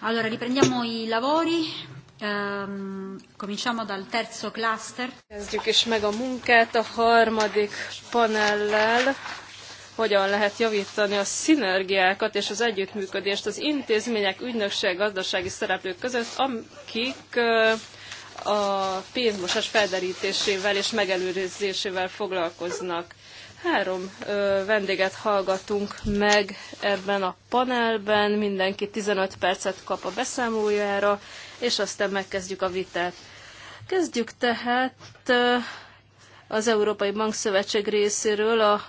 Allora, riprendiamo i lavori. Um, cominciamo dal terzo cluster. Kezdjük is meg a munkát a harmadik panellel hogyan lehet javítani a szinergiákat és az együttműködést az intézmények, ügynökség, gazdasági szereplők között, akik a pénzmosás felderítésével és megelőzésével foglalkoznak. Három ö, vendéget hallgatunk meg ebben a panelben, mindenki 15 percet kap a beszámolójára, és aztán megkezdjük a vitát. Kezdjük tehát ö, az Európai Bankszövetség részéről a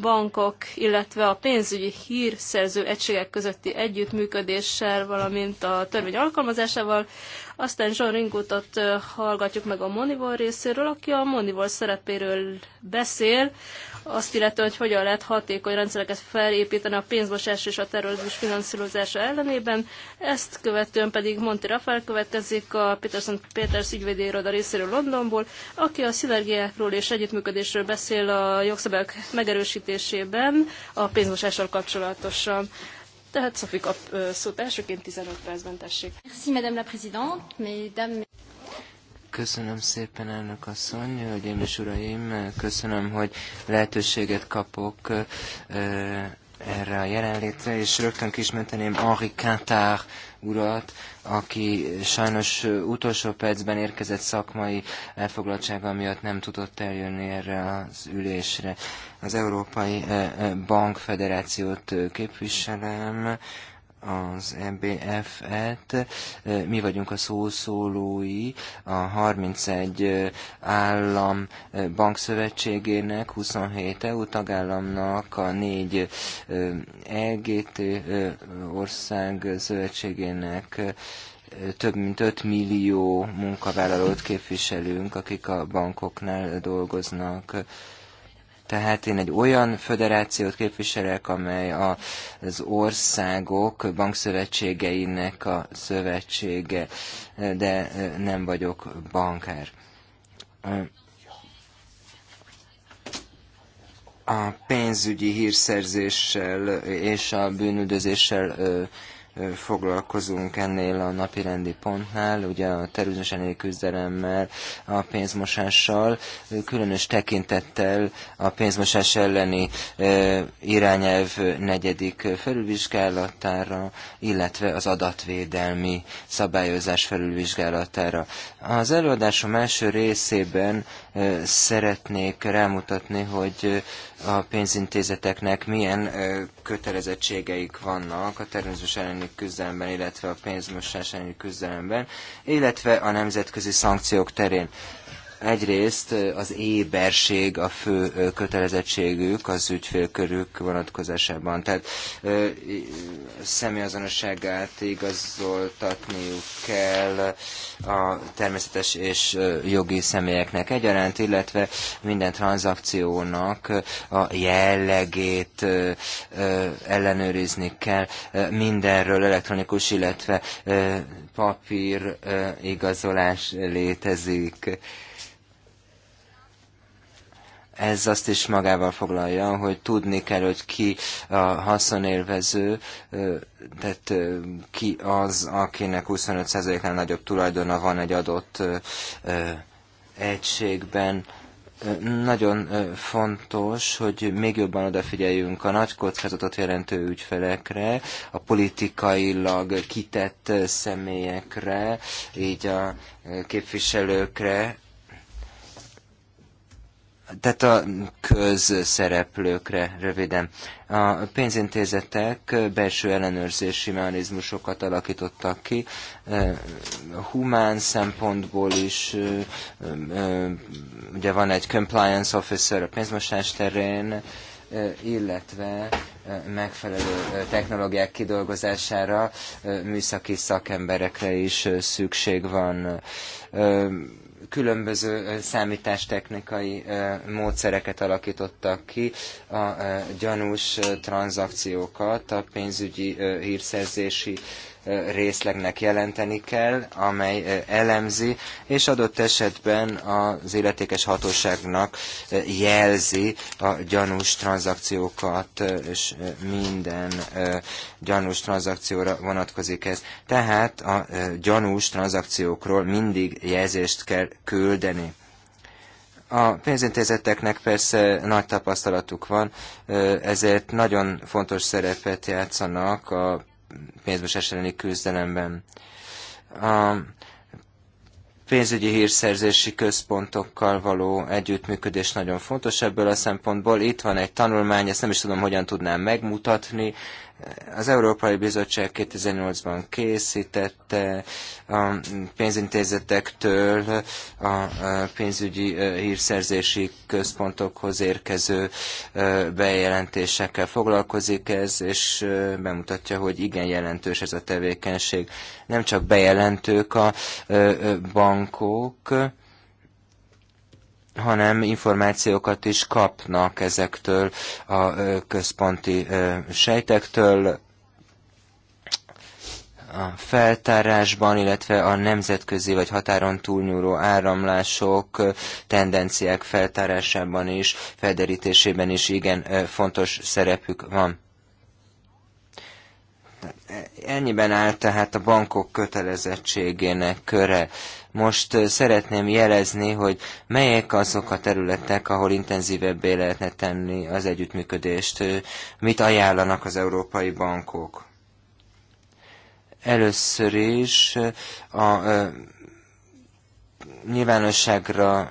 bankok, illetve a pénzügyi hírszerző egységek közötti együttműködéssel, valamint a törvény alkalmazásával. Aztán John Ringutot hallgatjuk meg a Monivol részéről, aki a Monivol szerepéről beszél, azt illetően, hogy hogyan lehet hatékony rendszereket felépíteni a pénzmosás és a terrorizmus finanszírozása ellenében. Ezt követően pedig Monti Rafael következik a Peterson Peters ügyvédi iroda részéről Londonból, aki a szinergiákról és együttműködésről beszél a jogszabályok megerősítésében a pénzmosással kapcsolatosan. Tehát Szofi kap szót elsőként 15 percben tessék. Merci, Madame la Présidente, Mesdames, Köszönöm szépen, elnök asszony, hölgyeim és uraim, köszönöm, hogy lehetőséget kapok erre a jelenlétre, és rögtön kismenteném Henri Quintard urat, aki sajnos utolsó percben érkezett szakmai elfoglaltsága miatt nem tudott eljönni erre az ülésre. Az Európai Bank Federációt képviselem, az EBF-et, mi vagyunk a szószólói a 31 állam bankszövetségének, 27 EU tagállamnak, a 4 EGT ország szövetségének, több mint 5 millió munkavállalót képviselünk, akik a bankoknál dolgoznak. Tehát én egy olyan föderációt képviselek, amely a az országok bankszövetségeinek a szövetsége, de nem vagyok bankár. A pénzügyi hírszerzéssel és a bűnüldözéssel foglalkozunk ennél a napi rendi pontnál, ugye a terrorizmus küzdelemmel, a pénzmosással, különös tekintettel a pénzmosás elleni e, irányelv negyedik felülvizsgálatára, illetve az adatvédelmi szabályozás felülvizsgálatára. Az előadásom első részében szeretnék rámutatni, hogy a pénzintézeteknek milyen kötelezettségeik vannak a terrorizmus elleni küzdelemben, illetve a pénzmosás elleni küzdelemben, illetve a nemzetközi szankciók terén. Egyrészt az éberség a fő kötelezettségük az ügyfélkörük vonatkozásában, tehát személyazonosságát igazoltatniuk kell a természetes és jogi személyeknek egyaránt, illetve minden tranzakciónak a jellegét ellenőrizni kell. Mindenről elektronikus, illetve papír igazolás létezik ez azt is magával foglalja, hogy tudni kell, hogy ki a haszonélvező, tehát ki az, akinek 25%-nál nagyobb tulajdona van egy adott egységben. Nagyon fontos, hogy még jobban odafigyeljünk a nagy kockázatot jelentő ügyfelekre, a politikailag kitett személyekre, így a képviselőkre, tehát a közszereplőkre röviden. A pénzintézetek belső ellenőrzési mechanizmusokat alakítottak ki, humán szempontból is, ugye van egy compliance officer a pénzmosás terén, illetve megfelelő technológiák kidolgozására műszaki szakemberekre is szükség van különböző számítástechnikai módszereket alakítottak ki, a gyanús tranzakciókat a pénzügyi hírszerzési részlegnek jelenteni kell, amely elemzi, és adott esetben az illetékes hatóságnak jelzi a gyanús tranzakciókat, és minden gyanús tranzakcióra vonatkozik ez. Tehát a gyanús tranzakciókról mindig jelzést kell küldeni. A pénzintézeteknek persze nagy tapasztalatuk van, ezért nagyon fontos szerepet játszanak a pénzmosás elleni küzdelemben. A pénzügyi hírszerzési központokkal való együttműködés nagyon fontos ebből a szempontból. Itt van egy tanulmány, ezt nem is tudom, hogyan tudnám megmutatni, az Európai Bizottság 2008-ban készítette a pénzintézetektől a pénzügyi hírszerzési központokhoz érkező bejelentésekkel foglalkozik ez, és bemutatja, hogy igen jelentős ez a tevékenység. Nem csak bejelentők a bankok, hanem információkat is kapnak ezektől a központi sejtektől, a feltárásban, illetve a nemzetközi vagy határon túlnyúló áramlások tendenciák feltárásában is, felderítésében is igen fontos szerepük van. Ennyiben áll tehát a bankok kötelezettségének köre. Most szeretném jelezni, hogy melyek azok a területek, ahol intenzívebbé lehetne tenni az együttműködést, mit ajánlanak az európai bankok. Először is a nyilvánosságra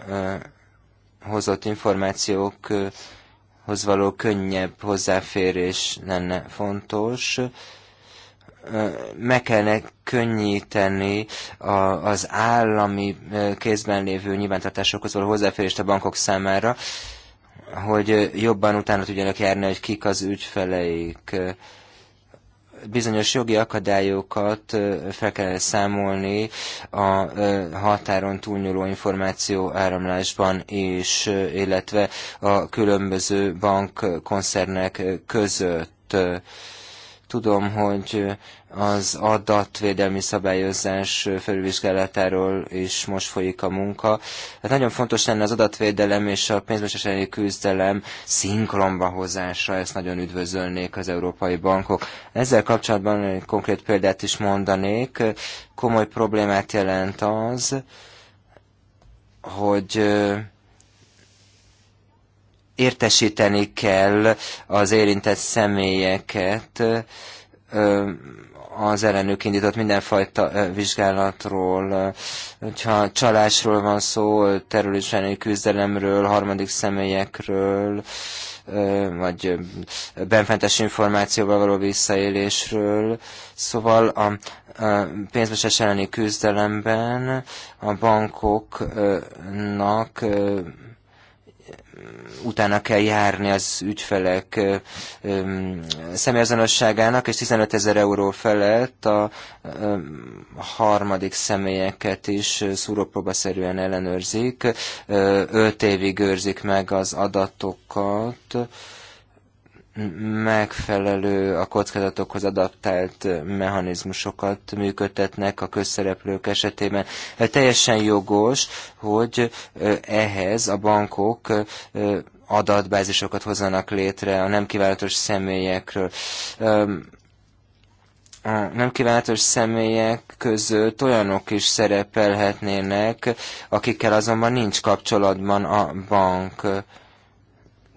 hozott információkhoz való könnyebb hozzáférés lenne fontos meg kellene könnyíteni az állami kézben lévő nyilvántartásokhoz való hozzáférést a bankok számára, hogy jobban utána tudjanak járni, hogy kik az ügyfeleik. Bizonyos jogi akadályokat fel kell számolni a határon túlnyúló információ áramlásban és illetve a különböző bankkoncernek között Tudom, hogy az adatvédelmi szabályozás felülvizsgálatáról is most folyik a munka. Hát nagyon fontos lenne az adatvédelem és a pénzmosásányi küzdelem szinkronba hozása, ezt nagyon üdvözölnék az európai bankok. Ezzel kapcsolatban egy konkrét példát is mondanék. Komoly problémát jelent az, hogy értesíteni kell az érintett személyeket az ellenük indított mindenfajta vizsgálatról, hogyha csalásról van szó, terülésreni küzdelemről, harmadik személyekről, vagy benfentes információval való visszaélésről. Szóval a pénzmosás elleni küzdelemben a bankoknak utána kell járni az ügyfelek személyazonosságának, és 15 ezer euró felett a harmadik személyeket is szúrópróbaszerűen ellenőrzik, 5 évig őrzik meg az adatokat, megfelelő, a kockázatokhoz adaptált mechanizmusokat működtetnek a közszereplők esetében. Teljesen jogos, hogy ehhez a bankok adatbázisokat hozzanak létre a nem kívánatos személyekről a nem kívánatos személyek között olyanok is szerepelhetnének, akikkel azonban nincs kapcsolatban a bank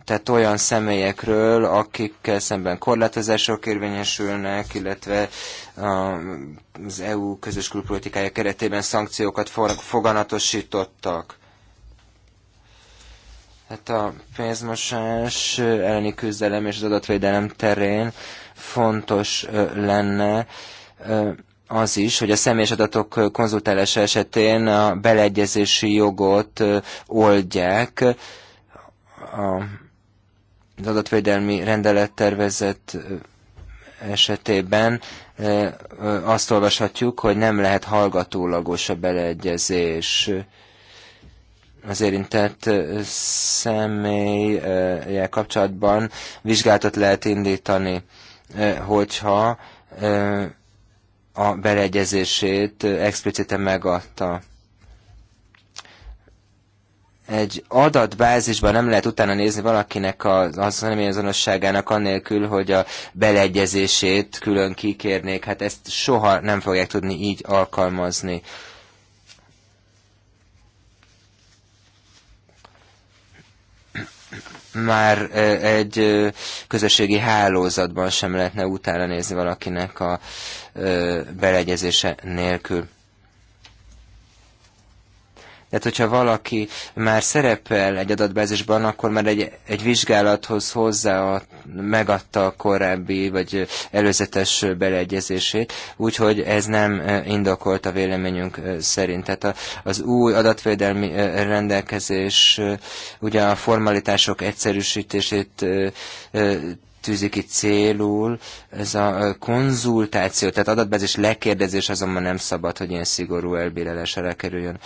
tehát olyan személyekről, akikkel szemben korlátozások érvényesülnek, illetve az EU közös külpolitikája keretében szankciókat foganatosítottak. Hát a pénzmosás elleni küzdelem és az adatvédelem terén fontos lenne az is, hogy a személyes adatok konzultálása esetén a beleegyezési jogot oldják, a az adatvédelmi rendelettervezet esetében azt olvashatjuk, hogy nem lehet hallgatólagos a beleegyezés az érintett személyel kapcsolatban vizsgálatot lehet indítani, hogyha a beleegyezését expliciten megadta egy adatbázisban nem lehet utána nézni valakinek a az azonosságának annélkül, hogy a beleegyezését külön kikérnék. Hát ezt soha nem fogják tudni így alkalmazni. Már egy közösségi hálózatban sem lehetne utána nézni valakinek a beleegyezése nélkül. Tehát, hogyha valaki már szerepel egy adatbázisban, akkor már egy, egy vizsgálathoz hozzá a, megadta a korábbi vagy előzetes beleegyezését, úgyhogy ez nem e, indokolt a véleményünk e, szerint. Tehát a, az új adatvédelmi e, rendelkezés ugye a formalitások egyszerűsítését tűzik ki célul, ez a konzultáció, tehát adatbázis lekérdezés azonban nem szabad, hogy ilyen szigorú elbírálásra kerüljön.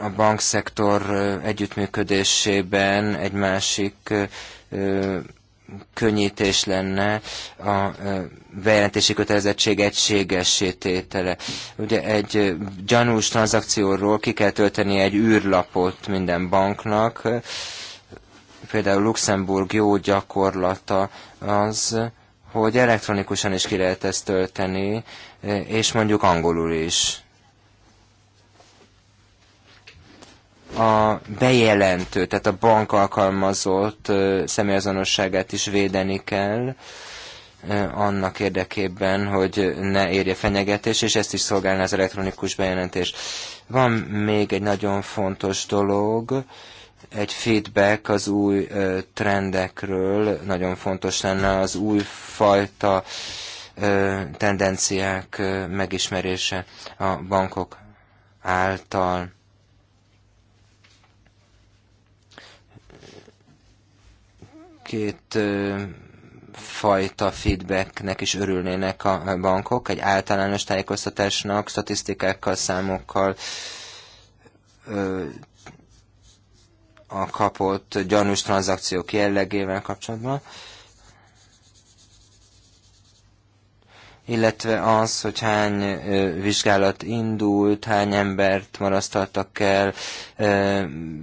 a bankszektor együttműködésében egy másik könnyítés lenne a bejelentési kötelezettség egységesítétele. Ugye egy gyanús tranzakcióról ki kell tölteni egy űrlapot minden banknak, például Luxemburg jó gyakorlata az, hogy elektronikusan is ki lehet ezt tölteni, és mondjuk angolul is. a bejelentő, tehát a bank alkalmazott személyazonosságát is védeni kell annak érdekében, hogy ne érje fenyegetés, és ezt is szolgálna az elektronikus bejelentés. Van még egy nagyon fontos dolog, egy feedback az új trendekről, nagyon fontos lenne az új fajta tendenciák megismerése a bankok által két fajta feedbacknek is örülnének a bankok, egy általános tájékoztatásnak, statisztikákkal, számokkal a kapott gyanús tranzakciók jellegével kapcsolatban, illetve az, hogy hány vizsgálat indult, hány embert marasztaltak el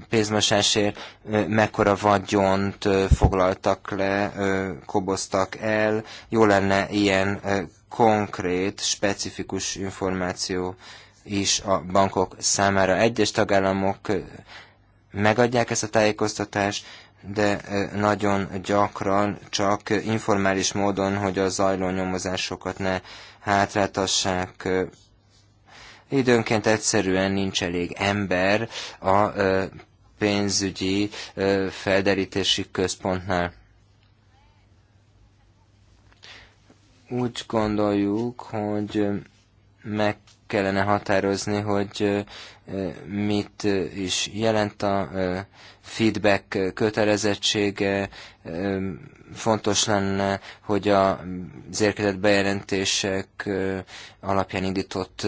pénzmosásért, mekkora vagyont foglaltak le, koboztak el. Jó lenne ilyen konkrét, specifikus információ is a bankok számára. Egyes tagállamok megadják ezt a tájékoztatást, de eh, nagyon gyakran csak informális módon, hogy a zajló nyomozásokat ne hátráltassák. Eh. Időnként egyszerűen nincs elég ember a eh, pénzügyi felderítési központnál. Úgy gondoljuk, hogy meg kellene határozni, hogy mit is jelent a feedback kötelezettsége. Fontos lenne, hogy az érkezett bejelentések alapján indított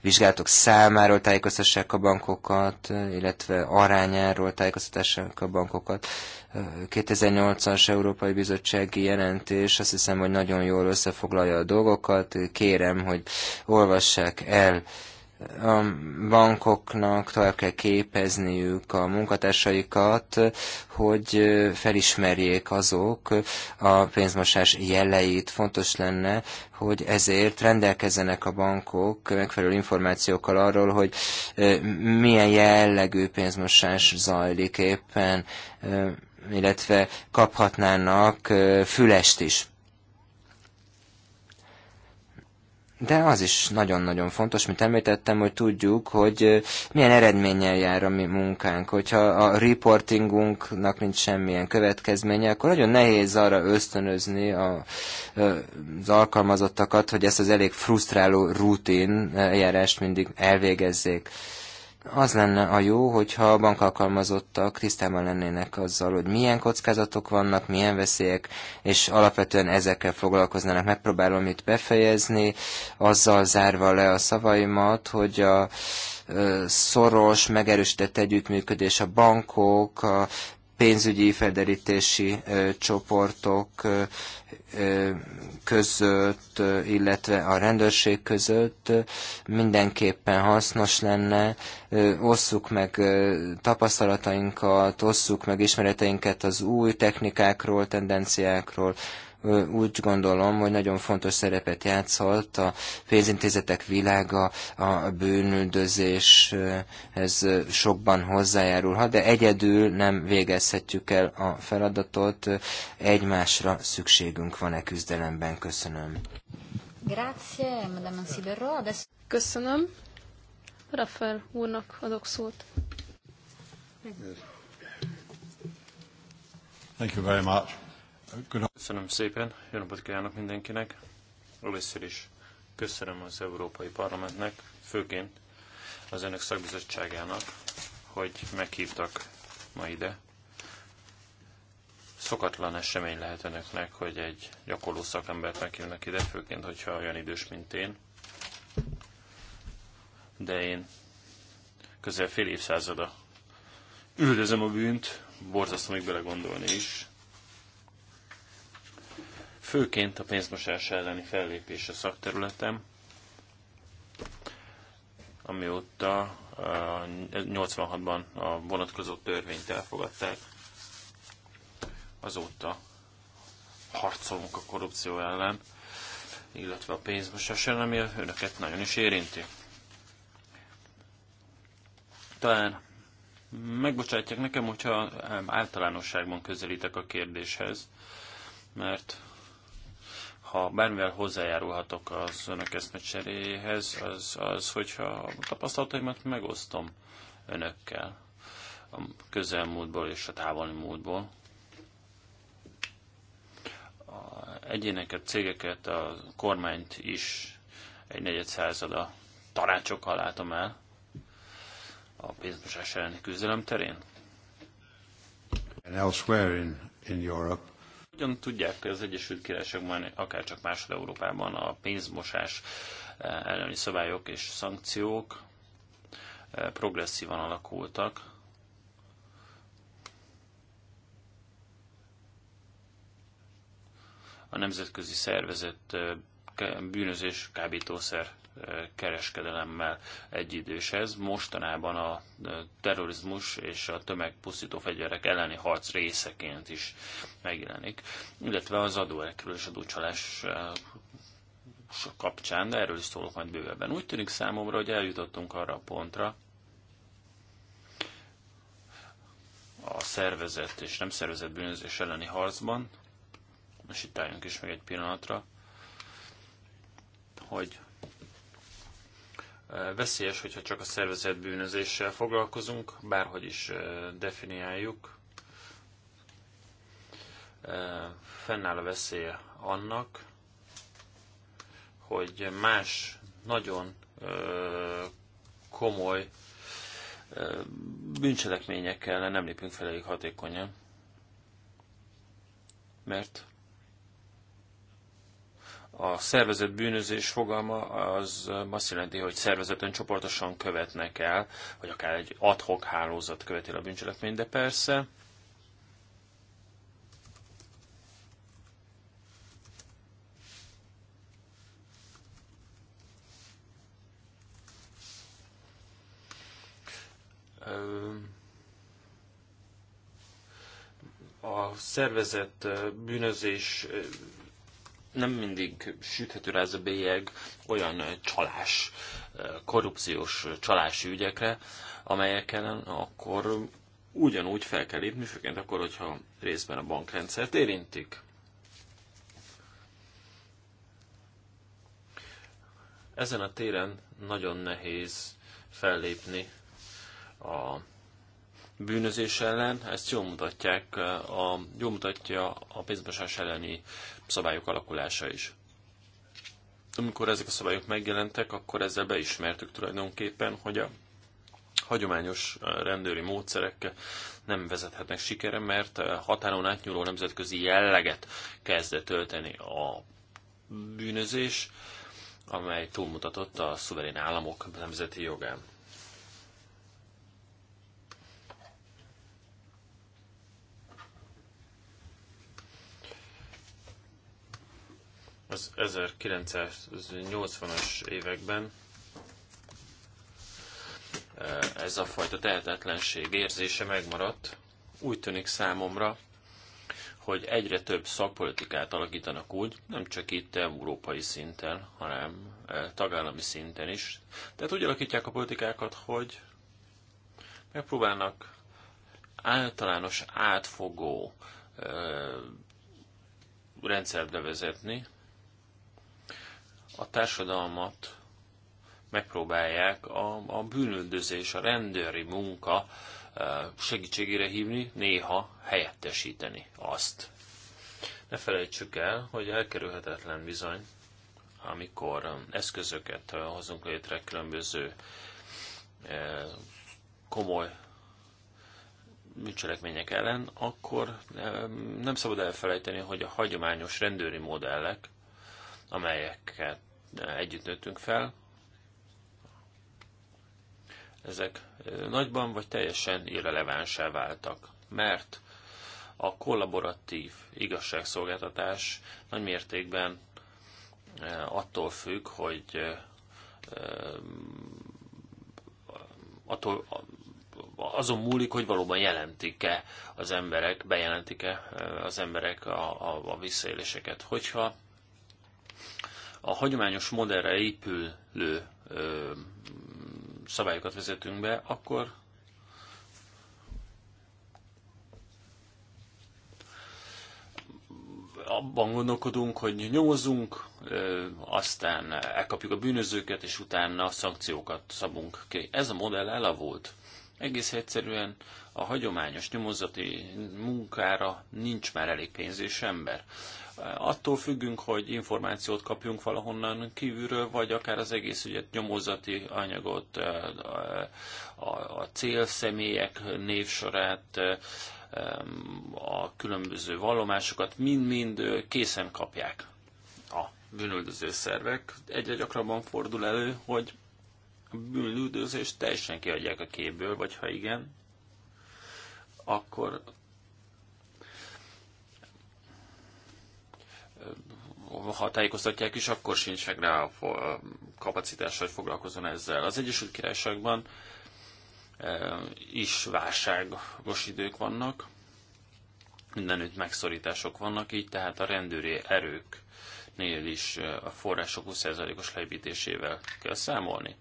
vizsgálatok számáról tájékoztassák a bankokat, illetve arányáról tájékoztassák a bankokat. 2008-as Európai Bizottsági jelentés azt hiszem, hogy nagyon jól összefoglalja a dolgokat. Kérem, hogy olvassák el a bankoknak tovább kell képezniük a munkatársaikat, hogy felismerjék azok a pénzmosás jeleit. Fontos lenne, hogy ezért rendelkezzenek a bankok megfelelő információkkal arról, hogy eh, milyen jellegű pénzmosás zajlik éppen eh, illetve kaphatnának fülest is. De az is nagyon-nagyon fontos, mint említettem, hogy tudjuk, hogy milyen eredménnyel jár a mi munkánk. Hogyha a reportingunknak nincs semmilyen következménye, akkor nagyon nehéz arra ösztönözni a, az alkalmazottakat, hogy ezt az elég frusztráló rutin eljárást mindig elvégezzék az lenne a jó, hogyha a bankalkalmazottak tisztában lennének azzal, hogy milyen kockázatok vannak, milyen veszélyek, és alapvetően ezekkel foglalkoznának. Megpróbálom itt befejezni, azzal zárva le a szavaimat, hogy a szoros, megerősített együttműködés a bankok, a pénzügyi felderítési csoportok között, illetve a rendőrség között mindenképpen hasznos lenne. Osszuk meg tapasztalatainkat, osszuk meg ismereteinket az új technikákról, tendenciákról, úgy gondolom, hogy nagyon fontos szerepet játszott a pénzintézetek világa a bűnüldözéshez sokban hozzájárulhat, de egyedül nem végezhetjük el a feladatot, egymásra szükségünk van e küzdelemben. Köszönöm. Grazie, Madame Köszönöm. Rafael úrnak adok szót. Thank you very much. Köszönöm szépen, jó napot kívánok mindenkinek. Először is köszönöm az Európai Parlamentnek, főként az önök szakbizottságának, hogy meghívtak ma ide. Szokatlan esemény lehet önöknek, hogy egy gyakorló szakembert meghívnak ide, főként, hogyha olyan idős, mint én. De én közel fél évszázada üldözöm a bűnt, borzasztó még belegondolni is főként a pénzmosás elleni fellépés a szakterületem, amióta 86-ban a vonatkozó törvényt elfogadták, azóta harcolunk a korrupció ellen, illetve a pénzmosás ellen, ami önöket nagyon is érinti. Talán megbocsátják nekem, hogyha általánosságban közelítek a kérdéshez, mert ha bármivel hozzájárulhatok az önök eszmecseréhez, az, az, hogyha a tapasztalataimat megosztom önökkel a közelmúltból és a távoli múltból. A egyéneket, cégeket, a kormányt is egy negyed százada tanácsokkal látom el a pénzmosás elleni küzdelem terén. And elsewhere in, in Europe, hogyan tudják az Egyesült Királyságban, akár csak másod Európában a pénzmosás eh, elleni szabályok és szankciók eh, progresszívan alakultak, a nemzetközi szervezet eh, bűnözés kábítószer kereskedelemmel egyidős ez. Mostanában a e, terrorizmus és a tömegpusztító fegyverek elleni harc részeként is megjelenik, illetve az adóekről és adócsalás e, kapcsán, de erről is szólok majd bővebben. Úgy tűnik számomra, hogy eljutottunk arra a pontra, a szervezett és nem szervezett bűnözés elleni harcban, és itt álljunk is meg egy pillanatra, hogy Veszélyes, hogyha csak a szervezet bűnözéssel foglalkozunk, bárhogy is definiáljuk. Fennáll a veszélye annak, hogy más nagyon komoly bűncselekményekkel nem lépünk fel elég hatékonyan. Mert a szervezett bűnözés fogalma az azt jelenti, hogy szervezeten csoportosan követnek el, vagy akár egy adhok hálózat követi a bűncselekményt, de persze a szervezett bűnözés nem mindig süthető rá ez a bélyeg olyan csalás, eh, korrupciós csalási ügyekre, amelyeken akkor ugyanúgy fel kell lépni, főként akkor, hogyha részben a bankrendszert érintik. Ezen a téren nagyon nehéz fellépni a bűnözés ellen, ezt jól, mutatják, a, jól mutatja a pénzmosás elleni szabályok alakulása is. Amikor ezek a szabályok megjelentek, akkor ezzel beismertük tulajdonképpen, hogy a hagyományos eh, rendőri módszerek nem vezethetnek sikere, mert eh, határon átnyúló nemzetközi jelleget kezdett tölteni a bűnözés, amely túlmutatott a szuverén államok nemzeti jogán. az 1980-as években eh, ez a fajta tehetetlenség érzése megmaradt. Úgy tűnik számomra, hogy egyre több szakpolitikát alakítanak úgy, nem csak itt európai szinten, hanem eh, tagállami szinten is. Tehát úgy alakítják a politikákat, hogy megpróbálnak általános átfogó eh, rendszert bevezetni, a társadalmat megpróbálják a, a bűnöldözés, a rendőri munka eh, segítségére hívni, néha helyettesíteni azt. Ne felejtsük el, hogy elkerülhetetlen bizony, amikor um, eszközöket eh, hozunk létre különböző eh, komoly bűncselekmények ellen, akkor nem szabad elfelejteni, hogy a hagyományos rendőri modellek, amelyeket együtt nőttünk fel. Ezek nagyban vagy teljesen irrelevánsá váltak, mert a kollaboratív igazságszolgáltatás nagy mértékben attól függ, hogy attól, azon múlik, hogy valóban jelentik-e az emberek, bejelentik-e az emberek a, a, a visszaéléseket. Hogyha a hagyományos modellre épülő ö, szabályokat vezetünk be, akkor abban gondolkodunk, hogy nyomozunk, aztán elkapjuk a bűnözőket, és utána a szankciókat szabunk ki. Ez a modell elavult. Egész egyszerűen a hagyományos nyomozati munkára nincs már elég pénz és ember attól függünk, hogy információt kapjunk valahonnan kívülről, vagy akár az egész ügyet, nyomozati anyagot, a, a, célszemélyek névsorát, a különböző vallomásokat, mind-mind készen kapják a bűnöldöző szervek. Egyre gyakrabban fordul elő, hogy a bűnüldözést teljesen kiadják a képből, vagy ha igen, akkor ha tájékoztatják is, akkor sincs meg rá a kapacitás, hogy foglalkozzon ezzel. Az Egyesült Királyságban e, is válságos idők vannak, mindenütt megszorítások vannak, így tehát a rendőri erők nél is e, a források 20%-os leépítésével kell számolni.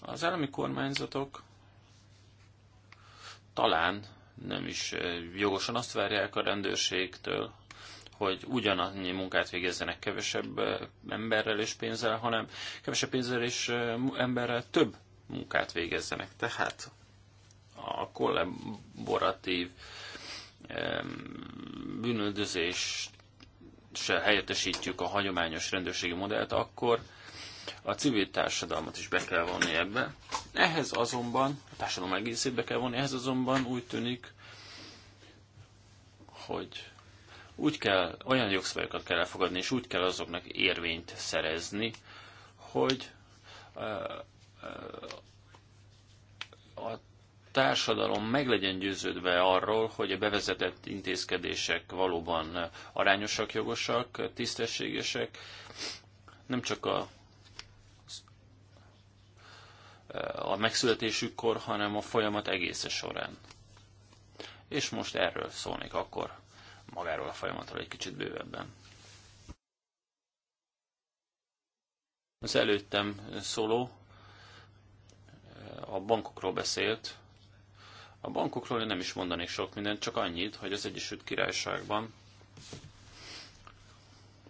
Az állami kormányzatok talán nem is e, jogosan azt várják a rendőrségtől, hogy ugyanannyi munkát végezzenek kevesebb eh, emberrel és pénzzel, hanem kevesebb pénzzel és eh, emberrel több munkát végezzenek. Tehát a kollaboratív se helyettesítjük a hagyományos rendőrségi modellt, akkor a civil társadalmat is be kell vonni ebbe. Ehhez azonban, a társadalom egészét be kell vonni, ehhez azonban úgy tűnik, hogy úgy kell, olyan jogszabályokat kell elfogadni, és úgy kell azoknak érvényt szerezni, hogy a társadalom meg legyen győződve arról, hogy a bevezetett intézkedések valóban arányosak, jogosak, tisztességesek, nem csak a a megszületésükkor, hanem a folyamat egésze során. És most erről szólnék akkor magáról a folyamatról egy kicsit bővebben. Az előttem szóló eh, a bankokról beszélt. A bankokról én nem is mondanék sok mindent, csak annyit, hogy az Egyesült Királyságban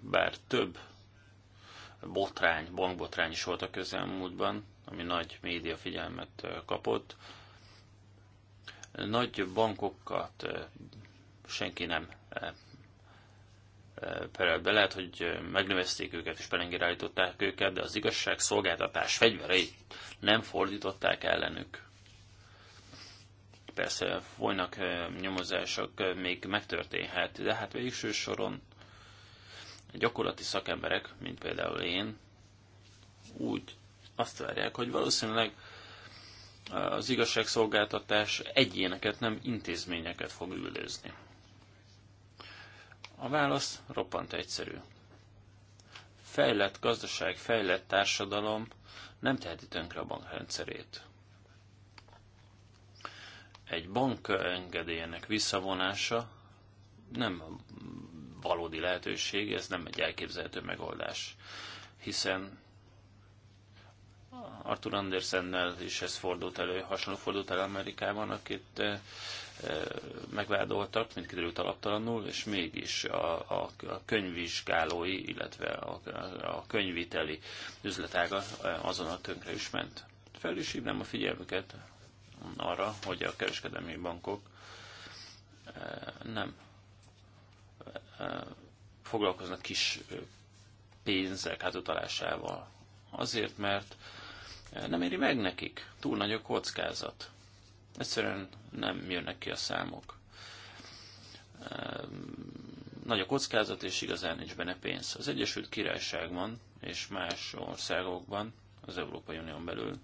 bár több botrány, bankbotrány is volt a közelmúltban, ami nagy média figyelmet eh, kapott. Nagy bankokat eh, senki nem eh, eh, perelt be. Lehet, hogy eh, megnövezték őket és pelengére állították őket, de az igazság szolgáltatás fegyvereit nem fordították ellenük. Persze folynak nyomozások, még megtörténhet, de hát végső soron gyakorlati szakemberek, mint például én, úgy azt várják, hogy valószínűleg az igazságszolgáltatás egyéneket, nem intézményeket fog üldözni. A válasz roppant egyszerű. Fejlett gazdaság, fejlett társadalom nem teheti tönkre a bankrendszerét. Egy bank engedélyének visszavonása nem valódi lehetőség, ez nem egy elképzelhető megoldás, hiszen Arthur Andersennel is ez fordult elő, hasonló fordult elő Amerikában, akit megvádoltak, mint kiderült alaptalanul, és mégis a, a, a könyvvizsgálói, illetve a, a könyviteli üzletága azon a tönkre is ment. Fel is hívnám a figyelmüket arra, hogy a kereskedelmi bankok nem foglalkoznak kis pénzek átutalásával. Azért, mert nem éri meg nekik. Túl nagy a kockázat. Egyszerűen nem jönnek ki a számok. Ehm, nagy a kockázat, és igazán nincs benne pénz. Az Egyesült Királyságban és más országokban, az Európai Unión belül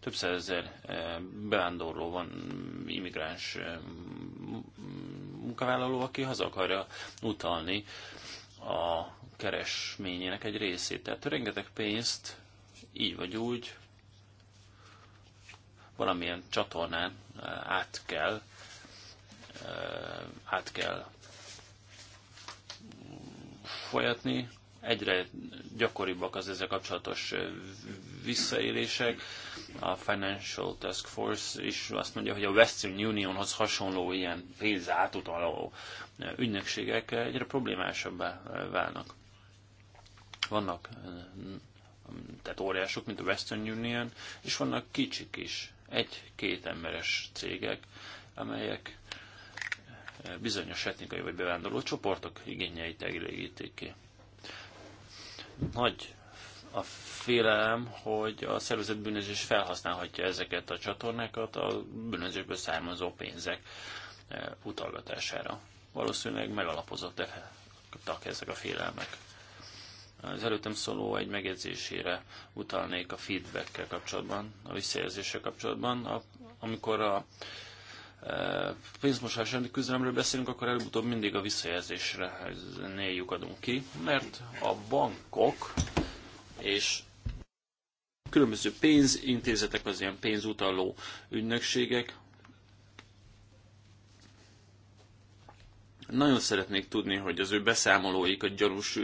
több százezer e, bevándorló van, immigráns e, munkavállaló, aki haza akarja utalni a keresményének egy részét. Tehát rengeteg pénzt így vagy úgy valamilyen csatornán e, át kell e, át kell folyatni, egyre gyakoribbak az ezzel kapcsolatos visszaélések. A Financial Task Force is azt mondja, hogy a Western Unionhoz hasonló ilyen pénz átutaló ügynökségek egyre problémásabbá válnak. Vannak tehát óriások, mint a Western Union, és vannak kicsik is, egy-két emberes cégek, amelyek bizonyos etnikai vagy bevándorló csoportok igényeit elégítik ki. Nagy a félelem, hogy a szervezet bűnözés felhasználhatja ezeket a csatornákat a bűnözésből származó pénzek e, utalgatására. Valószínűleg megalapozottak ezek a félelmek. Az előttem szóló egy megjegyzésére utalnék a feedback kapcsolatban, a visszajelzéssel kapcsolatban. A, amikor a, pénzmosás elleni küzdelemről beszélünk, akkor előbb-utóbb mindig a visszajelzésre néljük adunk ki, mert a bankok és különböző pénzintézetek, az ilyen pénzutaló ügynökségek nagyon szeretnék tudni, hogy az ő beszámolóik a gyanús,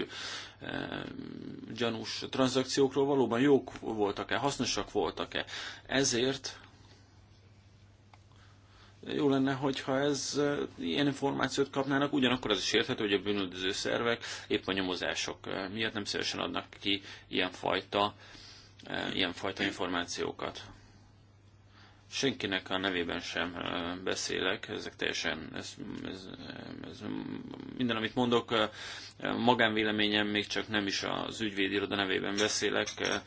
gyanús tranzakciókról valóban jók voltak-e, hasznosak voltak-e. Ezért jó lenne, hogyha ez ilyen információt kapnának, ugyanakkor az is érthető, hogy a bűnöldöző szervek épp a nyomozások miatt nem szívesen adnak ki ilyenfajta, ilyenfajta információkat senkinek a nevében sem beszélek, ezek teljesen, ez, ez, ez, minden, amit mondok, magánvéleményem még csak nem is az ügyvédiroda nevében beszélek,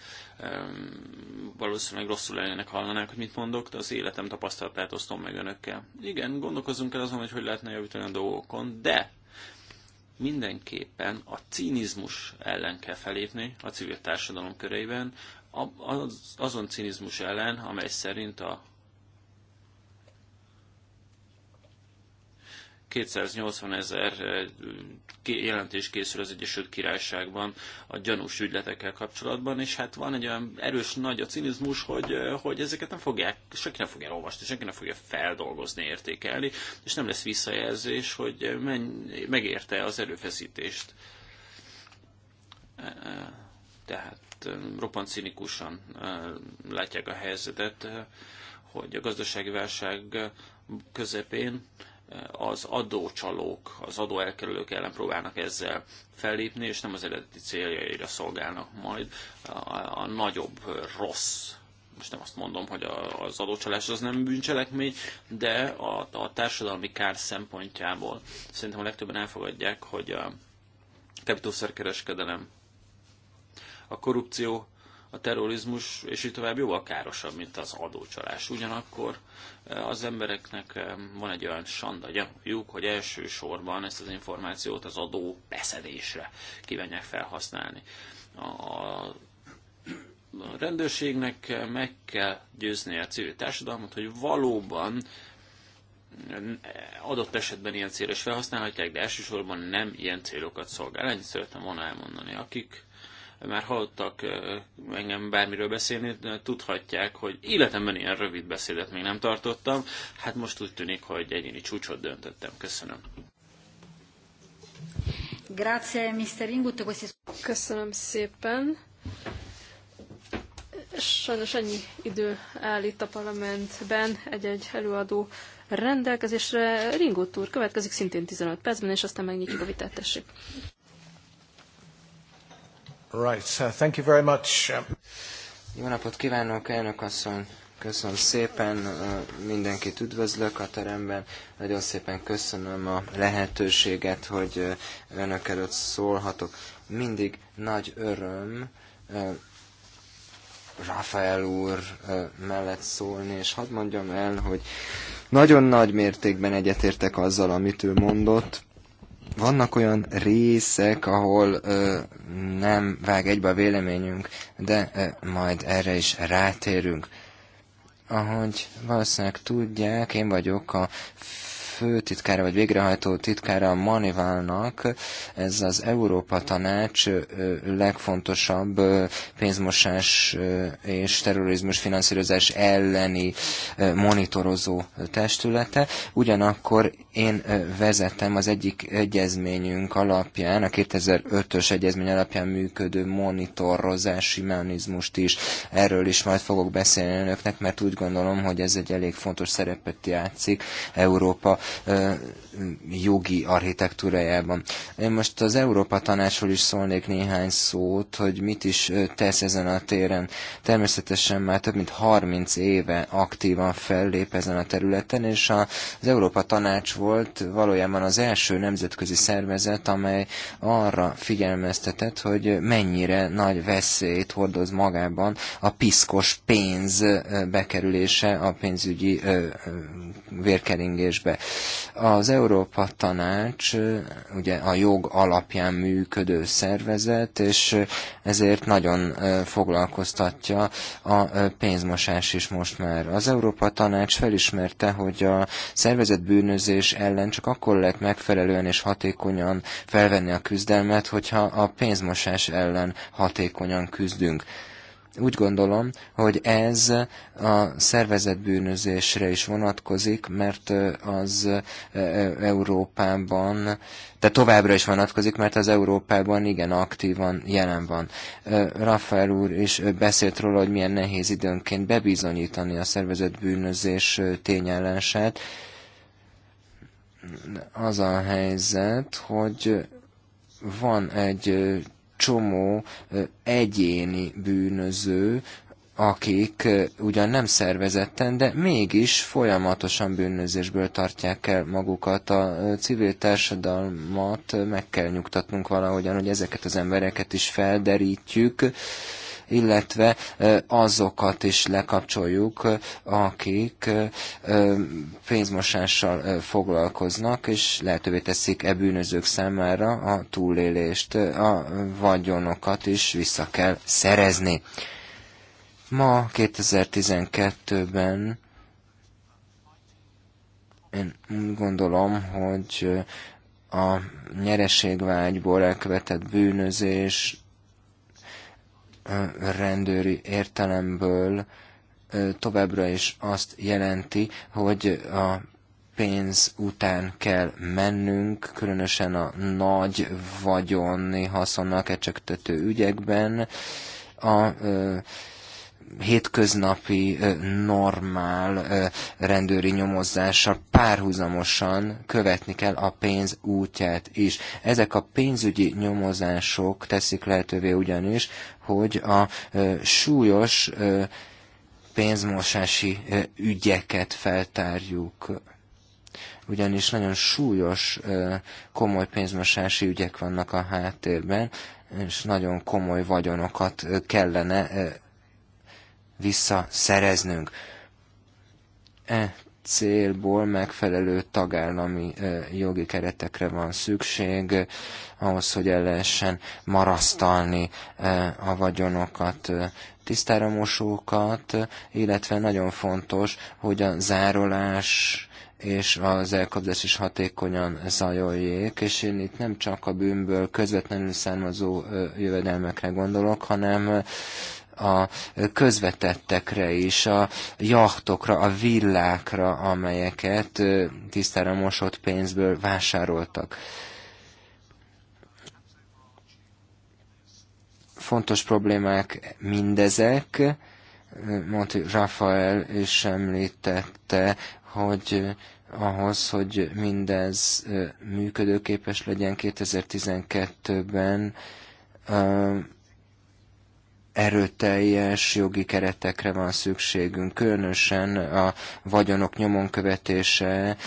valószínűleg rosszul lennének hallanák, hogy mit mondok, de az életem tapasztalatát osztom meg önökkel. Igen, gondolkozunk el azon, hogy hogy lehetne javítani a dolgokon, de mindenképpen a cinizmus ellen kell felépni a civil társadalom körében, az, azon cinizmus ellen, amely szerint a 280 ezer eh, jelentés készül az Egyesült Királyságban a gyanús ügyletekkel kapcsolatban, és hát van egy olyan erős nagy a cinizmus, hogy, eh, hogy ezeket nem fogják, senki nem fogja olvasni, senki nem fogja feldolgozni, értékelni, és nem lesz visszajelzés, hogy menj, megérte az erőfeszítést. Eh, tehát roppant cinikusan látják a helyzetet, hogy a gazdasági válság közepén az adócsalók, az adóelkerülők ellen próbálnak ezzel fellépni, és nem az eredeti céljaira szolgálnak majd. A, a nagyobb rossz, most nem azt mondom, hogy a, az adócsalás az nem bűncselekmény, de a, a társadalmi kár szempontjából szerintem a legtöbben elfogadják, hogy a kapitószerkereskedelem, a korrupció a terrorizmus, és így tovább jóval károsabb, mint az adócsalás. Ugyanakkor e, az embereknek e, van egy olyan gyanújuk, hogy elsősorban ezt az információt az adó beszedésre kívánják felhasználni. A rendőrségnek meg kell győzni a civil társadalmat, hogy valóban adott esetben ilyen célos felhasználhatják, de elsősorban nem ilyen célokat szolgál. Ennyit szeretem volna elmondani. Akik már hallottak engem bármiről beszélni, tudhatják, hogy életemben ilyen rövid beszédet még nem tartottam. Hát most úgy tűnik, hogy egyéni csúcsot döntöttem. Köszönöm. Grazie, Mr. Ingut. Köszönöm szépen. Sajnos ennyi idő áll itt a parlamentben egy-egy előadó rendelkezésre. Ringott úr következik szintén 15 percben, és aztán megnyitjuk a vitát, tessék. Right, uh, thank you very much. Um, Jó napot kívánok, elnök asszony! Köszönöm szépen, uh, mindenkit üdvözlök a teremben. Nagyon szépen köszönöm a lehetőséget, hogy uh, önök előtt szólhatok. Mindig nagy öröm uh, Rafael úr mellett szólni, és hadd mondjam el, hogy nagyon nagy mértékben egyetértek azzal, amit ő mondott vannak olyan részek, ahol ö, nem vág egybe a véleményünk, de ö, majd erre is rátérünk. Ahogy valószínűleg tudják, én vagyok a főtitkára vagy végrehajtó titkára Manivalnak, ez az Európa Tanács legfontosabb pénzmosás és terrorizmus finanszírozás elleni monitorozó testülete. Ugyanakkor én vezetem az egyik egyezményünk alapján, a 2005-ös egyezmény alapján működő monitorozási mechanizmust is. Erről is majd fogok beszélni önöknek, mert úgy gondolom, hogy ez egy elég fontos szerepet játszik Európa jogi architektúrájában. Én most az Európa Tanácsról is szólnék néhány szót, hogy mit is tesz ezen a téren. Természetesen már több mint 30 éve aktívan fellép ezen a területen, és az Európa Tanács volt valójában az első nemzetközi szervezet, amely arra figyelmeztetett, hogy mennyire nagy veszélyt hordoz magában a piszkos pénz bekerülése a pénzügyi vérkeringésbe. Az Európa Tanács ugye a jog alapján működő szervezet, és ezért nagyon foglalkoztatja a pénzmosás is most már. Az Európa Tanács felismerte, hogy a szervezet bűnözés ellen csak akkor lehet megfelelően és hatékonyan felvenni a küzdelmet, hogyha a pénzmosás ellen hatékonyan küzdünk. Úgy gondolom, hogy ez a szervezetbűnözésre is vonatkozik, mert az Európában, de továbbra is vonatkozik, mert az Európában igen aktívan jelen van. Rafael úr is beszélt róla, hogy milyen nehéz időnként bebizonyítani a szervezetbűnözés tényállását. Az a helyzet, hogy van egy csomó egyéni bűnöző, akik ugyan nem szervezetten, de mégis folyamatosan bűnözésből tartják el magukat. A civil társadalmat meg kell nyugtatnunk valahogyan, hogy ezeket az embereket is felderítjük, illetve azokat is lekapcsoljuk, akik pénzmosással foglalkoznak, és lehetővé teszik e bűnözők számára a túlélést, a vagyonokat is vissza kell szerezni. Ma 2012-ben én úgy gondolom, hogy a nyereségvágyból elkövetett bűnözés rendőri értelemből továbbra is azt jelenti, hogy a pénz után kell mennünk, különösen a nagy vagyoni haszonnal kecsegtető ügyekben. A hétköznapi normál rendőri nyomozással párhuzamosan követni kell a pénz útját is. Ezek a pénzügyi nyomozások teszik lehetővé ugyanis, hogy a súlyos pénzmosási ügyeket feltárjuk ugyanis nagyon súlyos, komoly pénzmosási ügyek vannak a háttérben, és nagyon komoly vagyonokat kellene visszaszereznünk. E célból megfelelő tagállami e, jogi keretekre van szükség, e, ahhoz, hogy el lehessen marasztalni e, a vagyonokat, tisztára mosókat, illetve nagyon fontos, hogy a zárolás és az elkobzás is hatékonyan zajoljék, és én itt nem csak a bűnből közvetlenül származó jövedelmekre gondolok, hanem a közvetettekre is, a jachtokra, a villákra, amelyeket tisztára mosott pénzből vásároltak. Fontos problémák mindezek, mondta Rafael is említette, hogy ahhoz, hogy mindez működőképes legyen 2012-ben, erőteljes jogi keretekre van szükségünk, különösen a vagyonok nyomon követése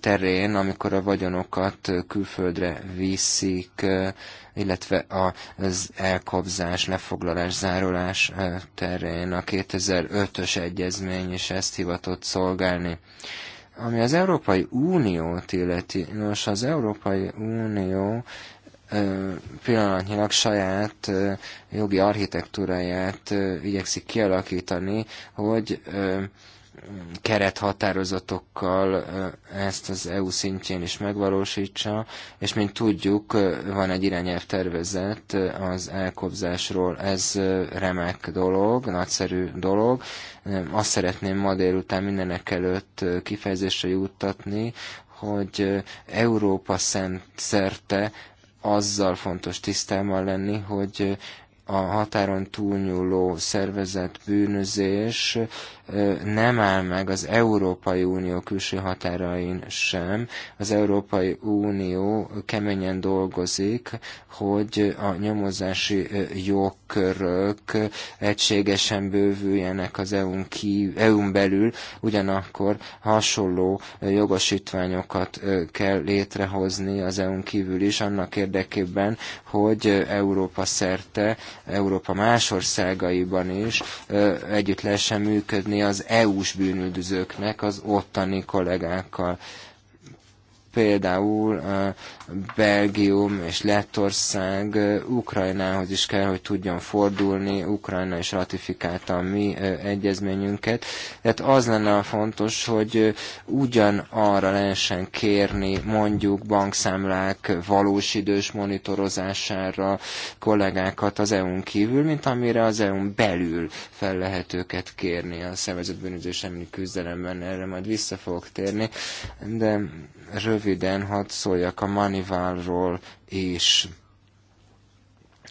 terén, amikor a vagyonokat külföldre viszik, illetve az elkobzás, lefoglalás, zárolás terén a 2005-ös egyezmény is ezt hivatott szolgálni. Ami az Európai Uniót illeti, nos, az Európai Unió pillanatnyilag saját jogi architektúráját igyekszik kialakítani, hogy kerethatározatokkal ezt az EU szintjén is megvalósítsa, és mint tudjuk, van egy irányelv tervezet az elkobzásról. Ez remek dolog, nagyszerű dolog. Azt szeretném ma délután mindenek előtt kifejezésre juttatni, hogy Európa szent szerte azzal fontos tisztában lenni, hogy a határon túlnyúló szervezet bűnözés nem áll meg az Európai Unió külső határain sem. Az Európai Unió keményen dolgozik, hogy a nyomozási jogkörök egységesen bővüljenek az EU-n, EU-n belül, ugyanakkor hasonló jogosítványokat kell létrehozni az EU-n kívül is, annak érdekében, hogy Európa szerte Európa más országaiban is együtt lehessen működni az EU-s bűnüldözőknek az ottani kollégákkal. Például Belgium és Lettország Ukrajnához is kell, hogy tudjon fordulni, Ukrajna is ratifikálta a mi egyezményünket. Tehát az lenne a fontos, hogy ugyanarra lehessen kérni mondjuk bankszámlák valós idős monitorozására kollégákat az EU-n kívül, mint amire az EU-n belül fel lehet őket kérni a szervezetbűnözés bűnözés küzdelemben. Erre majd vissza fogok térni, de röviden hadd szóljak a money Manivalról és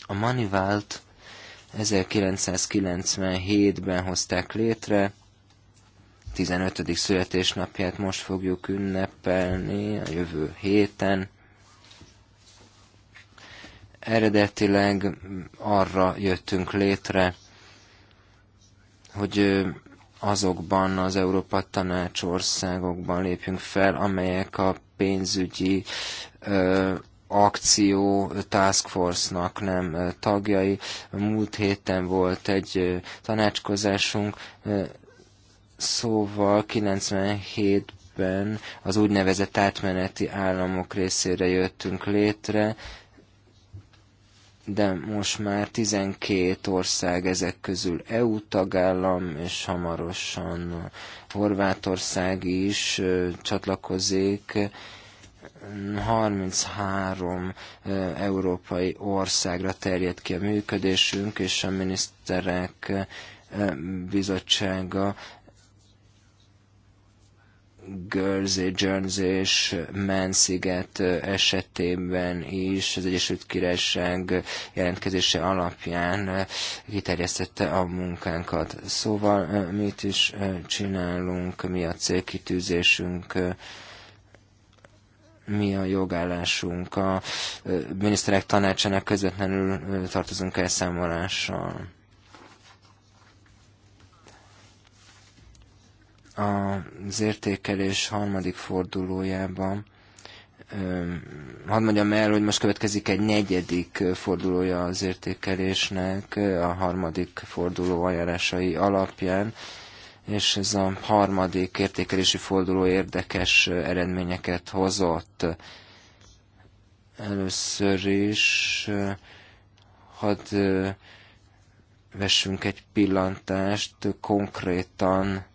A Manivalt 1997-ben hozták létre, 15. születésnapját most fogjuk ünnepelni a jövő héten. Eredetileg arra jöttünk létre, hogy azokban az Európa Tanács országokban lépjünk fel, amelyek a pénzügyi akció task force-nak nem tagjai. Múlt héten volt egy tanácskozásunk, szóval 97-ben az úgynevezett átmeneti államok részére jöttünk létre, de most már 12 ország ezek közül EU tagállam, és hamarosan Horvátország is csatlakozik 33 európai országra terjed ki a működésünk, és a miniszterek bizottsága Görzé, Jersey és Mansziget esetében is az Egyesült Királyság jelentkezése alapján kiterjesztette a munkánkat. Szóval mit is csinálunk, mi a célkitűzésünk, mi a jogállásunk. A miniszterek tanácsának közvetlenül tartozunk elszámolással. Az értékelés harmadik fordulójában hadd mondjam el, hogy most következik egy negyedik fordulója az értékelésnek a harmadik forduló ajánlásai alapján és ez a harmadik értékelési forduló érdekes eredményeket hozott. Először is hadd vessünk egy pillantást konkrétan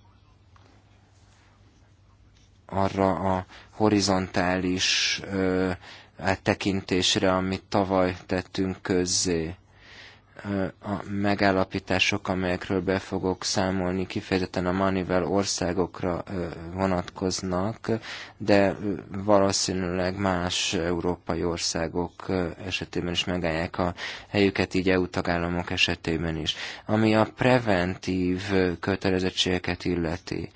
arra a horizontális tekintésre, amit tavaly tettünk közzé a megállapítások, amelyekről be fogok számolni, kifejezetten a Manivel országokra vonatkoznak, de valószínűleg más európai országok esetében is megállják a helyüket, így EU tagállamok esetében is. Ami a preventív kötelezettségeket illeti,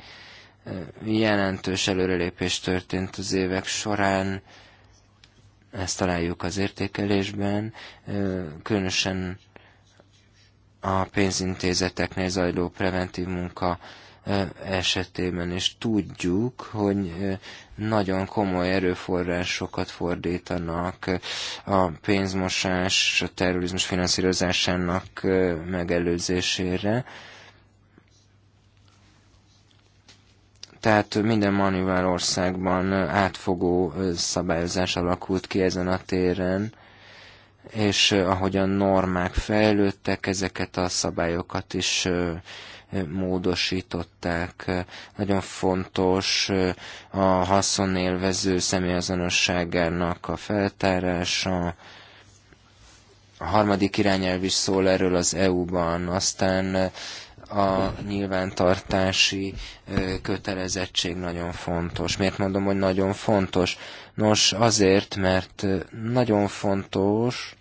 jelentős előrelépés történt az évek során, ezt találjuk az értékelésben, különösen a pénzintézeteknél zajló preventív munka esetében, is tudjuk, hogy nagyon komoly erőforrásokat fordítanak a pénzmosás és a terrorizmus finanszírozásának megelőzésére. Tehát minden manivál országban átfogó szabályozás alakult ki ezen a téren, és ahogy a normák fejlődtek, ezeket a szabályokat is módosították. Nagyon fontos a haszonélvező személyazonosságának a feltárása, a harmadik irányelv is szól erről az EU-ban, aztán a nyilvántartási kötelezettség nagyon fontos. Miért mondom, hogy nagyon fontos? Nos, azért, mert nagyon fontos,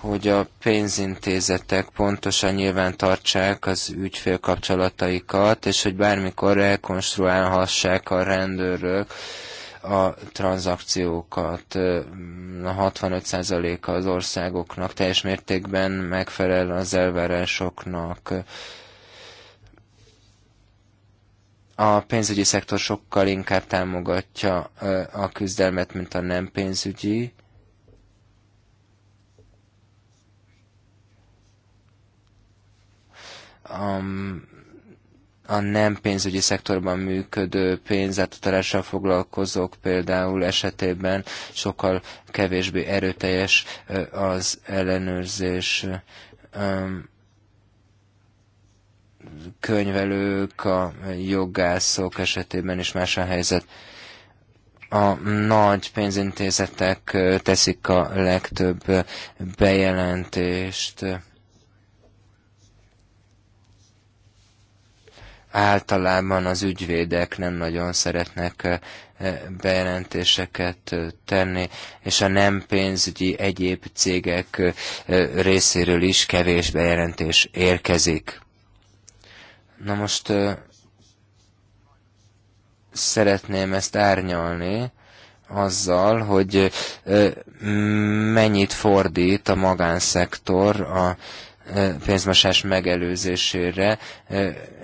hogy a pénzintézetek pontosan nyilván tartsák az ügyfél kapcsolataikat, és hogy bármikor rekonstruálhassák a rendőrök a tranzakciókat. A 65%-a az országoknak teljes mértékben megfelel az elvárásoknak a pénzügyi szektor sokkal inkább támogatja a küzdelmet, mint a nem pénzügyi. A, a nem pénzügyi szektorban működő pénzátutalással foglalkozók például esetében sokkal kevésbé erőteljes az ellenőrzés könyvelők, a jogászok esetében is más a helyzet. A nagy pénzintézetek teszik a legtöbb bejelentést. Általában az ügyvédek nem nagyon szeretnek bejelentéseket tenni, és a nem pénzügyi egyéb cégek részéről is kevés bejelentés érkezik. Na most szeretném ezt árnyalni azzal, hogy mennyit fordít a magánszektor a pénzmosás megelőzésére,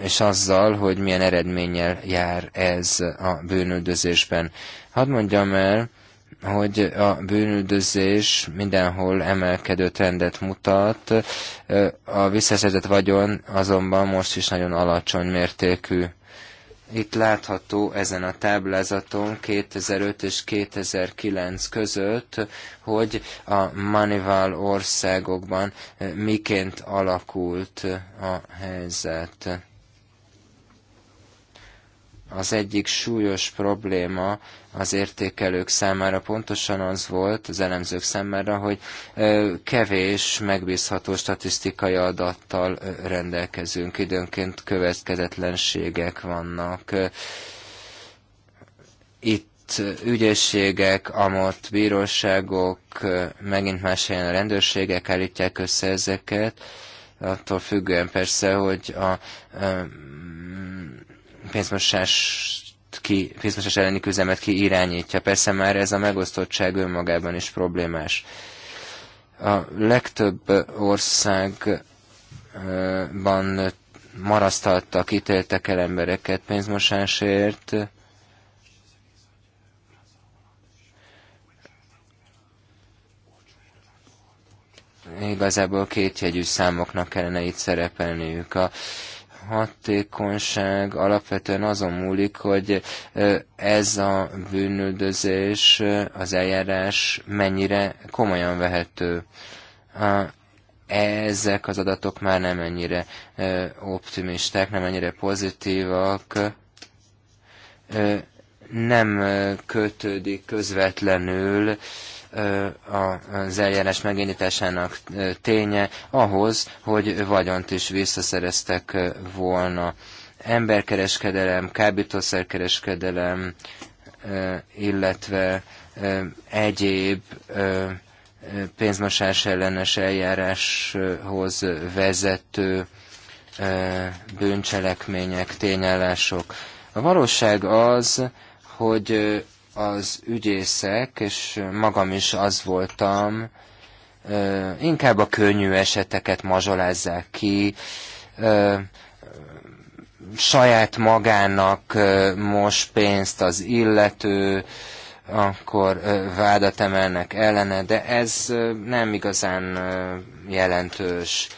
és azzal, hogy milyen eredménnyel jár ez a bűnöldözésben. Hadd mondjam el, hogy a bűnüldözés mindenhol emelkedő trendet mutat, a visszaszerzett vagyon azonban most is nagyon alacsony mértékű. Itt látható ezen a táblázaton 2005 és 2009 között, hogy a Manival országokban miként alakult a helyzet. Az egyik súlyos probléma az értékelők számára pontosan az volt, az elemzők számára, hogy kevés megbízható statisztikai adattal rendelkezünk, időnként következetlenségek vannak. Itt ügyességek, amott bíróságok, megint más helyen a rendőrségek állítják össze ezeket, attól függően persze, hogy a pénzmosás ki, pénzmosás elleni küzemet ki irányítja. Persze már ez a megosztottság önmagában is problémás. A legtöbb országban marasztaltak, ítéltek el embereket pénzmosásért, igazából kétjegyű számoknak kellene itt szerepelniük. A hatékonyság alapvetően azon múlik, hogy ez a bűnöldözés, az eljárás mennyire komolyan vehető. Ezek az adatok már nem ennyire optimisták, nem ennyire pozitívak, nem kötődik közvetlenül az eljárás megindításának ténye ahhoz, hogy vagyont is visszaszereztek volna. Emberkereskedelem, kábítószerkereskedelem, illetve egyéb pénzmosás ellenes eljáráshoz vezető bűncselekmények, tényállások. A valóság az, hogy az ügyészek, és magam is az voltam, inkább a könnyű eseteket mazsolázzák ki, saját magának most pénzt az illető, akkor vádat emelnek ellene, de ez nem igazán jelentős,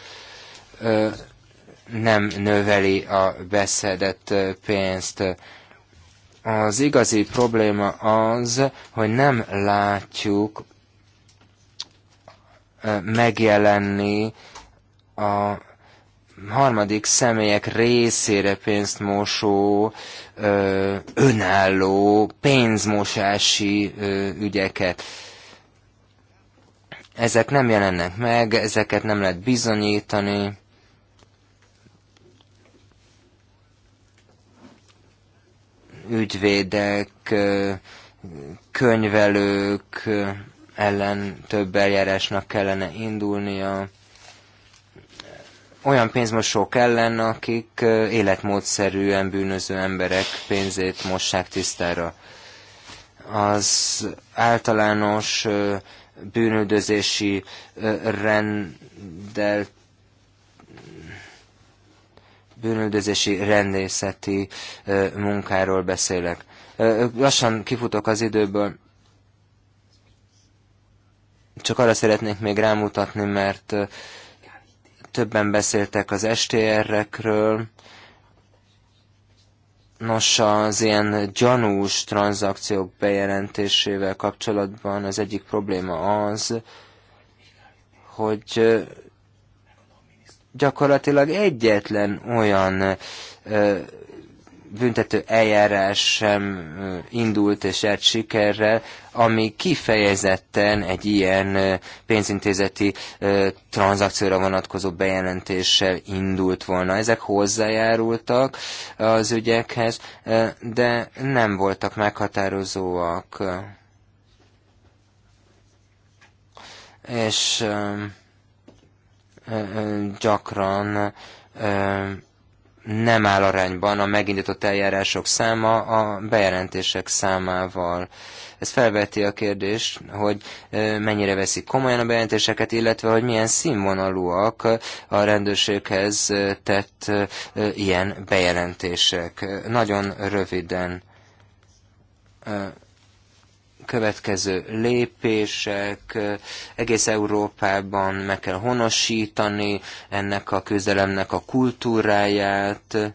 nem növeli a beszedett pénzt. Az igazi probléma az, hogy nem látjuk megjelenni a harmadik személyek részére pénzt mosó, önálló pénzmosási ügyeket. Ezek nem jelennek meg, ezeket nem lehet bizonyítani. ügyvédek, könyvelők ellen több eljárásnak kellene indulnia, olyan pénzmosók ellen, akik életmódszerűen bűnöző emberek pénzét mossák tisztára. Az általános bűnöldözési rendelt bűnöldözési rendészeti munkáról beszélek. Lassan kifutok az időből. Csak arra szeretnék még rámutatni, mert többen beszéltek az STR-ekről. Nos, az ilyen gyanús tranzakciók bejelentésével kapcsolatban az egyik probléma az, hogy gyakorlatilag egyetlen olyan büntető eljárás sem indult és ért sikerrel, ami kifejezetten egy ilyen pénzintézeti tranzakcióra vonatkozó bejelentéssel indult volna. Ezek hozzájárultak az ügyekhez, de nem voltak meghatározóak. És gyakran nem áll arányban a megindított eljárások száma a bejelentések számával. Ez felveti a kérdést, hogy mennyire veszik komolyan a bejelentéseket, illetve hogy milyen színvonalúak a rendőrséghez tett ilyen bejelentések. Nagyon röviden következő lépések, egész Európában meg kell honosítani ennek a küzdelemnek a kultúráját,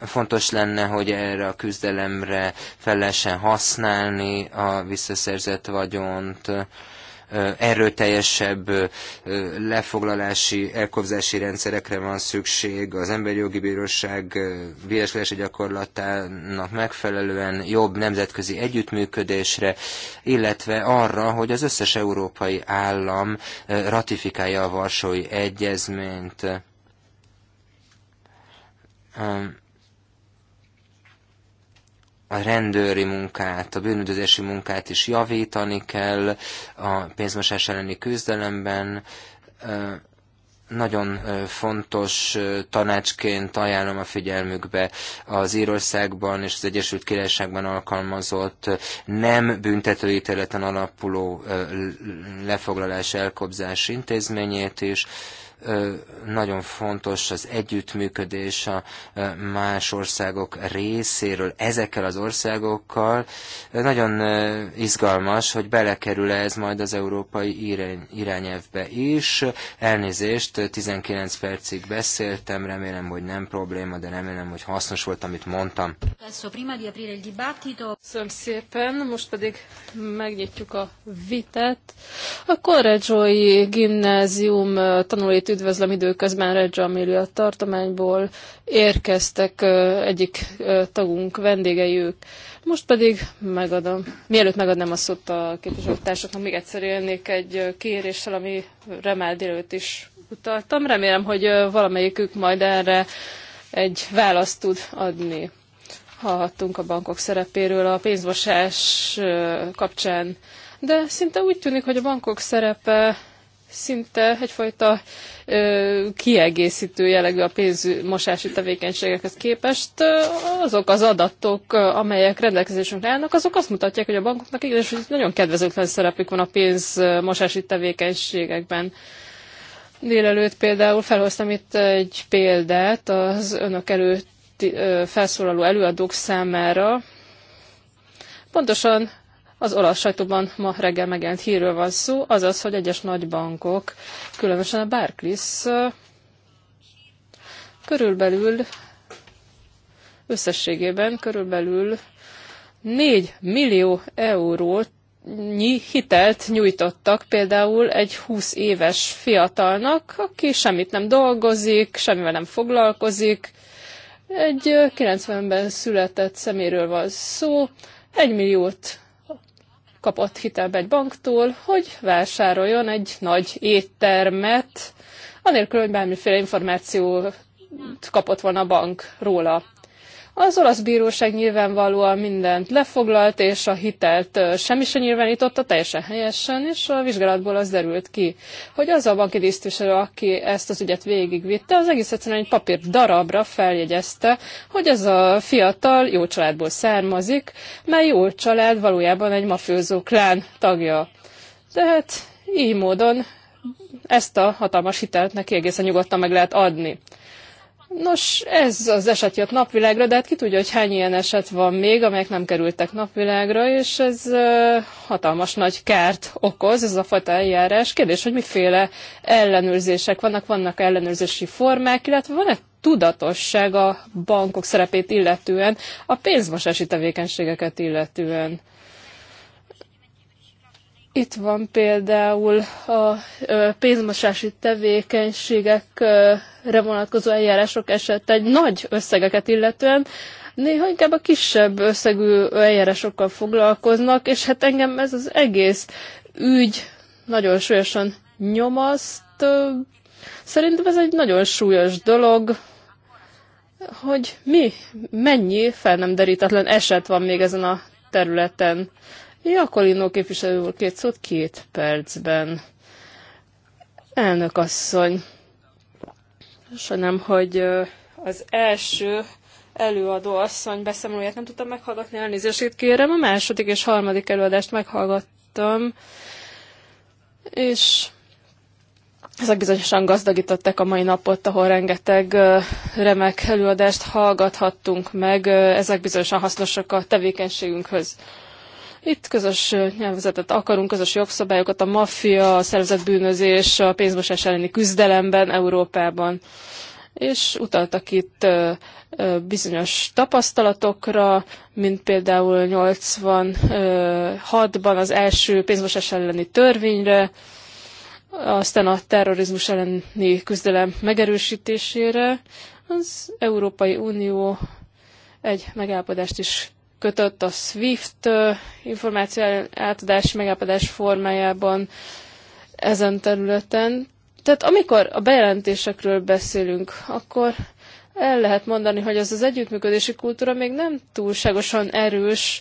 fontos lenne, hogy erre a küzdelemre fel lehessen használni a visszaszerzett vagyont, erőteljesebb lefoglalási, elkobzási rendszerekre van szükség, az emberi jogi bíróság bíráskodási gyakorlatának megfelelően jobb nemzetközi együttműködésre, illetve arra, hogy az összes európai állam ratifikálja a Varsói Egyezményt a rendőri munkát, a bűnüldözési munkát is javítani kell a pénzmosás elleni küzdelemben. Nagyon fontos tanácsként ajánlom a figyelmükbe az Írországban és az Egyesült Királyságban alkalmazott nem büntetőítéleten alapuló lefoglalás elkobzás intézményét is. És nagyon fontos az együttműködés a más országok részéről ezekkel az országokkal. Nagyon izgalmas, hogy belekerül -e ez majd az európai irányelvbe is. Elnézést, 19 percig beszéltem, remélem, hogy nem probléma, de remélem, hogy hasznos volt, amit mondtam. Köszönöm szépen, most pedig megnyitjuk a vitát. A Correggioi gimnázium tanulói üdvözlöm időközben Reggio Amelia tartományból, érkeztek egyik tagunk vendégei ők. Most pedig megadom, mielőtt megadnám a szót a képviselőtársaknak, még egyszer élnék egy kéréssel, ami remál délőtt is utaltam. Remélem, hogy valamelyikük majd erre egy választ tud adni. Hallhattunk a bankok szerepéről a pénzmosás kapcsán, de szinte úgy tűnik, hogy a bankok szerepe szinte egyfajta ö, kiegészítő jellegű a pénzmosási tevékenységekhez képest. Azok az adatok, amelyek rendelkezésünkre állnak, azok azt mutatják, hogy a bankoknak igenis hogy nagyon kedvezőtlen szerepük van a pénzmosási tevékenységekben. Délelőtt például felhoztam itt egy példát az önök előtt felszólaló előadók számára. Pontosan az olasz sajtóban ma reggel megjelent hírről van szó, azaz, hogy egyes nagy bankok, különösen a Barclays, körülbelül összességében körülbelül 4 millió eurót nyi hitelt nyújtottak például egy 20 éves fiatalnak, aki semmit nem dolgozik, semmivel nem foglalkozik. Egy 90-ben született szeméről van szó, egy milliót kapott hitelbe egy banktól, hogy vásároljon egy nagy éttermet, anélkül, hogy bármiféle információt kapott volna a bank róla. Az olasz bíróság nyilvánvalóan mindent lefoglalt, és a hitelt semmi se nyilvánította, teljesen helyesen, és a vizsgálatból az derült ki, hogy az a banki tisztviselő, aki ezt az ügyet végigvitte, az egész egyszerűen egy papír darabra feljegyezte, hogy ez a fiatal jó családból származik, mely jó család valójában egy mafőzó klán tagja. Tehát így módon ezt a hatalmas hitelt neki egészen nyugodtan meg lehet adni. Nos, ez az eset jött napvilágra, de hát ki tudja, hogy hány ilyen eset van még, amelyek nem kerültek napvilágra, és ez hatalmas nagy kárt okoz, ez a fajta eljárás. Kérdés, hogy miféle ellenőrzések vannak, vannak ellenőrzési formák, illetve van-e tudatosság a bankok szerepét illetően, a pénzmosási tevékenységeket illetően? Itt van például a pénzmosási tevékenységekre vonatkozó eljárások esete egy nagy összegeket illetően, néha inkább a kisebb összegű eljárásokkal foglalkoznak, és hát engem ez az egész ügy nagyon súlyosan nyomaszt. Szerintem ez egy nagyon súlyos dolog, hogy mi, mennyi fel nem derítetlen eset van még ezen a területen. Jakolino képviselő úr két szót két percben. Elnök asszony, sajnálom, hogy az első előadó asszony beszámolóját nem tudtam meghallgatni, elnézést kérem. A második és harmadik előadást meghallgattam, és ezek bizonyosan gazdagították a mai napot, ahol rengeteg remek előadást hallgathattunk meg, ezek bizonyosan hasznosak a tevékenységünkhöz. Itt közös nyelvezetet akarunk, közös jogszabályokat a maffia, a szervezetbűnözés, a pénzmosás elleni küzdelemben Európában. És utaltak itt bizonyos tapasztalatokra, mint például 86-ban az első pénzmosás elleni törvényre, aztán a terrorizmus elleni küzdelem megerősítésére, az Európai Unió egy megállapodást is kötött a SWIFT információ átadási megállapodás formájában ezen területen. Tehát amikor a bejelentésekről beszélünk, akkor el lehet mondani, hogy az az együttműködési kultúra még nem túlságosan erős,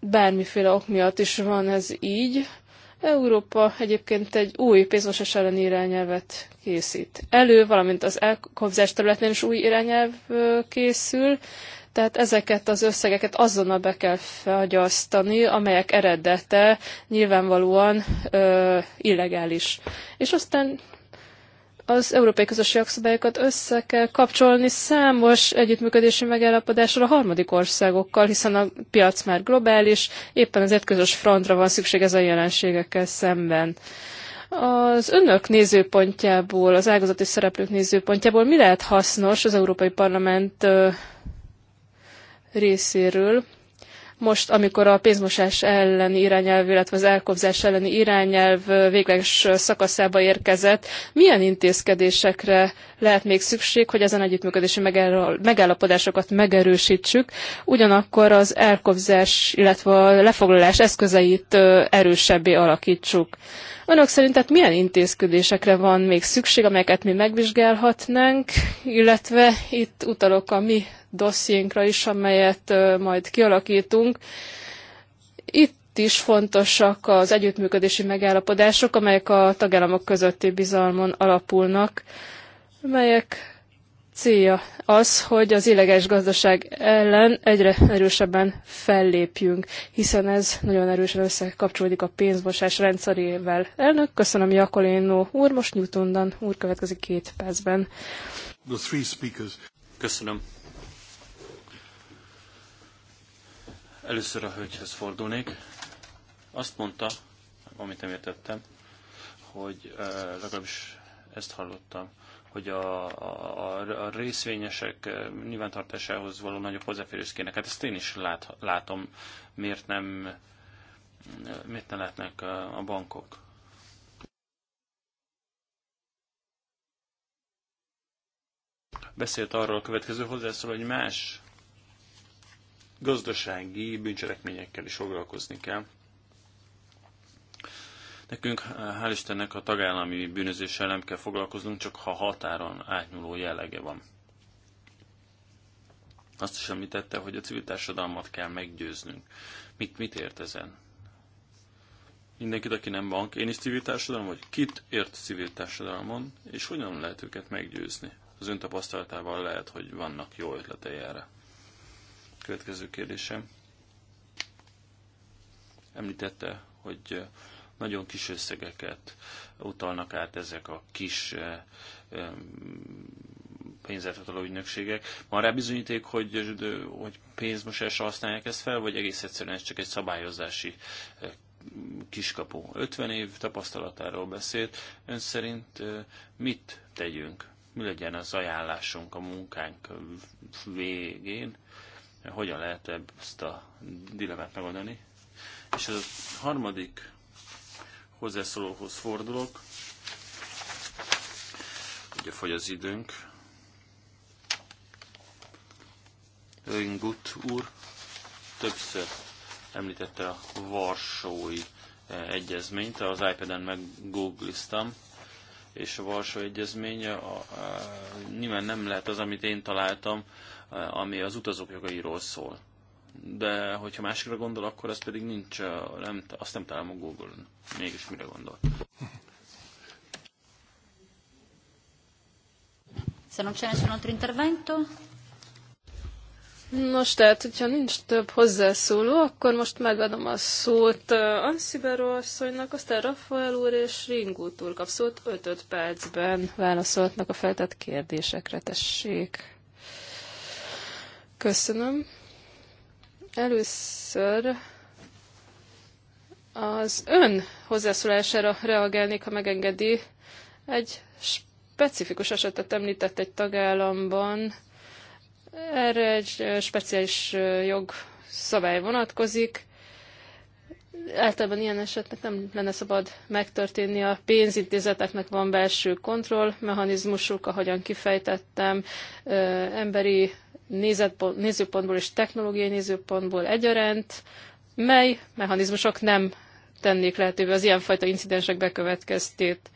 bármiféle ok miatt is van ez így. Európa egyébként egy új pénzmosás elleni irányelvet készít elő, valamint az elkobzás területén is új irányelv készül, tehát ezeket az összegeket azonnal be kell fagyasztani, amelyek eredete nyilvánvalóan ö, illegális. És aztán az európai közösségi jogszabályokat össze kell kapcsolni számos együttműködési megállapodásra a harmadik országokkal, hiszen a piac már globális, éppen ezért közös frontra van szükség ez a jelenségekkel szemben. Az önök nézőpontjából, az ágazati szereplők nézőpontjából mi lehet hasznos az Európai Parlament részéről. Most, amikor a pénzmosás elleni irányelv, illetve az elkobzás elleni irányelv végleges szakaszába érkezett, milyen intézkedésekre lehet még szükség, hogy ezen együttműködési megállapodásokat megerősítsük, ugyanakkor az elkobzás, illetve a lefoglalás eszközeit erősebbé alakítsuk. Önök szerint tehát milyen intézkedésekre van még szükség, amelyeket mi megvizsgálhatnánk, illetve itt utalok a mi dossziénkra is, amelyet majd kialakítunk. Itt is fontosak az együttműködési megállapodások, amelyek a tagállamok közötti bizalmon alapulnak, melyek célja az, hogy az illegális gazdaság ellen egyre erősebben fellépjünk, hiszen ez nagyon erősen összekapcsolódik a pénzmosás rendszerével. Elnök, köszönöm Jakolino úr, most Newton Dan úr következik két percben. The three speakers. Köszönöm. Először a hölgyhez fordulnék. Azt mondta, amit nem értettem, hogy legalábbis ezt hallottam, hogy a, a, a részvényesek eh, nyilvántartásához való nagyobb hozzáférést kérnek. Hát ezt én is lát, látom, miért nem eh, miért nem lehetnek eh, a bankok. Beszélt arról a következő hozzászóló, hogy más gazdasági bűncselekményekkel is foglalkozni kell. Nekünk, eh, hál' Istennek, a tagállami bűnözéssel nem kell foglalkoznunk, csak ha határon átnyúló jellege van. Azt is említette, hogy a civil társadalmat kell meggyőznünk. Mit, mit ért ezen? Mindenkit, aki nem bank, én is civil társadalom, vagy kit ért civil társadalmon, és hogyan lehet őket meggyőzni? Az ön tapasztalatával lehet, hogy vannak jó ötletei erre. Következő kérdésem. Említette, hogy eh, nagyon kis összegeket utalnak át ezek a kis eh, pénzáltató ügynökségek. Van rá bizonyíték, hogy, eh, hogy pénzmosásra használják ezt fel, vagy egész egyszerűen ez csak egy szabályozási eh, kiskapu. 50 év tapasztalatáról beszélt. Ön szerint mit tegyünk? Mi legyen az ajánlásunk a munkánk végén? Hogyan lehet ezt a dilemmát megoldani? És a harmadik hozzászólóhoz fordulok. Ugye fogy az időnk. Ringut úr többször említette a Varsói eh, egyezményt, az iPad-en meggoogliztam, és a Varsói egyezmény a, a, nyilván nem lehet az, amit én találtam, eh, ami az utazók jogairól szól de hogyha másikra gondol, akkor ez pedig nincs, nem, azt nem találom a Google-on. Mégis mire gondol. Se non c'è nessun altro intervento? Nos, tehát, hogyha nincs több hozzászóló, akkor most megadom a szót Anszibero asszonynak, aztán Rafael úr és Ringút úr kap szót 5-5 percben válaszoltnak a feltett kérdésekre, tessék. Köszönöm. Először az ön hozzászólására reagálnék, ha megengedi. Egy specifikus esetet említett egy tagállamban. Erre egy speciális jogszabály vonatkozik. Általában ilyen esetnek nem lenne szabad megtörténni. A pénzintézeteknek van belső kontrollmechanizmusuk, ahogyan kifejtettem, emberi nézőpontból és technológiai nézőpontból egyaránt, mely mechanizmusok nem tennék lehetővé az ilyenfajta incidensek bekövetkeztét.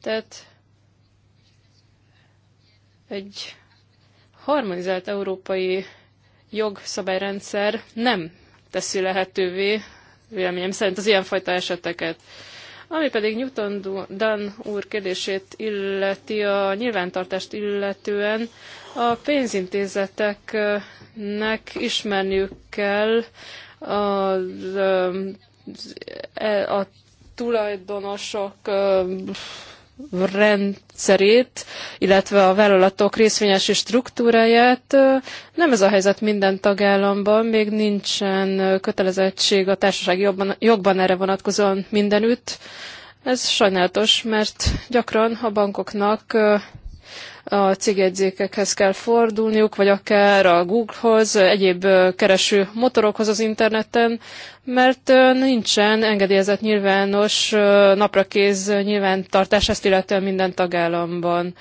Tehát egy harmonizált európai jogszabályrendszer nem teszi lehetővé, véleményem szerint, az ilyenfajta eseteket. Ami pedig Newton Dan úr kérdését illeti a nyilvántartást illetően, a pénzintézeteknek ismerniük kell a, e- a tulajdonosok rendszerét, illetve a vállalatok részvényesi struktúráját. Nem ez a helyzet minden tagállamban, még nincsen kötelezettség a társasági jogban, jogban erre vonatkozóan mindenütt. Ez sajnálatos, mert gyakran a bankoknak a cégjegyzékekhez kell fordulniuk, vagy akár a Google-hoz, egyéb kereső motorokhoz az interneten, mert nincsen engedélyezett nyilvános naprakéz nyilvántartás, ezt illetően minden tagállamban.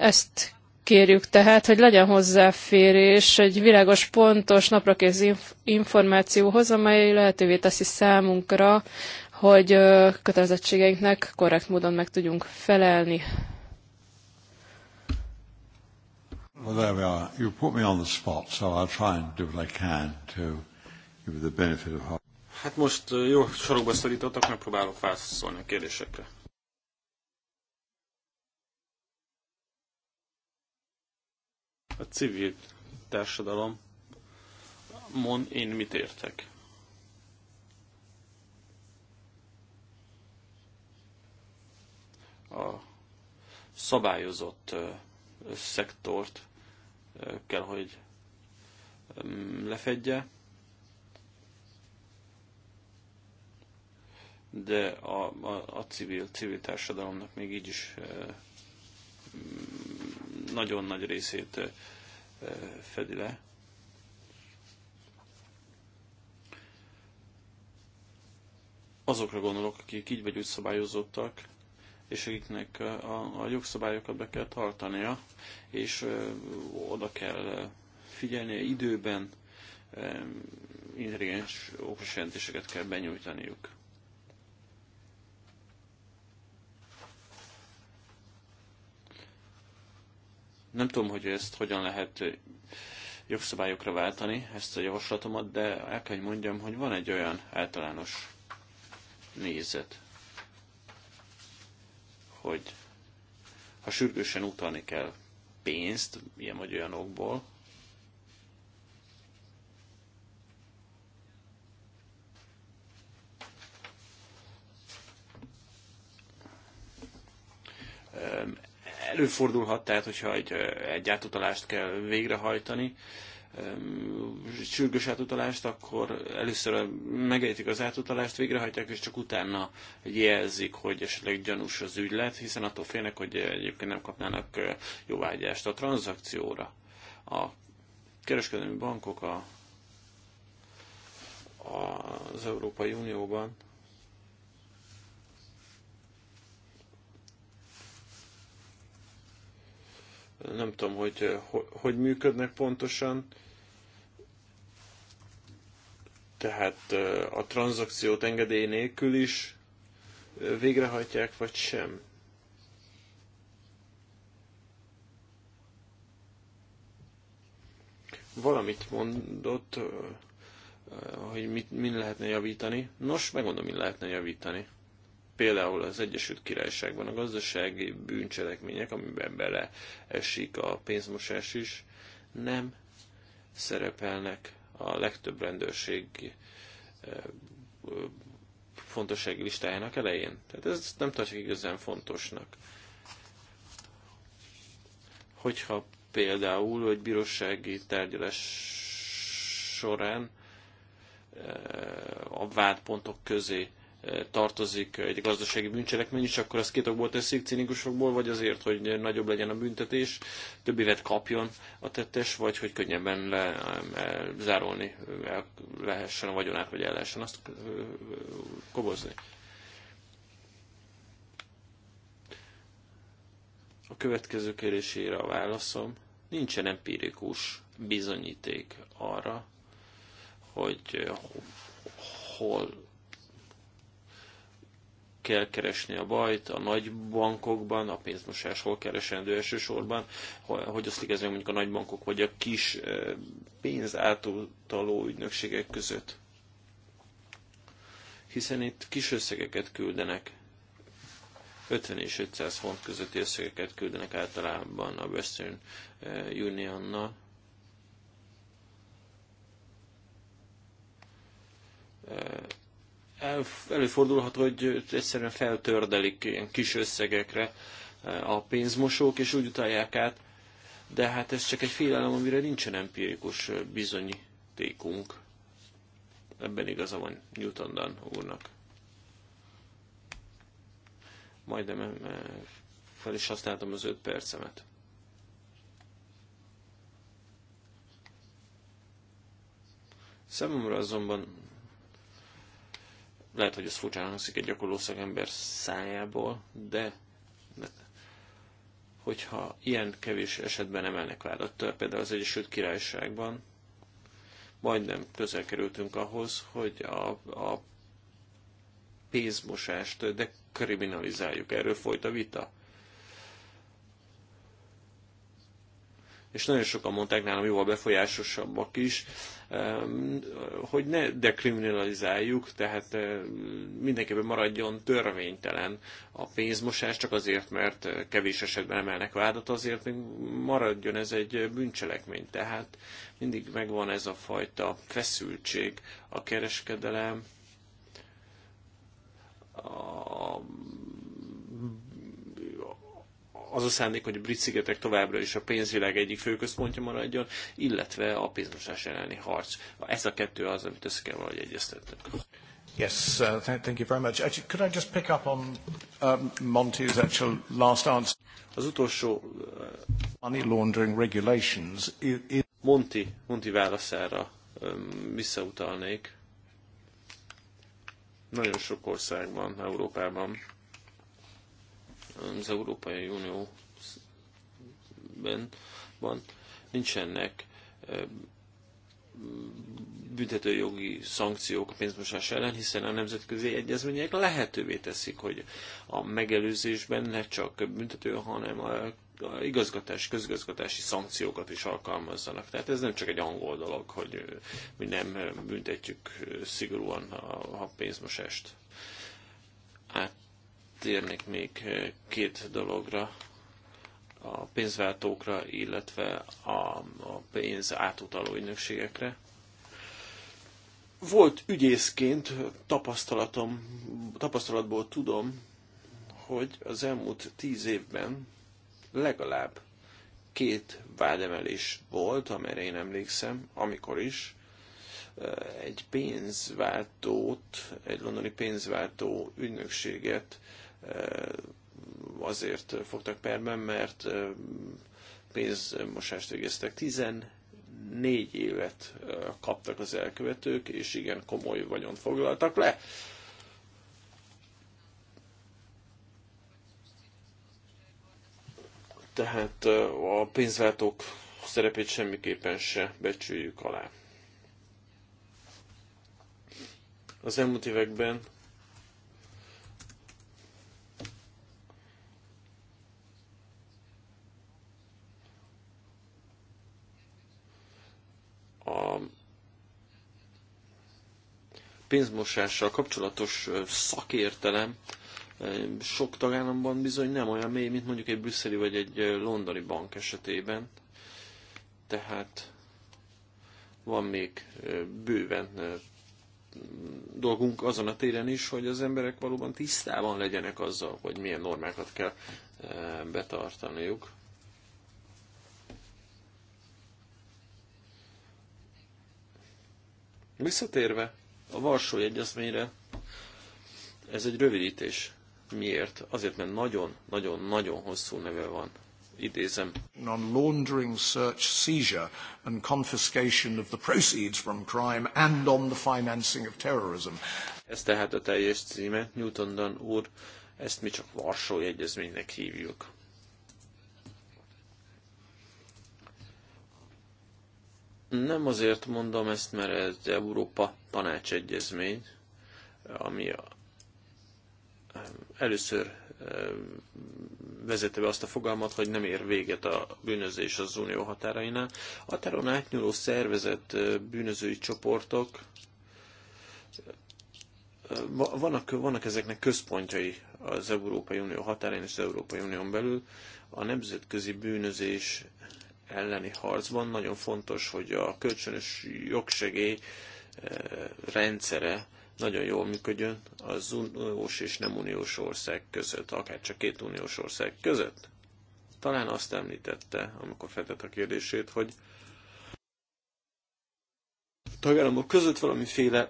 Ezt kérjük tehát, hogy legyen hozzáférés egy világos, pontos, naprakész információhoz, amely lehetővé teszi számunkra, hogy kötelezettségeinknek korrekt módon meg tudjunk felelni. well, there we are. You put me on the spot, so I'll try and do what I can to give you the benefit of hope. Hát most uh, jó sorokba szorítottak, megpróbálok válaszolni a kérdésekre. A civil társadalom mond én mit értek? A szabályozott uh, szektort kell, hogy lefedje. De a, a, a civil, civil társadalomnak még így is eh, nagyon nagy részét eh, fedi le. Azokra gondolok, akik így vagy úgy szabályozottak, és akiknek a, a jogszabályokat be kell tartania, és oda kell figyelni, időben, intelligens okos jelentéseket kell benyújtaniuk. Nem tudom, hogy ezt hogyan lehet jogszabályokra váltani, ezt a javaslatomat, de el kell, hogy mondjam, hogy van egy olyan általános nézet, hogy ha sürgősen utalni kell pénzt, ilyen vagy olyan okból, előfordulhat, tehát hogyha egy, egy átutalást kell végrehajtani, sürgős átutalást, akkor először megejtik az átutalást, végrehajtják, és csak utána jelzik, hogy esetleg gyanús az ügylet, hiszen attól félnek, hogy egyébként nem kapnának jóvágyást a tranzakcióra. A kereskedelmi bankok a, az Európai Unióban nem tudom, hogy eh, hogy működnek pontosan. Tehát eh, a tranzakciót engedély nélkül is eh, végrehajtják, vagy sem. Valamit mondott, hogy mit, min lehetne javítani. Nos, megmondom, mit lehetne javítani. Például az Egyesült Királyságban a gazdasági bűncselekmények, amiben bele esik a pénzmosás is, nem szerepelnek a legtöbb rendőrség eh, fontossági listájának elején. Tehát ez nem tartjuk igazán fontosnak. Hogyha például egy bírósági tárgyalás során eh, a vádpontok közé tartozik egy gazdasági bűncselekmény is, akkor azt két okból teszik, cinikusokból, vagy azért, hogy nagyobb legyen a büntetés, több évet kapjon a tettes, vagy hogy könnyebben le, e, zárolni e, lehessen a vagyonát, vagy el lehessen azt kobozni. A következő kérdésére a válaszom. Nincsen empirikus bizonyíték arra, hogy eh, hol kell keresni a bajt, a nagy bankokban, a pénzmosás hol keresendő elsősorban, hogy oszlik ez meg mondjuk a nagy bankok vagy a kis eh, pénzátutaló ügynökségek között. Hiszen itt kis összegeket küldenek, 50 és 500 font közötti összegeket küldenek általában a Western eh, Unionnal. Uh, előfordulhat, hogy egyszerűen feltördelik ilyen kis összegekre eh, a pénzmosók, és úgy utalják át, de hát ez csak egy félelem, amire nincsen empirikus eh, bizonyítékunk. Ebben igaza van Newton Dan úrnak. Majdnem eh, fel is használtam az öt percemet. Számomra azonban lehet, hogy ez furcsán hangzik egy gyakorló szakember szájából, de hogyha ilyen kevés esetben emelnek vádat, például az Egyesült Királyságban, majdnem közel kerültünk ahhoz, hogy a, a pénzmosást dekriminalizáljuk. Erről folyt a vita. És nagyon sokan mondták nálam, jóval befolyásosabbak is, hogy ne dekriminalizáljuk, tehát eh, mindenképpen maradjon törvénytelen a pénzmosás, csak azért, mert eh, kevés esetben emelnek vádat, azért még maradjon ez egy bűncselekmény. Tehát mindig megvan ez a fajta feszültség, a kereskedelem, a az a szándék, hogy a brit szigetek továbbra is a pénzvilág egyik fő központja maradjon, illetve a pénzmosás elleni harc. Ez a kettő az, amit össze kell valahogy egyeztetnünk. Yes, uh, thank you very much. Actually, could I just pick up on um, Monty's actual last answer? Az utolsó uh, money laundering regulations. is... Monty, Monty válaszára um, visszautalnék. Nagyon sok országban, Európában az Európai Unióban van, nincsenek büntetőjogi szankciók a pénzmosás ellen, hiszen a nemzetközi egyezmények lehetővé teszik, hogy a megelőzésben ne csak büntető, hanem a, igazgatás, közgazgatási szankciókat is alkalmazzanak. Tehát ez nem csak egy angol dolog, hogy mi nem büntetjük szigorúan a, pénzmosást. Hát térnék még eh, két dologra, a pénzváltókra, illetve a, pénz átutaló ügynökségekre. Volt ügyészként tapasztalatom, tapasztalatból tudom, hogy az elmúlt tíz évben legalább két vádemelés volt, amire én emlékszem, amikor is eh, egy pénzváltót, egy londoni pénzváltó ügynökséget azért fogtak perben, mert pénzmosást végeztek. 14 évet kaptak az elkövetők, és igen komoly vagyon foglaltak le. Tehát a pénzváltók szerepét semmiképpen se becsüljük alá. Az elmúlt években pénzmosással kapcsolatos szakértelem sok tagállamban bizony nem olyan mély, mint mondjuk egy brüsszeli vagy egy londoni bank esetében. Tehát van még bőven dolgunk azon a téren is, hogy az emberek valóban tisztában legyenek azzal, hogy milyen normákat kell betartaniuk. Visszatérve a Varsói Egyezményre ez egy rövidítés. Miért? Azért, mert nagyon-nagyon-nagyon hosszú neve van. Idézem. On laundering, search, seizure and confiscation of the proceeds from crime and on the financing of terrorism. Ez tehát a teljes címe. Newton Dunn úr, ezt mi csak Varsói Egyezménynek hívjuk. Nem azért mondom ezt, mert ez Európa tanácsegyezmény, ami a, először vezette be azt a fogalmat, hogy nem ér véget a bűnözés az unió határainál. teron átnyúló szervezett bűnözői csoportok vannak, vannak ezeknek központjai az Európai Unió határain és az Európai Unión belül. A nemzetközi bűnözés elleni harcban nagyon fontos, hogy a kölcsönös jogsegély eh, rendszere nagyon jól működjön az uniós és nem uniós ország között, akár csak két uniós ország között. Talán azt említette, amikor feltett a kérdését, hogy a tagállamok között valamiféle eh,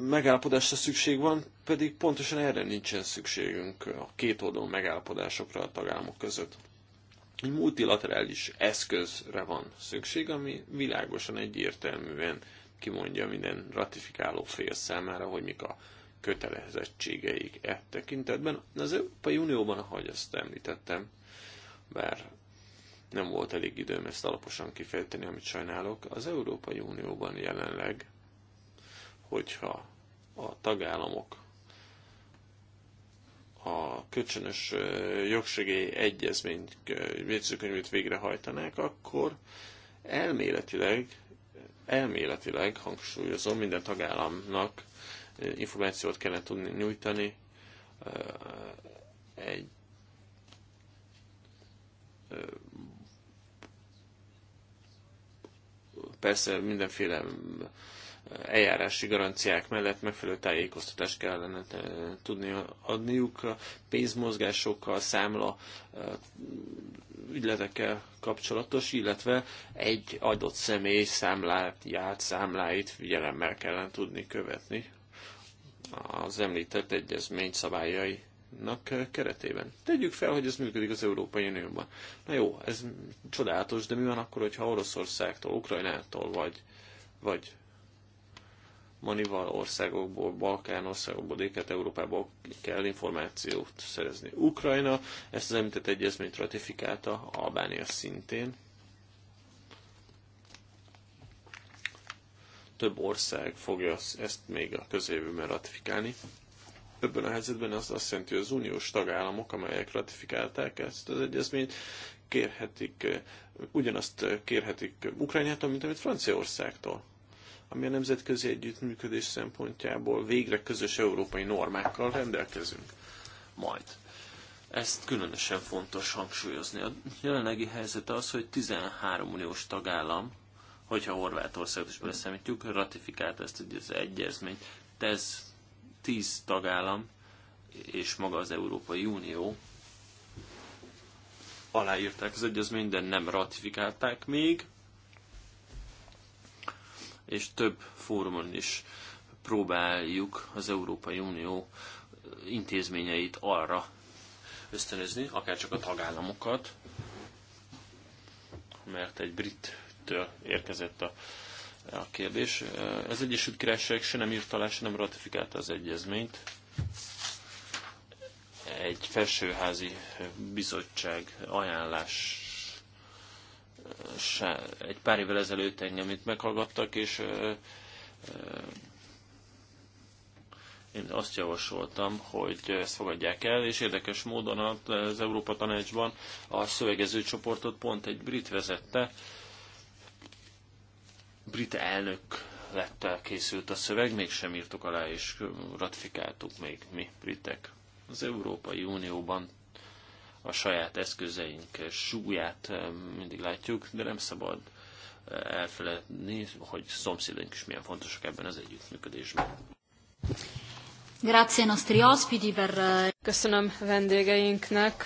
megállapodásra szükség van, pedig pontosan erre nincsen szükségünk a két oldalú megállapodásokra a tagállamok között. Egy multilaterális eszközre van szükség, ami világosan egyértelműen kimondja minden ratifikáló fél számára, hogy mik a kötelezettségeik e tekintetben. Az Európai Unióban, ahogy ezt említettem, bár nem volt elég időm ezt alaposan kifejteni, amit sajnálok, az Európai Unióban jelenleg, hogyha a tagállamok a kölcsönös jogsegély egyezmény jegyzőkönyvét végrehajtanák, akkor elméletileg, elméletileg, hangsúlyozom, minden tagállamnak információt kellene tudni nyújtani egy persze mindenféle eljárási garanciák mellett megfelelő tájékoztatást kellene eh, tudni adniuk a pénzmozgásokkal, számla eh, ügyletekkel kapcsolatos, illetve egy adott személy számláját, számláit figyelemmel kellene tudni követni az említett egyezmény szabályai eh, keretében. Tegyük fel, hogy ez működik az Európai Unióban. Na jó, ez csodálatos, de mi van akkor, hogyha Oroszországtól, Ukrajnától, vagy, vagy Manival országokból, Balkán országokból, Déket Európából kell információt szerezni. Ukrajna ezt az említett egyezményt ratifikálta, Albánia szintén. Több ország fogja ezt még a közéjövőben ratifikálni. Ebben a helyzetben az azt jelenti, hogy az uniós tagállamok, amelyek ratifikálták ezt az egyezményt, kérhetik, ugyanazt kérhetik Ukrajnától, mint amit Franciaországtól ami a nemzetközi együttműködés szempontjából végre közös európai normákkal rendelkezünk. Majd. Ezt különösen fontos hangsúlyozni. A jelenlegi helyzet az, hogy 13 uniós tagállam, hogyha Horvátországot is beszámítjuk, ratifikálta ezt az egyezményt. De ez 10 tagállam és maga az Európai Unió aláírták az egyezményt, de nem ratifikálták még és több fórumon is próbáljuk az Európai Unió intézményeit arra ösztönözni, akár csak a tagállamokat, mert egy brittől érkezett a, a kérdés. Az Egyesült Királyság se nem írt alá, se nem ratifikálta az egyezményt. Egy felsőházi bizottság ajánlás egy pár évvel ezelőtt engem itt meghallgattak, és én azt javasoltam, hogy ezt fogadják el, és érdekes módon az Európa Tanácsban a szövegező csoportot pont egy brit vezette, brit elnök lett készült a szöveg, mégsem írtuk alá, és ratifikáltuk még mi, britek. Az Európai Unióban a saját eszközeink súlyát eh, mindig látjuk, de nem szabad eh, elfeledni, hogy szomszédaink is milyen fontosak ebben az együttműködésben. Grazie nostri ospiti per... Eh, Köszönöm vendégeinknek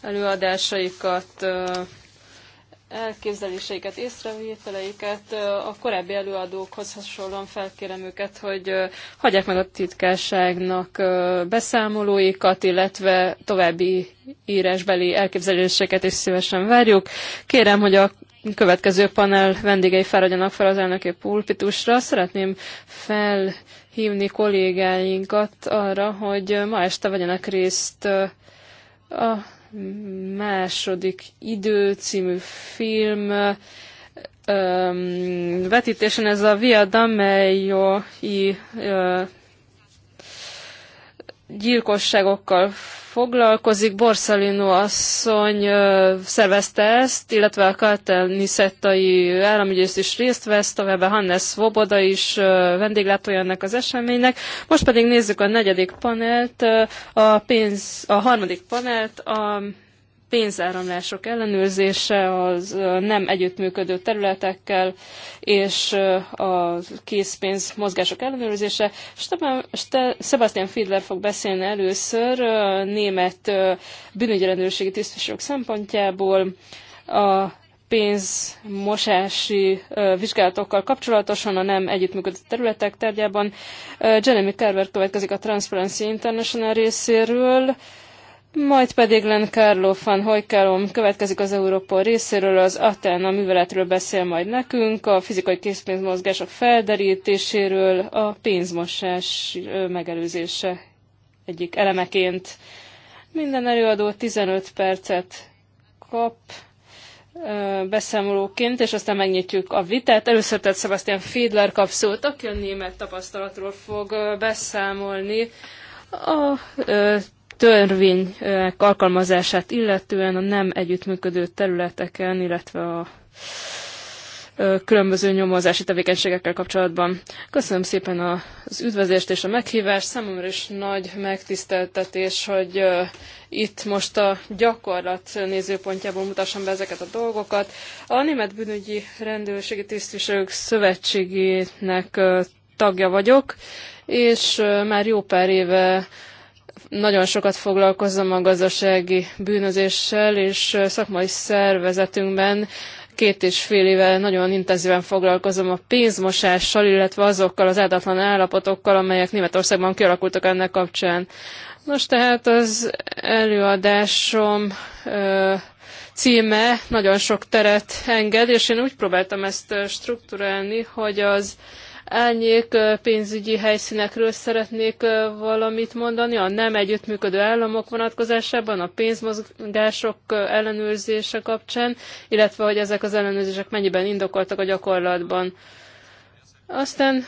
előadásaikat, elképzeléseiket, észrevételeiket. A korábbi előadókhoz hasonlóan felkérem őket, hogy hagyják meg a titkárságnak beszámolóikat, illetve további írásbeli elképzeléseket is szívesen várjuk. Kérem, hogy a következő panel vendégei fáradjanak fel az elnöki pulpitusra. Szeretném felhívni kollégáinkat arra, hogy ma este vegyenek részt a második idő című film öm, vetítésen ez a Via Dameio gyilkosságokkal foglalkozik. Borsalino asszony szervezte ezt, illetve a Nisettai államügyész is részt vesz, továbbá Hannes Svoboda is vendéglátója ennek az eseménynek. Most pedig nézzük a negyedik panelt, a, pénz, a harmadik panelt, a pénzáramlások ellenőrzése, az nem együttműködő területekkel és a készpénz mozgások ellenőrzése. Sebastian Fiedler fog beszélni először német bűnügyelendőrségi tisztviselők szempontjából a pénzmosási vizsgálatokkal kapcsolatosan a nem együttműködő területek tárgyában. Jeremy Carver következik a Transparency International részéről majd pedig Len Carlo van Hojkelom következik az Európol részéről, az Athena műveletről beszél majd nekünk, a fizikai készpénzmozgások felderítéséről, a pénzmosás megelőzése egyik elemeként. Minden előadó 15 percet kap beszámolóként, és aztán megnyitjuk a vitát. Először tett Sebastian Fiedler kap szót, aki a német tapasztalatról fog beszámolni. A törvény alkalmazását illetően a nem együttműködő területeken, illetve a különböző nyomozási tevékenységekkel kapcsolatban. Köszönöm szépen az üdvözést és a meghívást. Számomra is nagy megtiszteltetés, hogy itt most a gyakorlat nézőpontjából mutassam be ezeket a dolgokat. A Német Bűnügyi Rendőrségi Tisztviselők Szövetségének tagja vagyok, és már jó pár éve nagyon sokat foglalkozom a gazdasági bűnözéssel, és szakmai szervezetünkben két és fél éve nagyon intenzíven foglalkozom a pénzmosással, illetve azokkal az áldatlan állapotokkal, amelyek Németországban kialakultak ennek kapcsán. Nos, tehát az előadásom ö, címe nagyon sok teret enged, és én úgy próbáltam ezt strukturálni, hogy az Árnyék pénzügyi helyszínekről szeretnék valamit mondani, a nem együttműködő államok vonatkozásában, a pénzmozgások ellenőrzése kapcsán, illetve hogy ezek az ellenőrzések mennyiben indokoltak a gyakorlatban. Aztán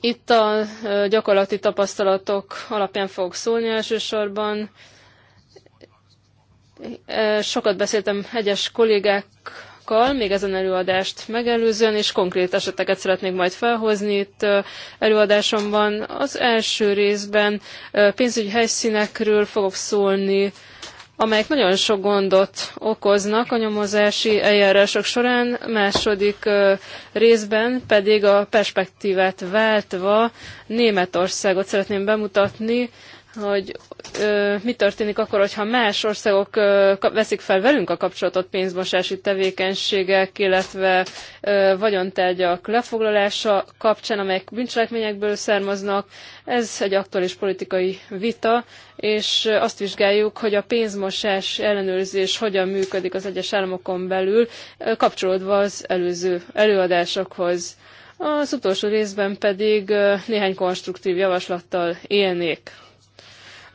itt a gyakorlati tapasztalatok alapján fogok szólni elsősorban. Sokat beszéltem egyes kollégákkal, kollégákkal, még ezen előadást megelőzően, és konkrét eseteket szeretnék majd felhozni itt előadásomban. Az első részben pénzügyi helyszínekről fogok szólni, amelyek nagyon sok gondot okoznak a nyomozási eljárások során, második részben pedig a perspektívát váltva Németországot szeretném bemutatni, hogy ö, mi történik akkor, hogyha más országok ö, veszik fel velünk a kapcsolatot pénzmosási tevékenységek, illetve ö, vagyontárgyak lefoglalása kapcsán, amelyek bűncselekményekből származnak. Ez egy aktuális politikai vita, és azt vizsgáljuk, hogy a pénzmosás ellenőrzés hogyan működik az egyes államokon belül, kapcsolódva az előző előadásokhoz. Az utolsó részben pedig néhány konstruktív javaslattal élnék.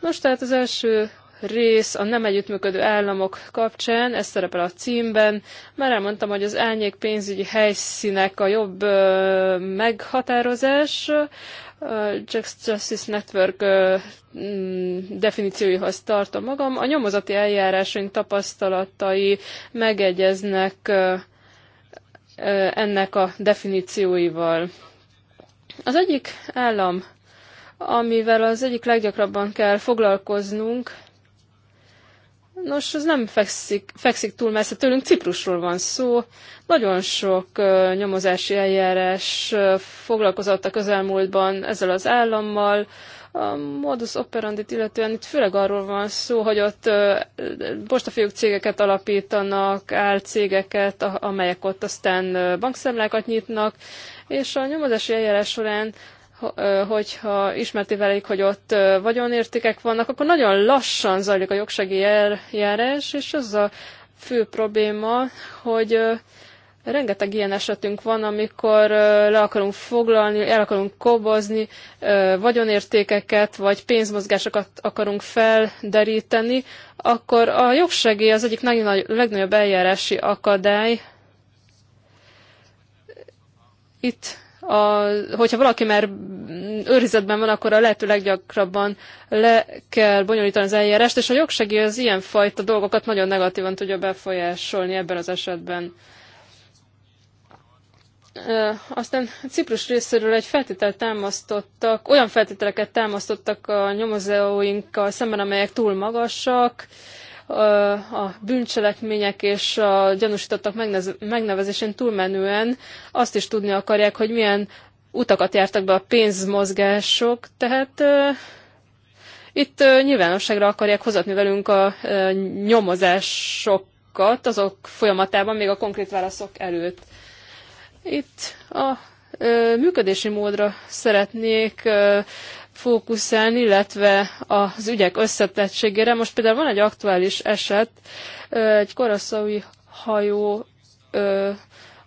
Nos, tehát az első rész a nem együttműködő államok kapcsán, ez szerepel a címben. Már elmondtam, hogy az árnyék pénzügyi helyszínek a jobb ö, meghatározás Justice Network ö, mm, definícióihoz tartom magam. A nyomozati eljárásaink tapasztalatai megegyeznek ö, ennek a definícióival. Az egyik állam amivel az egyik leggyakrabban kell foglalkoznunk. Nos, ez nem fekszik, fekszik túl messze tőlünk, Ciprusról van szó. Nagyon sok uh, nyomozási eljárás uh, foglalkozott a közelmúltban ezzel az állammal, a modus operandit illetően itt főleg arról van szó, hogy ott postafiók cégeket alapítanak, álcégeket, amelyek ott aztán bankszámlákat nyitnak, és a nyomozási eljárás során hogyha ismerti velük, hogy ott vagyonértékek vannak, akkor nagyon lassan zajlik a jogsági eljárás, és az a fő probléma, hogy rengeteg ilyen esetünk van, amikor le akarunk foglalni, el akarunk kobozni vagyonértékeket, vagy pénzmozgásokat akarunk felderíteni, akkor a jogsegély az egyik legnagyobb eljárási akadály. Itt a, hogyha valaki már őrizetben van, akkor a lehető leggyakrabban le kell bonyolítani az eljárást, és a jogsegély az ilyenfajta dolgokat nagyon negatívan tudja befolyásolni ebben az esetben. Aztán Ciprus részéről egy feltételt támasztottak, olyan feltételeket támasztottak a nyomozóinkkal szemben, amelyek túl magasak, a bűncselekmények és a gyanúsítottak megnevezésén túlmenően azt is tudni akarják, hogy milyen utakat jártak be a pénzmozgások, tehát itt nyilvánosságra akarják hozatni velünk a nyomozásokat azok folyamatában, még a konkrét válaszok előtt. Itt a működési módra szeretnék fókuszálni, illetve az ügyek összetettségére. Most például van egy aktuális eset, egy koraszaui hajó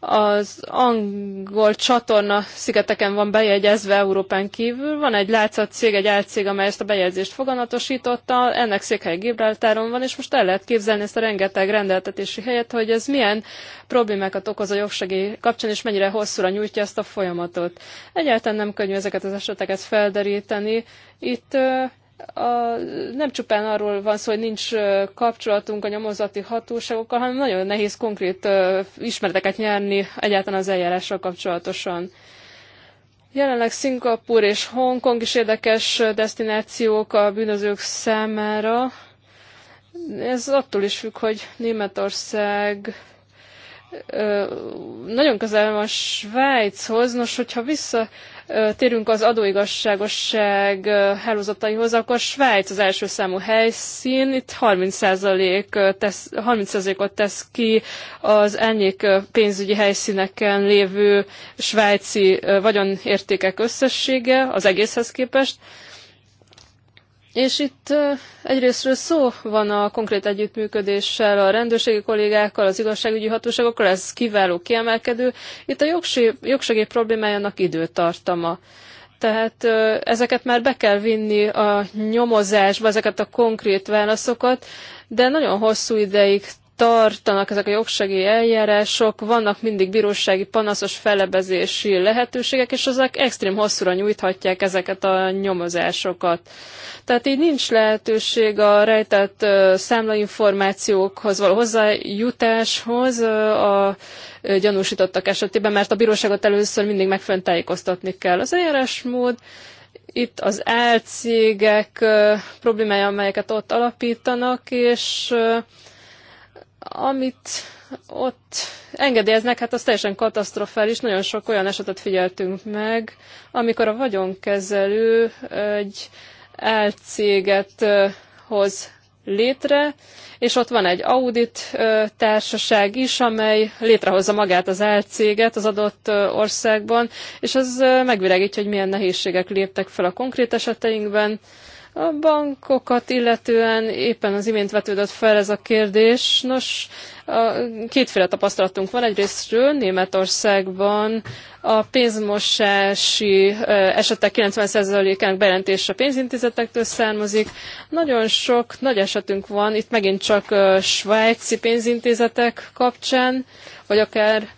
az angol csatorna szigeteken van bejegyezve Európán kívül. Van egy látszatcég, egy álcég, amely ezt a bejegyzést foganatosította, ennek székhelye Gibraltáron van, és most el lehet képzelni ezt a rengeteg rendeltetési helyet, hogy ez milyen problémákat okoz a jogsegély kapcsán, és mennyire hosszúra nyújtja ezt a folyamatot. Egyáltalán nem könnyű ezeket az eseteket felderíteni. Itt a, nem csupán arról van szó, hogy nincs kapcsolatunk a nyomozati hatóságokkal, hanem nagyon nehéz konkrét uh, ismereteket nyerni egyáltalán az eljárással kapcsolatosan. Jelenleg Szingapur és Hongkong is érdekes destinációk a bűnözők számára. Ez attól is függ, hogy Németország nagyon közel van Svájchoz, nos, hogyha visszatérünk az adóigazságosság hálózataihoz, akkor Svájc az első számú helyszín, itt 30%-ot tesz, 30 tesz ki az elnyék pénzügyi helyszíneken lévő svájci vagyonértékek összessége az egészhez képest. És itt egyrésztről szó van a konkrét együttműködéssel, a rendőrségi kollégákkal, az igazságügyi hatóságokkal, ez kiváló, kiemelkedő. Itt a jogség, jogsegély problémájának időtartama. Tehát ezeket már be kell vinni a nyomozásba, ezeket a konkrét válaszokat, de nagyon hosszú ideig tartanak ezek a jogsági eljárások, vannak mindig bírósági panaszos felebezési lehetőségek, és azok extrém hosszúra nyújthatják ezeket a nyomozásokat. Tehát így nincs lehetőség a rejtett számlainformációkhoz való hozzájutáshoz a gyanúsítottak esetében, mert a bíróságot először mindig megfelelően tájékoztatni kell. Az eljárásmód itt az elcégek problémája, amelyeket ott alapítanak, és amit ott engedélyeznek, hát az teljesen katasztrofális. Nagyon sok olyan esetet figyeltünk meg, amikor a vagyonkezelő egy elcéget hoz létre, és ott van egy audit társaság is, amely létrehozza magát az elcéget az adott országban, és az megvilágítja, hogy milyen nehézségek léptek fel a konkrét eseteinkben, a bankokat illetően éppen az imént vetődött fel ez a kérdés. Nos, a kétféle tapasztalatunk van. Egyrésztről Németországban a pénzmosási esetek 90%-ának a pénzintézetektől származik. Nagyon sok nagy esetünk van, itt megint csak svájci pénzintézetek kapcsán, vagy akár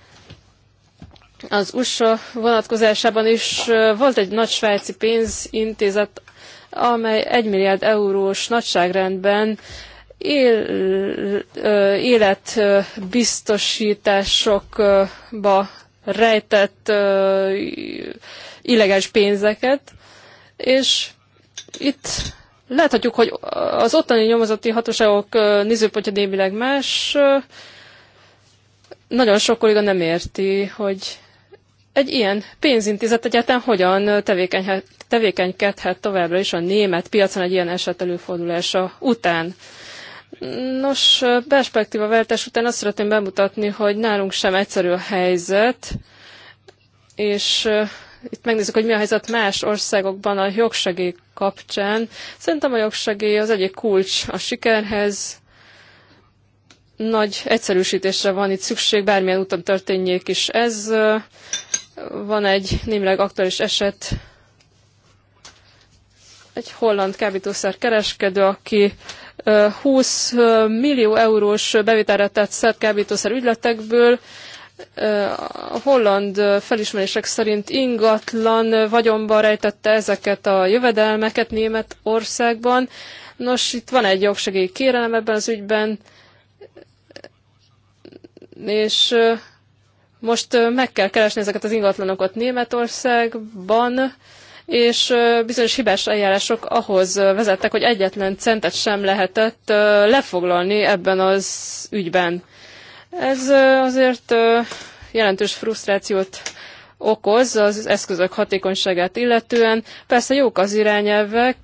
az USA vonatkozásában is volt egy nagy svájci pénzintézet, amely 1 milliárd eurós nagyságrendben él, életbiztosításokba rejtett illegális pénzeket, és itt láthatjuk, hogy az ottani nyomozati hatóságok nézőpontja némileg más, nagyon sok kolléga nem érti, hogy egy ilyen pénzintézet egyáltalán hogyan tevékenykedhet továbbra is a német piacon egy ilyen eset előfordulása után. Nos, perspektíva váltás után azt szeretném bemutatni, hogy nálunk sem egyszerű a helyzet, és itt megnézzük, hogy mi a helyzet más országokban a jogsegély kapcsán. Szerintem a jogsegély az egyik kulcs a sikerhez. Nagy egyszerűsítésre van itt szükség, bármilyen úton történjék is ez. Van egy némileg aktuális eset egy holland kábítószer kereskedő, aki 20 millió eurós bevételre tett szert kábítószer ügyletekből, a holland felismerések szerint ingatlan vagyonban rejtette ezeket a jövedelmeket Németországban. Nos, itt van egy jogsegély kérelem ebben az ügyben, és most meg kell keresni ezeket az ingatlanokat Németországban, és bizonyos hibás eljárások ahhoz vezettek, hogy egyetlen centet sem lehetett lefoglalni ebben az ügyben. Ez azért jelentős frusztrációt okoz az eszközök hatékonyságát illetően. Persze jók az irányelvek,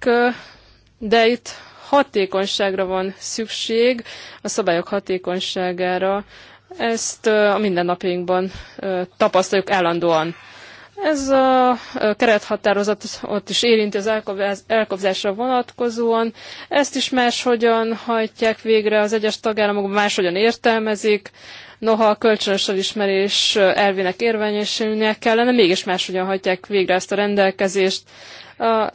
de itt hatékonyságra van szükség, a szabályok hatékonyságára. Ezt a mindennapjainkban tapasztaljuk állandóan. Ez a kerethatározat ott is érinti az elkobzásra vonatkozóan. Ezt is máshogyan hajtják végre, az egyes tagállamokban máshogyan értelmezik. Noha a kölcsönös elismerés elvének érvényesülnie kellene, mégis máshogyan hajtják végre ezt a rendelkezést. A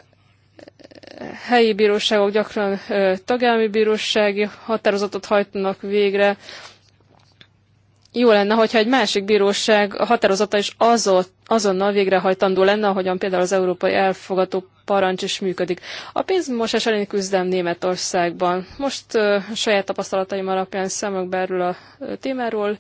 helyi bíróságok gyakran tagállami bírósági határozatot hajtanak végre, jó lenne, hogyha egy másik bíróság határozata is azot, azonnal végrehajtandó lenne, ahogyan például az európai elfogató parancs is működik. A pénzmosás elleni küzdem Németországban. Most uh, saját tapasztalataim alapján számok belül a témáról.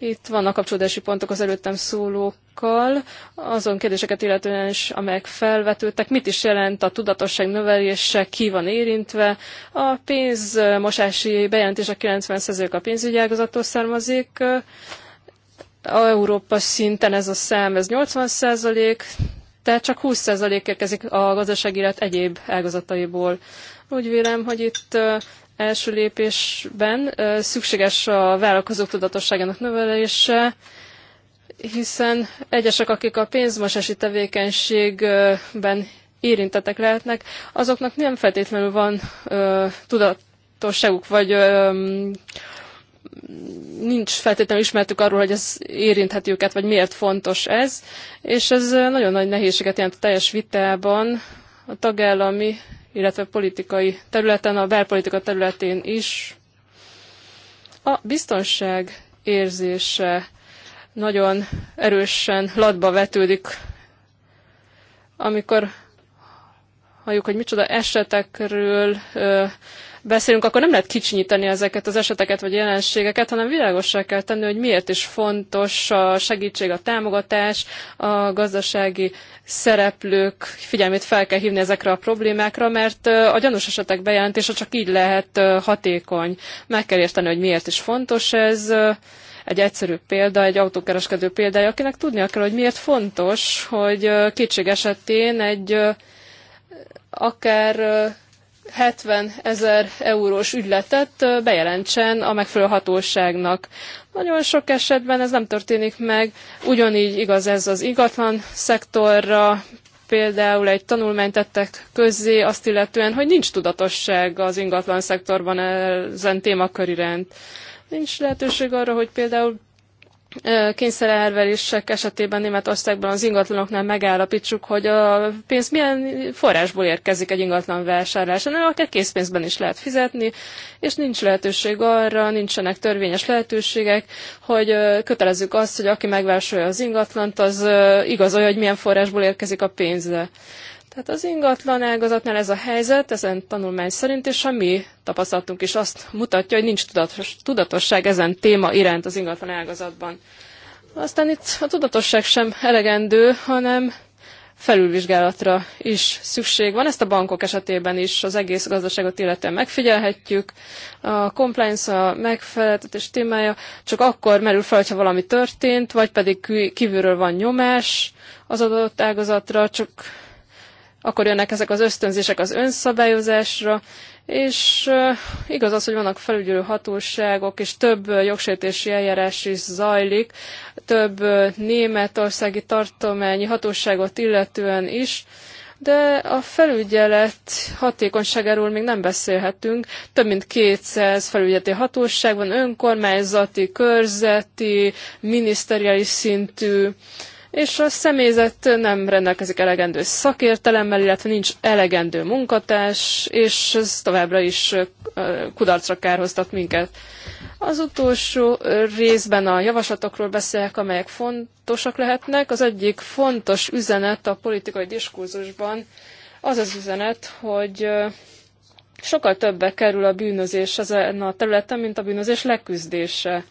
Itt vannak kapcsolódási pontok az előttem szólókkal, azon kérdéseket illetően is, amelyek felvetődtek, mit is jelent a tudatosság növelése, ki van érintve. A pénzmosási bejelentés a 90% a pénzügyi ágazattól származik, a Európa szinten ez a szám, ez 80 százalék, tehát csak 20 érkezik a gazdaság élet egyéb ágazataiból. Úgy vélem, hogy itt első lépésben szükséges a vállalkozók tudatosságának növelése, hiszen egyesek, akik a pénzmosási tevékenységben érintettek lehetnek, azoknak nem feltétlenül van ö, tudatosságuk, vagy ö, nincs feltétlenül ismertük arról, hogy ez érintheti őket, vagy miért fontos ez, és ez nagyon nagy nehézséget jelent a teljes vitában, a tagállami illetve politikai területen, a belpolitika területén is. A biztonság érzése nagyon erősen latba vetődik, amikor halljuk, hogy micsoda esetekről beszélünk, akkor nem lehet kicsinyíteni ezeket az eseteket vagy jelenségeket, hanem világosra kell tenni, hogy miért is fontos a segítség, a támogatás, a gazdasági szereplők figyelmét fel kell hívni ezekre a problémákra, mert a gyanús esetek bejelentése csak így lehet hatékony. Meg kell érteni, hogy miért is fontos ez. Egy egyszerű példa, egy autókereskedő példája, akinek tudnia kell, hogy miért fontos, hogy kétség esetén egy akár 70 ezer eurós ügyletet bejelentsen a megfelelő hatóságnak. Nagyon sok esetben ez nem történik meg, ugyanígy igaz ez az ingatlan szektorra, például egy tanulmányt tettek közzé azt illetően, hogy nincs tudatosság az ingatlan szektorban ezen témakör iránt. Nincs lehetőség arra, hogy például kényszerelverések esetében Németországban az ingatlanoknál megállapítsuk, hogy a pénz milyen forrásból érkezik egy ingatlan vásárlásánál, akár készpénzben is lehet fizetni, és nincs lehetőség arra, nincsenek törvényes lehetőségek, hogy kötelezzük azt, hogy aki megvásárolja az ingatlant, az igazolja, hogy milyen forrásból érkezik a pénze. Tehát az ingatlan ágazatnál ez a helyzet, ezen tanulmány szerint, és a mi tapasztalatunk is azt mutatja, hogy nincs tudatos, tudatosság ezen téma iránt az ingatlan ágazatban. Aztán itt a tudatosság sem elegendő, hanem felülvizsgálatra is szükség van. Ezt a bankok esetében is az egész gazdaságot illetően megfigyelhetjük. A compliance, a megfeleltetés témája csak akkor merül fel, ha valami történt, vagy pedig kívülről van nyomás az adott ágazatra, csak akkor jönnek ezek az ösztönzések az önszabályozásra, és eh, igaz az, hogy vannak felügyelő hatóságok, és több eh, jogsértési eljárás is zajlik, több eh, németországi tartományi hatóságot illetően is, de a felügyelet hatékonyságáról még nem beszélhetünk. Több mint 200 felügyeleti hatóság van, önkormányzati, körzeti, miniszteriális szintű, és a személyzet nem rendelkezik elegendő szakértelemmel, illetve nincs elegendő munkatárs, és ez továbbra is kudarcra kárhoztat minket. Az utolsó részben a javaslatokról beszélek, amelyek fontosak lehetnek. Az egyik fontos üzenet a politikai diskurzusban az az üzenet, hogy sokkal többe kerül a bűnözés ezen a területen, mint a bűnözés leküzdése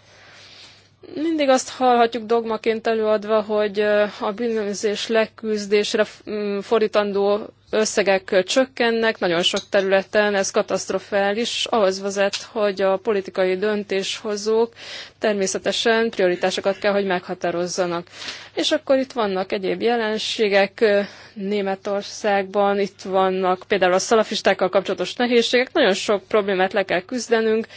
mindig azt hallhatjuk dogmaként előadva, hogy a bűnözés leküzdésre mm, fordítandó összegek csökkennek nagyon sok területen, ez katasztrofális, ahhoz vezet, hogy a politikai döntéshozók természetesen prioritásokat kell, hogy meghatározzanak. És akkor itt vannak egyéb jelenségek Németországban, itt vannak például a szalafistákkal kapcsolatos nehézségek, nagyon sok problémát le kell küzdenünk,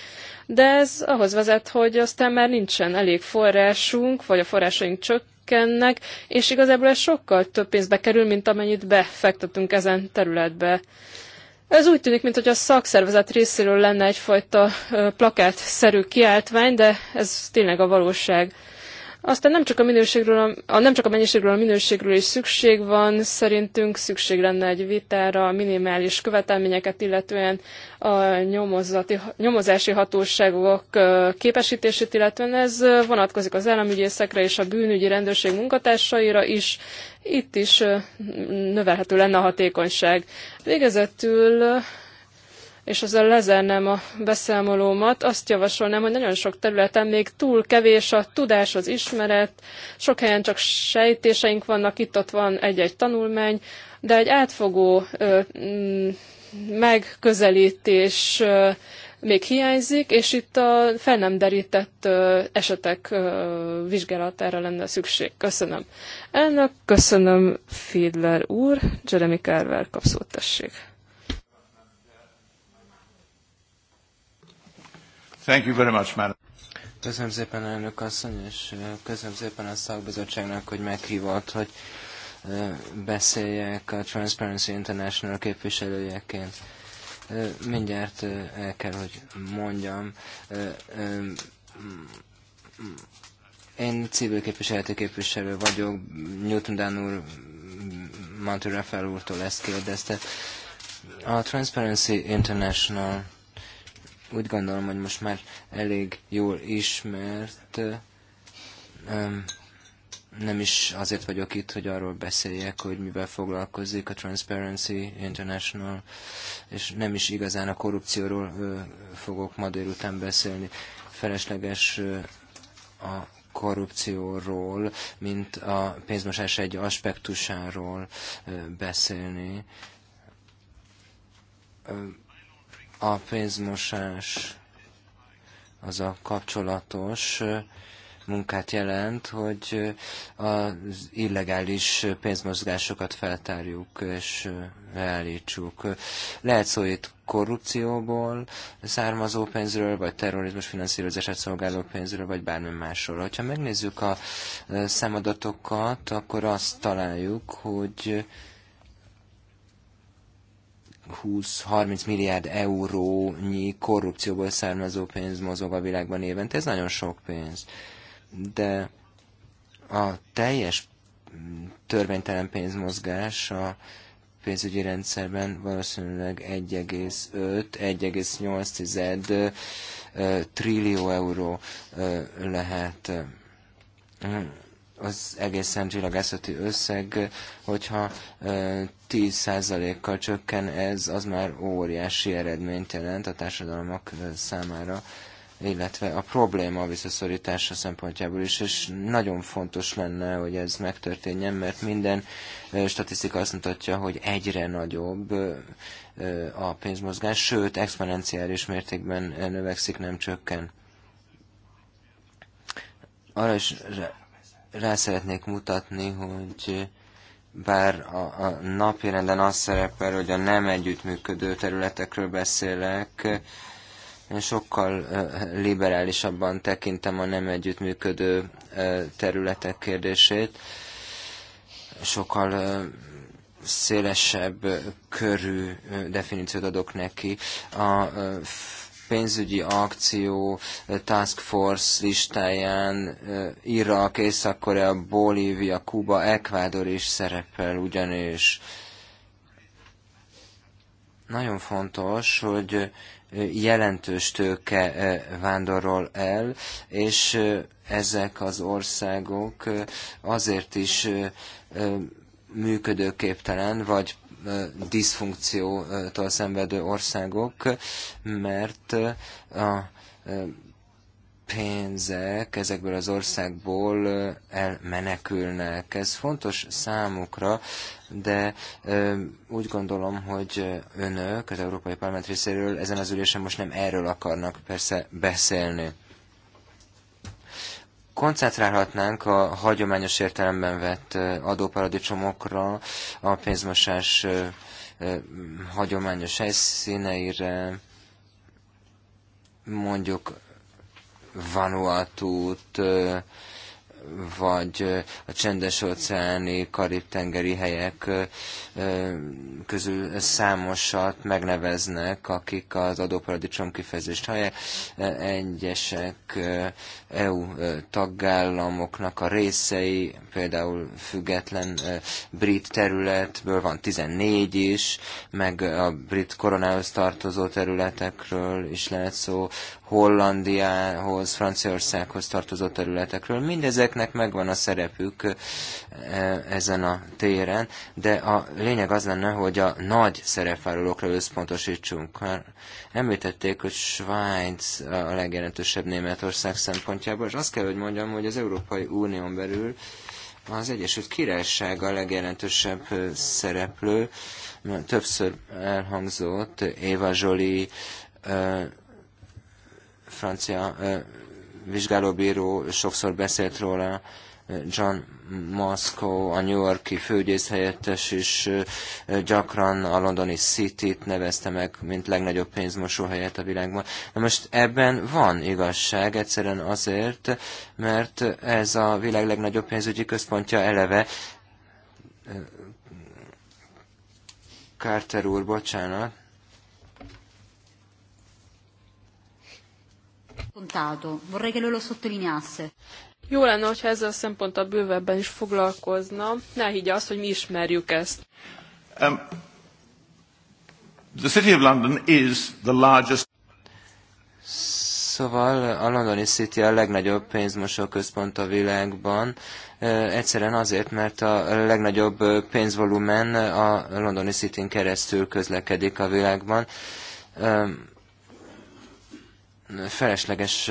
de ez ahhoz vezet, hogy aztán már nincsen elég forrásunk, vagy a forrásaink csökkennek, és igazából ez sokkal több pénzbe kerül, mint amennyit befektetünk ezen területbe. Ez úgy tűnik, mintha a szakszervezet részéről lenne egyfajta plakátszerű kiáltvány, de ez tényleg a valóság. Aztán nem csak a minőségről, a, nem csak a mennyiségről, a minőségről is szükség van, szerintünk szükség lenne egy vitára a minimális követelményeket, illetően a nyomozati, nyomozási hatóságok képesítését, illetően ez vonatkozik az államügyészekre és a bűnügyi rendőrség munkatársaira is. Itt is növelhető lenne a hatékonyság. Végezetül és ezzel lezárnám a beszámolómat, azt javasolnám, hogy nagyon sok területen még túl kevés a tudás, az ismeret, sok helyen csak sejtéseink vannak, itt-ott van egy-egy tanulmány, de egy átfogó ö, mm, megközelítés ö, még hiányzik, és itt a fel nem derített ö, esetek ö, vizsgálatára lenne szükség. Köszönöm. Elnök, köszönöm Fiedler úr, Jeremy Carver kapszót tessék. Thank you very much, madam. Köszönöm szépen, elnök asszony, és köszönöm szépen a szakbizottságnak, hogy meghívott, hogy beszéljek a Transparency International képviselőjeként. Mindjárt el kell, hogy mondjam. Én civil képviseleti képviselő vagyok, Newton Dan úr, Monty Rafael úrtól ezt kérdezte. A Transparency International úgy gondolom, hogy most már elég jól ismert. Nem is azért vagyok itt, hogy arról beszéljek, hogy mivel foglalkozik a Transparency International, és nem is igazán a korrupcióról fogok ma délután beszélni. Felesleges a korrupcióról, mint a pénzmosás egy aspektusáról beszélni a pénzmosás az a kapcsolatos munkát jelent, hogy az illegális pénzmozgásokat feltárjuk és leállítsuk. Lehet szó itt korrupcióból származó pénzről, vagy terrorizmus finanszírozását szolgáló pénzről, vagy bármi másról. Ha megnézzük a számadatokat, akkor azt találjuk, hogy 20-30 milliárd eurónyi korrupcióból származó pénz mozog a világban évente. Ez nagyon sok pénz. De a teljes törvénytelen pénzmozgás a pénzügyi rendszerben valószínűleg 1,5-1,8 trillió euró lehet az egészen csillagászati összeg, hogyha 10%-kal csökken ez, az már óriási eredményt jelent a társadalmak számára, illetve a probléma visszaszorítása szempontjából is, és nagyon fontos lenne, hogy ez megtörténjen, mert minden statisztika azt mutatja, hogy egyre nagyobb a pénzmozgás, sőt, exponenciális mértékben növekszik, nem csökken arra is rá szeretnék mutatni, hogy bár a, a renden az szerepel, hogy a nem együttműködő területekről beszélek, én sokkal liberálisabban tekintem a nem együttműködő területek kérdését, sokkal szélesebb körű definíciót adok neki. A pénzügyi akció eh, task force listáján eh, Irak, Észak-Korea, Bolívia, Kuba, Ekvádor is szerepel ugyanis. Nagyon fontos, hogy eh, jelentős tőke vándorol el, és ezek az országok azért is működőképtelen, vagy diszfunkciótól szenvedő országok, mert a pénzek ezekből az országból elmenekülnek. Ez fontos számukra, de úgy gondolom, hogy önök az Európai Parlament részéről ezen az ülésen most nem erről akarnak persze beszélni koncentrálhatnánk a hagyományos értelemben vett adóparadicsomokra, a pénzmosás hagyományos helyszíneire, mondjuk Vanuatu-t, vagy a csendes óceáni, karib-tengeri helyek közül számosat megneveznek, akik az adóparadicsom kifejezést hallják. Egyesek EU tagállamoknak a részei, például független brit területből van 14 is, meg a brit koronához tartozó területekről is lehet szó, Hollandiához, Franciaországhoz tartozó területekről. Mindezeknek megvan a szerepük e, ezen a téren, de a lényeg az lenne, hogy a nagy szerepvállalókra összpontosítsunk. Említették, hogy Svájc a legjelentősebb Németország szempontjából, és azt kell, hogy mondjam, hogy az Európai Unión belül az Egyesült Királyság a legjelentősebb e, szereplő, többször elhangzott Éva Zsoli e, francia vizsgálóbíró sokszor beszélt róla, John Moscow, a New Yorki főgyész helyettes is gyakran a londoni City-t nevezte meg, mint legnagyobb pénzmosó helyet a világban. Na most ebben van igazság, egyszerűen azért, mert ez a világ legnagyobb pénzügyi központja eleve Carter úr, bocsánat, Contado. Vorrei che lo sottolineasse. Jó lenne, hogyha ezzel a szemponttal bővebben is foglalkozna. Ne higgye azt, hogy mi ismerjük ezt. Um, the City of London is the largest... Szóval a Londoni City a legnagyobb pénzmosó központ a világban, egyszerűen azért, mert a legnagyobb pénzvolumen a Londoni City-n keresztül közlekedik a világban felesleges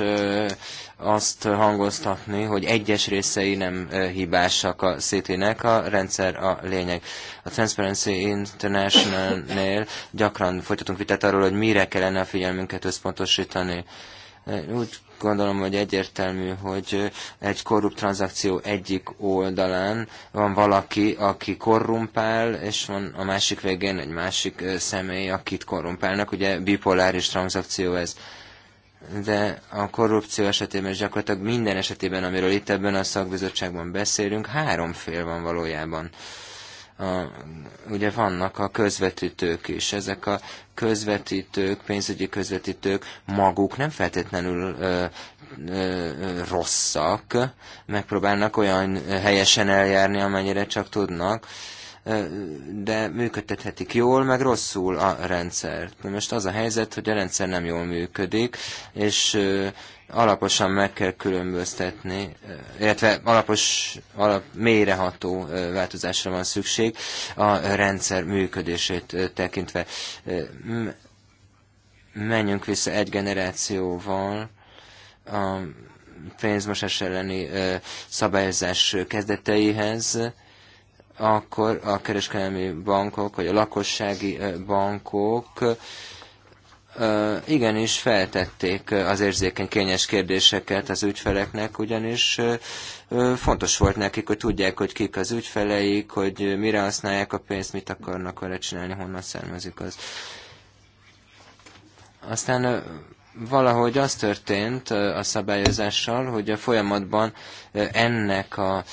azt hangoztatni, hogy egyes részei nem hibásak a CT-nek, a rendszer a lényeg. A Transparency International-nél gyakran folytatunk vitát arról, hogy mire kellene a figyelmünket összpontosítani. Úgy gondolom, hogy egyértelmű, hogy egy korrupt tranzakció egyik oldalán van valaki, aki korrumpál, és van a másik végén egy másik személy, akit korrumpálnak. Ugye bipoláris tranzakció ez de a korrupció esetében és gyakorlatilag minden esetében, amiről itt ebben a szakbizottságban beszélünk, három fél van valójában. A, ugye vannak a közvetítők is. Ezek a közvetítők, pénzügyi közvetítők maguk nem feltétlenül ö, ö, rosszak, megpróbálnak olyan helyesen eljárni, amennyire csak tudnak, ö, de működtethetik jól, meg rosszul a rendszert. Na most az a helyzet, hogy a rendszer nem jól működik, és alaposan meg kell különböztetni, illetve alapos, alap, mélyreható változásra van szükség a rendszer működését tekintve. Menjünk vissza egy generációval a pénzmosás elleni szabályozás kezdeteihez, akkor a kereskedelmi bankok, vagy a lakossági bankok igenis feltették az érzékeny kényes kérdéseket az ügyfeleknek, ugyanis fontos volt nekik, hogy tudják, hogy kik az ügyfeleik, hogy mire használják a pénzt, mit akarnak vele csinálni, honnan származik az. Aztán valahogy az történt a szabályozással, hogy a folyamatban ennek a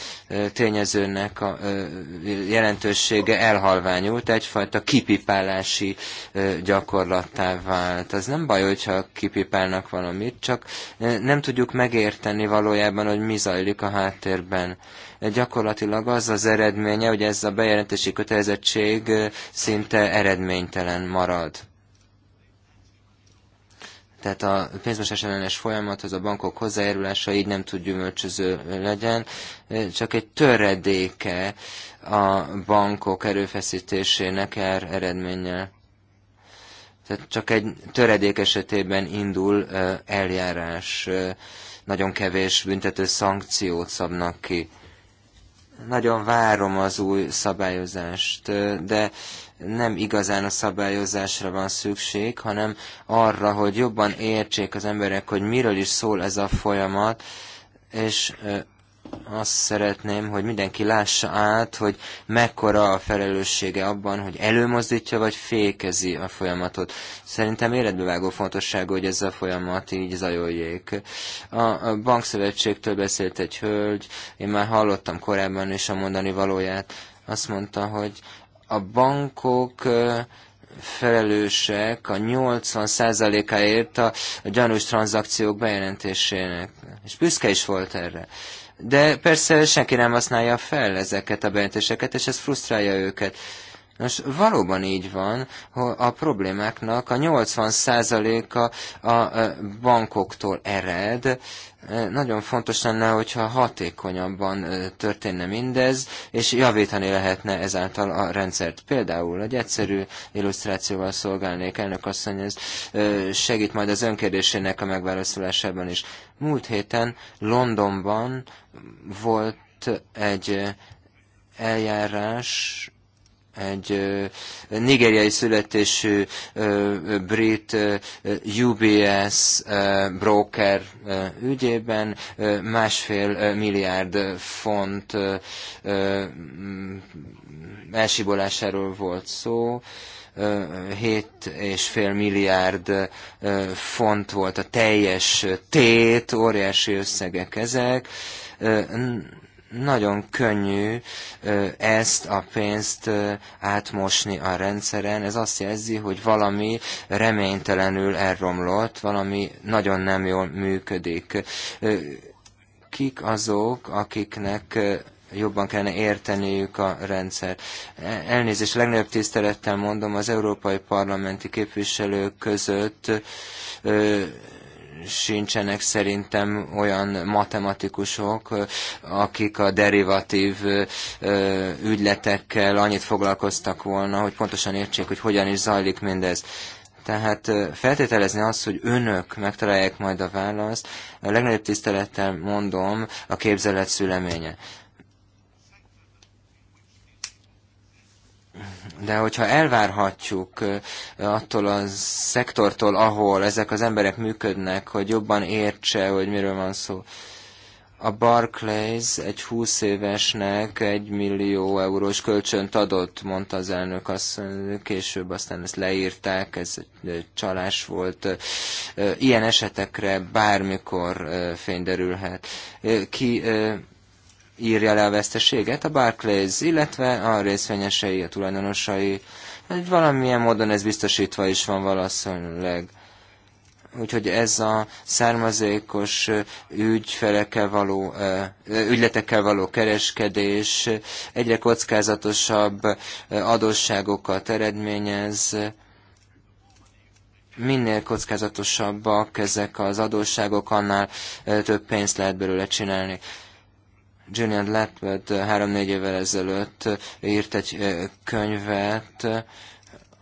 tényezőnek a jelentősége elhalványult, egyfajta kipipálási gyakorlattá vált. Az nem baj, hogyha kipipálnak valamit, csak nem tudjuk megérteni valójában, hogy mi zajlik a háttérben. Gyakorlatilag az az eredménye, hogy ez a bejelentési kötelezettség szinte eredménytelen marad tehát a pénzmosás ellenes folyamathoz a bankok hozzájárulása így nem tud gyümölcsöző legyen, csak egy töredéke a bankok erőfeszítésének er eredménye, Tehát csak egy töredék esetében indul eljárás, nagyon kevés büntető szankciót szabnak ki. Nagyon várom az új szabályozást, de nem igazán a szabályozásra van szükség, hanem arra, hogy jobban értsék az emberek, hogy miről is szól ez a folyamat, és azt szeretném, hogy mindenki lássa át, hogy mekkora a felelőssége abban, hogy előmozdítja vagy fékezi a folyamatot. Szerintem életbevágó fontosságú, hogy ez a folyamat így zajoljék. A bankszövetségtől beszélt egy hölgy, én már hallottam korábban is a mondani valóját. Azt mondta, hogy a bankok felelősek a 80%-áért a, a gyanús tranzakciók bejelentésének. És büszke is volt erre. De persze senki nem használja fel ezeket a bejelentéseket, és ez frusztrálja őket. Nos, valóban így van, hogy a problémáknak a 80%-a a bankoktól ered, nagyon fontos lenne, hogyha hatékonyabban történne mindez, és javítani lehetne ezáltal a rendszert. Például egy egyszerű illusztrációval szolgálnék, elnök asszony, ez segít majd az önkérdésének a megválaszolásában is. Múlt héten Londonban volt egy eljárás, egy nigeriai születésű brit UBS broker ügyében másfél milliárd font elsibolásáról volt szó. 7,5 milliárd font volt a teljes tét, óriási összegek ezek nagyon könnyű ezt a pénzt átmosni a rendszeren. Ez azt jelzi, hogy valami reménytelenül elromlott, valami nagyon nem jól működik. Kik azok, akiknek jobban kellene érteniük a rendszer e, Elnézést, legnagyobb tisztelettel mondom, az európai parlamenti képviselők között sincsenek szerintem olyan matematikusok, akik a derivatív ügyletekkel annyit foglalkoztak volna, hogy pontosan értsék, hogy hogyan is zajlik mindez. Tehát feltételezni azt, hogy önök megtalálják majd a választ, a legnagyobb tisztelettel mondom, a képzelet szüleménye. de hogyha elvárhatjuk attól a szektortól, ahol ezek az emberek működnek, hogy jobban értse, hogy miről van szó, a Barclays egy 20 évesnek egy millió eurós kölcsönt adott, mondta az elnök azt később aztán ezt leírták, ez csalás volt. Ilyen esetekre bármikor fény derülhet. Ki írja le a veszteséget, a Barclays, illetve a részvényesei, a tulajdonosai. Hát valamilyen módon ez biztosítva is van valószínűleg. Úgyhogy ez a származékos ügyfelekkel való, ügyletekkel való kereskedés egyre kockázatosabb adósságokat eredményez, minél kockázatosabbak ezek az adósságok, annál több pénzt lehet belőle csinálni. Julian Lepet három-négy évvel ezelőtt írt egy könyvet,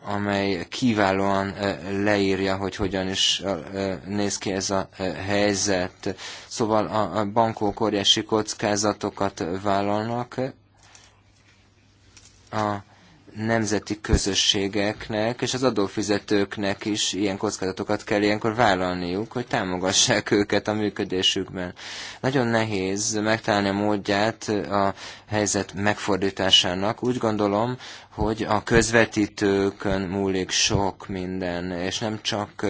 amely kiválóan leírja, hogy hogyan is néz ki ez a helyzet. Szóval a bankok óriási kockázatokat vállalnak, a nemzeti közösségeknek és az adófizetőknek is ilyen kockázatokat kell ilyenkor vállalniuk, hogy támogassák őket a működésükben. Nagyon nehéz megtalálni a módját a helyzet megfordításának. Úgy gondolom, hogy a közvetítőkön múlik sok minden, és nem csak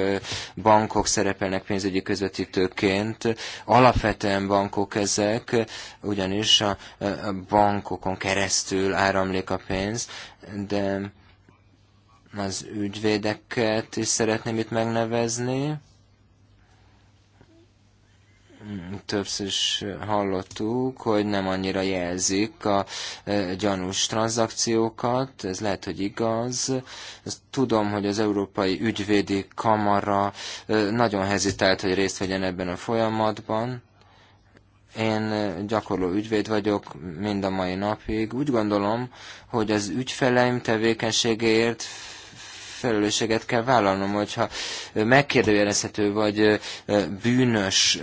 bankok szerepelnek pénzügyi közvetítőként, alapvetően bankok ezek, ugyanis a bankokon keresztül áramlik a pénz, de az ügyvédeket is szeretném itt megnevezni, többször is hallottuk, hogy nem annyira jelzik a e, gyanús tranzakciókat, ez lehet, hogy igaz. Ezt tudom, hogy az Európai Ügyvédi Kamara e, nagyon hezitált, hogy részt vegyen ebben a folyamatban. Én e, gyakorló ügyvéd vagyok mind a mai napig. Úgy gondolom, hogy az ügyfeleim tevékenységéért felelősséget kell vállalnom, hogyha megkérdőjelezhető vagy bűnös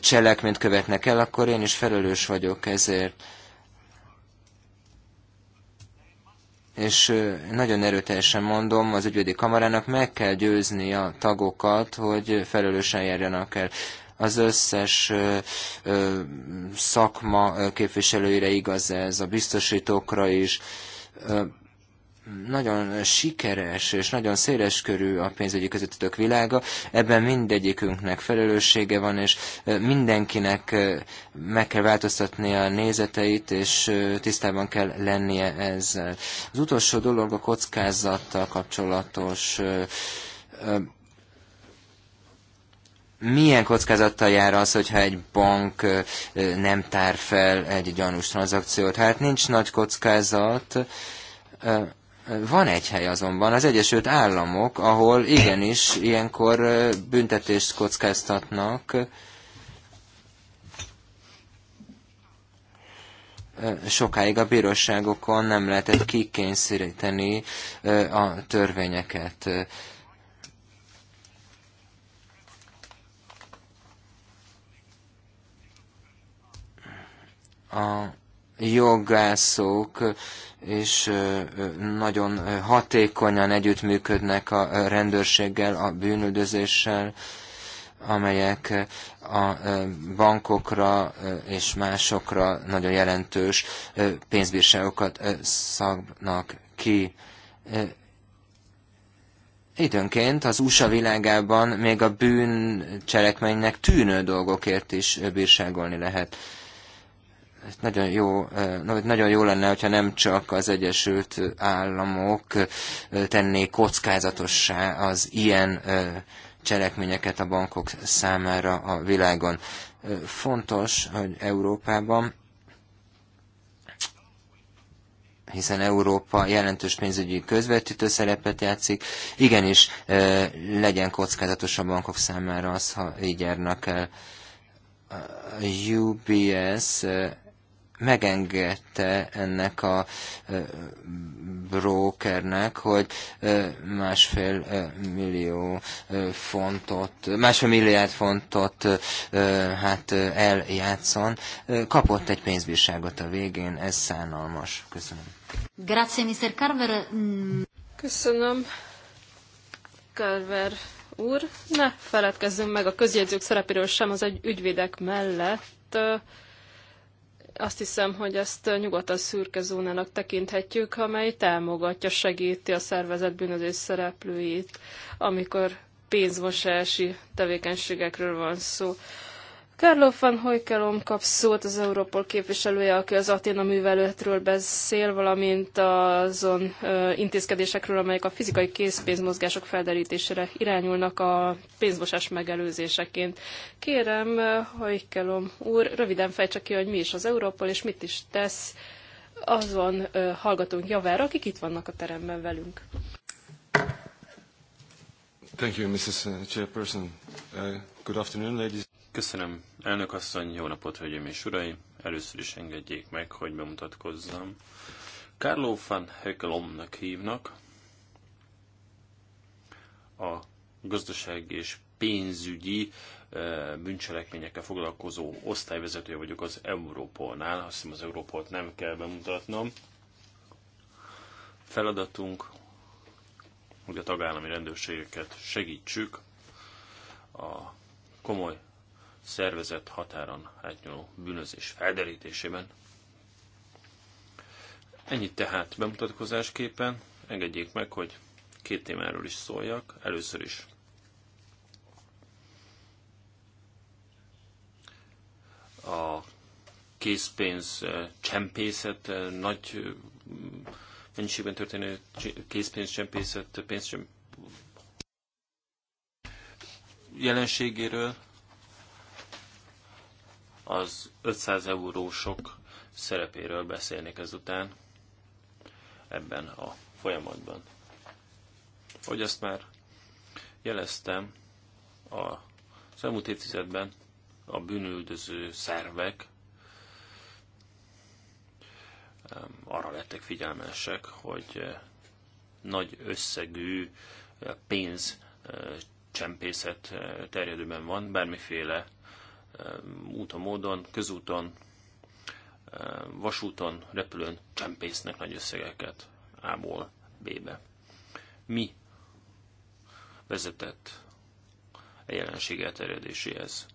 cselekményt követnek el, akkor én is felelős vagyok ezért. és nagyon erőteljesen mondom, az ügyvédi kamarának meg kell győzni a tagokat, hogy felelősen járjanak el. Az összes ö, ö, szakma képviselőire igaz ez, a biztosítókra is. Ö, nagyon sikeres és nagyon széles körű a pénzügyi közöttetők világa, ebben mindegyikünknek felelőssége van, és mindenkinek meg kell változtatni a nézeteit, és tisztában kell lennie ezzel. Az utolsó dolog a kockázattal kapcsolatos milyen kockázattal jár az, hogyha egy bank nem tár fel egy gyanús tranzakciót? Hát nincs nagy kockázat, van egy hely azonban, az Egyesült Államok, ahol igenis ilyenkor büntetést kockáztatnak, sokáig a bíróságokon nem lehetett kikényszeríteni a törvényeket. A jogászok és nagyon hatékonyan együttműködnek a rendőrséggel, a bűnüldözéssel, amelyek a bankokra és másokra nagyon jelentős pénzbírságokat szabnak ki. Időnként az USA világában még a bűncselekménynek tűnő dolgokért is bírságolni lehet nagyon jó, eh, nagyon jó lenne, hogyha nem csak az Egyesült Államok eh, tenné kockázatossá az ilyen eh, cselekményeket a bankok számára a világon. Fontos, hogy Európában hiszen Európa jelentős pénzügyi közvetítő szerepet játszik. Igenis, legyen kockázatos a bankok számára az, ha így járnak el. A UBS megengedte ennek a brokernek, hogy másfél millió fontot, másfél milliárd fontot hát eljátszon. Kapott egy pénzbírságot a végén, ez szánalmas. Köszönöm. Grazie, Mr. Carver. Mm. Köszönöm, Carver úr. Ne feledkezzünk meg a közjegyzők szerepéről sem az ügyvédek mellett azt hiszem, hogy ezt nyugodtan szürke zónának tekinthetjük, amely támogatja, segíti a szervezet bűnözés szereplőit, amikor pénzmosási tevékenységekről van szó. Carlo van Hojkelom kap szót az Európol képviselője, aki az Aténa művelőtről beszél, valamint azon intézkedésekről, amelyek a fizikai készpénzmozgások felderítésére irányulnak a pénzmosás megelőzéseként. Kérem, Hojkelom úr, röviden fejtse ki, hogy mi is az Európol, és mit is tesz azon hallgatónk javára, akik itt vannak a teremben velünk. Thank you, Mrs. Uh, Chairperson. Uh, good afternoon, ladies. Köszönöm, elnök asszony, jó napot, hölgyeim és uraim! Először is engedjék meg, hogy bemutatkozzam. Carlo van Hökelomnak hívnak, a gazdaság és pénzügyi eh, bűncselekményekkel foglalkozó osztályvezetője vagyok az Európolnál, azt hiszem az Európolt nem kell bemutatnom. Feladatunk, hogy a tagállami rendőrségeket segítsük a komoly szervezett határon átnyúló bűnözés felderítésében. Ennyit tehát bemutatkozásképpen. Engedjék meg, hogy két témáról is szóljak. Először is a készpénz eh, csempészet, eh, nagy mm, mennyiségben történő készpénz csempészet, pénzcsempészet jelenségéről, az 500 eurósok szerepéről beszélnék ezután ebben a folyamatban. Hogy azt már jeleztem, a elmúlt évtizedben a bűnüldöző szervek arra lettek figyelmesek, hogy eh, nagy összegű eh, pénz eh, csempészet terjedőben van, bármiféle úton, módon, közúton, vasúton, repülőn csempésznek nagy összegeket A-ból B-be. Mi vezetett a e jelenség elterjedéséhez?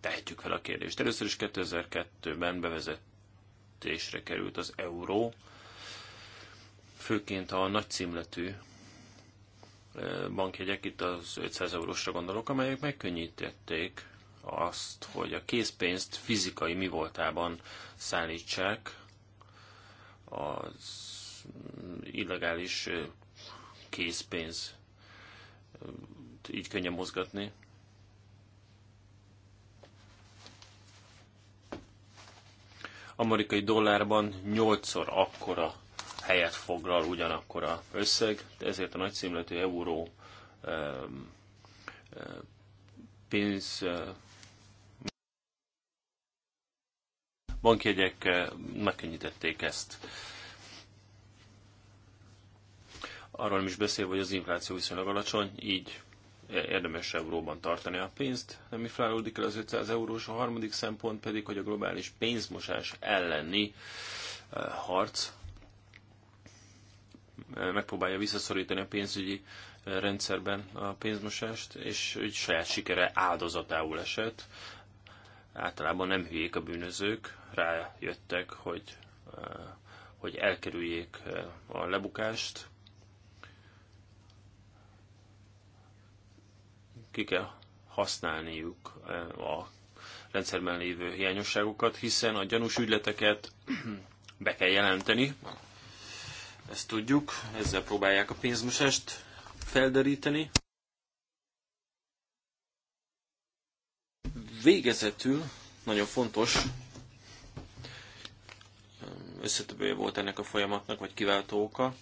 Tehetjük fel a kérdést. Először is 2002-ben bevezetésre került az euró, főként a nagy címletű bankjegyek, itt az 500 eurósra gondolok, amelyek megkönnyítették azt, hogy a készpénzt fizikai mi voltában szállítsák az illegális készpénz így könnyen mozgatni. Amerikai dollárban 8-szor akkora helyet foglal ugyanakkora összeg, ezért a nagycímletű euró pénz bankjegyek eh, megkönnyítették ezt. Arról is beszél, hogy az infláció viszonylag alacsony, így eh, érdemes euróban tartani a pénzt, nem inflálódik el az 500 eurós. A harmadik szempont pedig, hogy a globális pénzmosás elleni eh, harc megpróbálja visszaszorítani a pénzügyi rendszerben a pénzmosást, és így saját sikere áldozatául esett. Általában nem hülyék a bűnözők, rájöttek, hogy, eh, hogy elkerüljék eh, a lebukást. Ki kell használniuk eh, a rendszerben lévő hiányosságokat, hiszen a gyanús ügyleteket be kell jelenteni, ezt tudjuk, ezzel próbálják a pénzmosást felderíteni. Végezetül nagyon fontos összetövője volt ennek a folyamatnak, vagy kiváltó oka.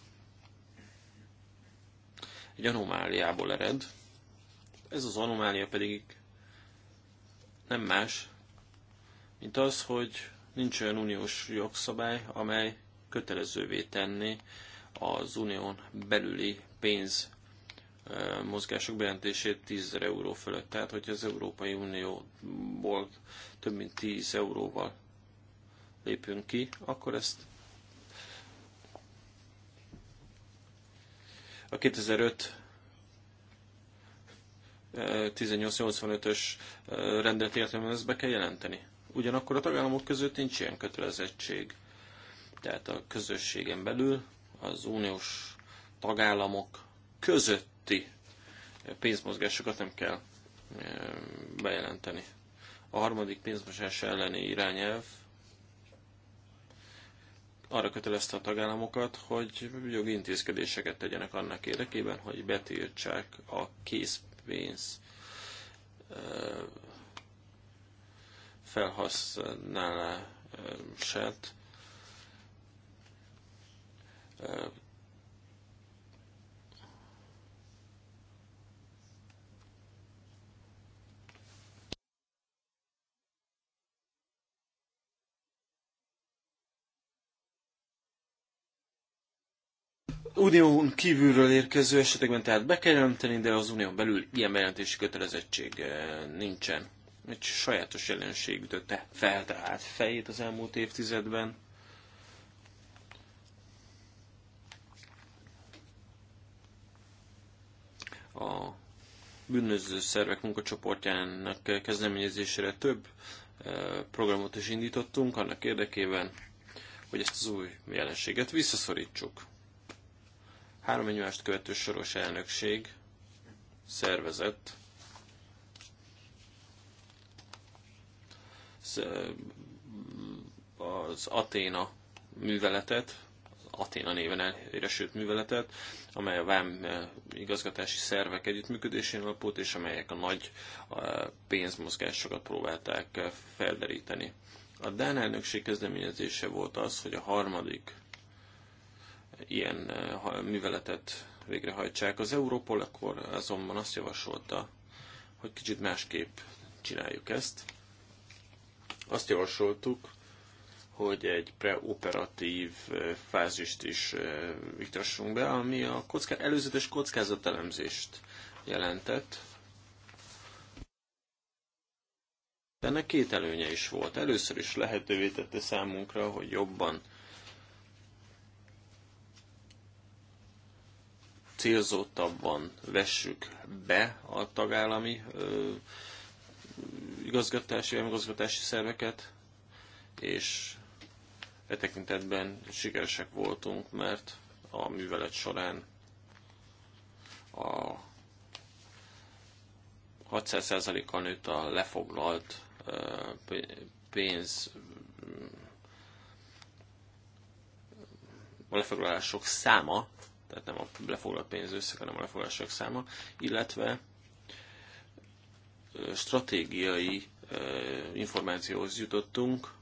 Egy anomáliából ered. Ez az anomália pedig nem más, mint az, hogy nincs olyan uniós jogszabály, amely kötelezővé tenni az unión belüli pénz mozgások bejelentését 10 euró fölött. Tehát, hogyha az Európai Unióból több mint 10 euróval lépünk ki, akkor ezt a 2005 1885-ös eh, eh, rendelet értelmében ezt be kell jelenteni. Ugyanakkor a tagállamok között nincs ilyen kötelezettség. Tehát a közösségen belül az uniós tagállamok közötti pénzmozgásokat nem kell eh, bejelenteni. A harmadik pénzmosás elleni irányelv arra kötelezte a tagállamokat, hogy jogi intézkedéseket tegyenek annak érdekében, hogy betiltsák a készpénz felhasználását unión kívülről érkező esetekben tehát be kell jelenteni, de az unión belül ilyen bejelentési kötelezettség eh, nincsen. Egy sajátos jelenség ütötte fel tehát fejét az elmúlt évtizedben. A bűnöző szervek munkacsoportjának kezdeményezésére több eh, programot is indítottunk annak érdekében, hogy ezt az új jelenséget visszaszorítsuk. Három egymást követő soros elnökség szervezett az Aténa műveletet, Aténa néven elhíresült műveletet, amely a vám eh, igazgatási szervek együttműködésén alapult, és amelyek a nagy eh, pénzmozgásokat próbálták eh, felderíteni. A Dán elnökség kezdeményezése volt az, hogy a harmadik ilyen eh, műveletet végrehajtsák. Az Europol akkor azonban azt javasolta, hogy kicsit másképp csináljuk ezt. Azt javasoltuk, hogy egy preoperatív eh, fázist is vitassunk eh, be, ami a kocká, előzetes kockázatelemzést jelentett. De ennek két előnye is volt. Először is lehetővé tette számunkra, hogy jobban célzottabban vessük be a tagállami igazgatási, igazgatási szerveket, és e tekintetben sikeresek voltunk, mert a művelet során a 600%-kal nőtt a lefoglalt pénz a lefoglalások száma, tehát nem a lefoglalt pénz összeg, hanem a lefoglalások száma, illetve stratégiai információhoz jutottunk,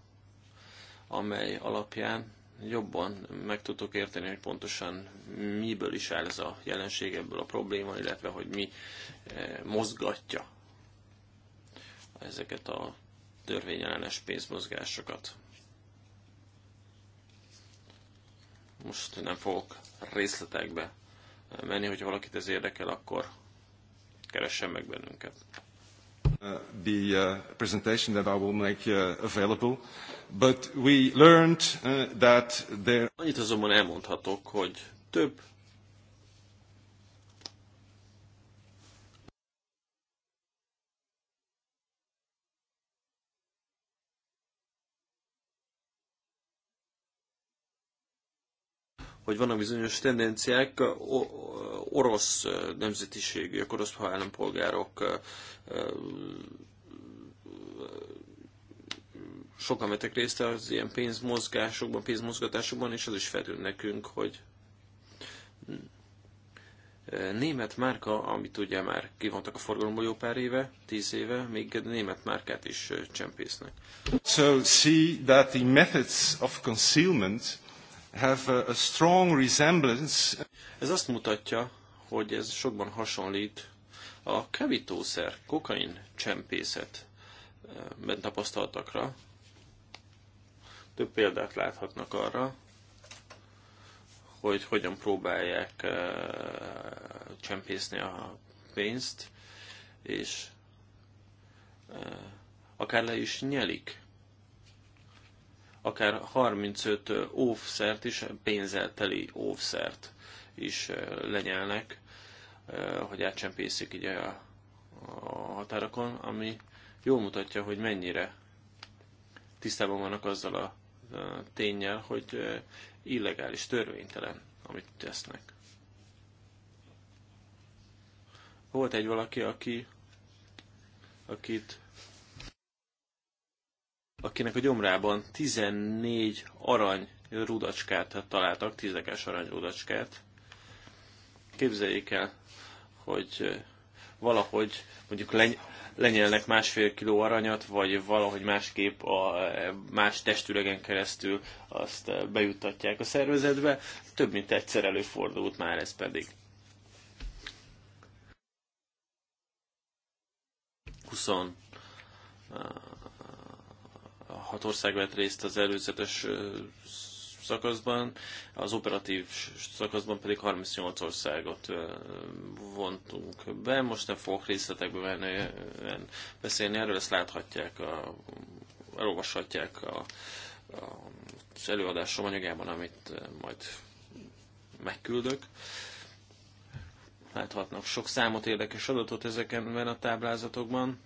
amely alapján jobban meg tudtuk érteni, hogy pontosan miből is áll ez a jelenség, ebből a probléma, illetve hogy mi mozgatja ezeket a törvényellenes pénzmozgásokat. Most nem fogok részletekbe menni, hogyha valakit ez érdekel, akkor keressen meg bennünket. Uh, the uh, presentation that I will make uh, available, but we learned uh, that there... Annyit azonban elmondhatok, hogy több hogy vannak bizonyos tendenciák orosz nemzetiségűek, orosz állampolgárok sokan vettek részt az ilyen pénzmozgásokban, pénzmozgatásokban, és az is felül nekünk, hogy német márka, amit ugye már kivontak a forgalomból jó pár éve, tíz éve, még német márkát is csempésznek. So see that the methods of concealment have a strong resemblance. Ez azt mutatja, hogy ez sokban hasonlít a kevítószer, kokain eh, bent tapasztaltakra. Több példát láthatnak arra, hogy hogyan próbálják eh, csempészni a pénzt, és eh, akár le is nyelik akár 35 óvszert is, pénzzel teli óvszert is lenyelnek, hogy átcsempészik így a, a határokon, ami jól mutatja, hogy mennyire tisztában vannak azzal a tényel, hogy illegális, törvénytelen, amit tesznek. Volt egy valaki, aki, akit akinek a gyomrában 14 arany rudacskát találtak, tízleges arany rudacskát. Képzeljék el, hogy valahogy mondjuk leny- lenyelnek másfél kiló aranyat, vagy valahogy másképp a e, más testüregen keresztül azt e, bejuttatják a szervezetbe. Több mint egyszer előfordult már ez pedig hat ország vett részt az előzetes szakaszban, az operatív szakaszban pedig 38 országot vontunk be. Most nem fogok részletekbe venni, beszélni erről, ezt láthatják, a, elolvashatják a, a, az előadásom anyagában, amit majd megküldök. Láthatnak sok számot, érdekes adatot ezeken a táblázatokban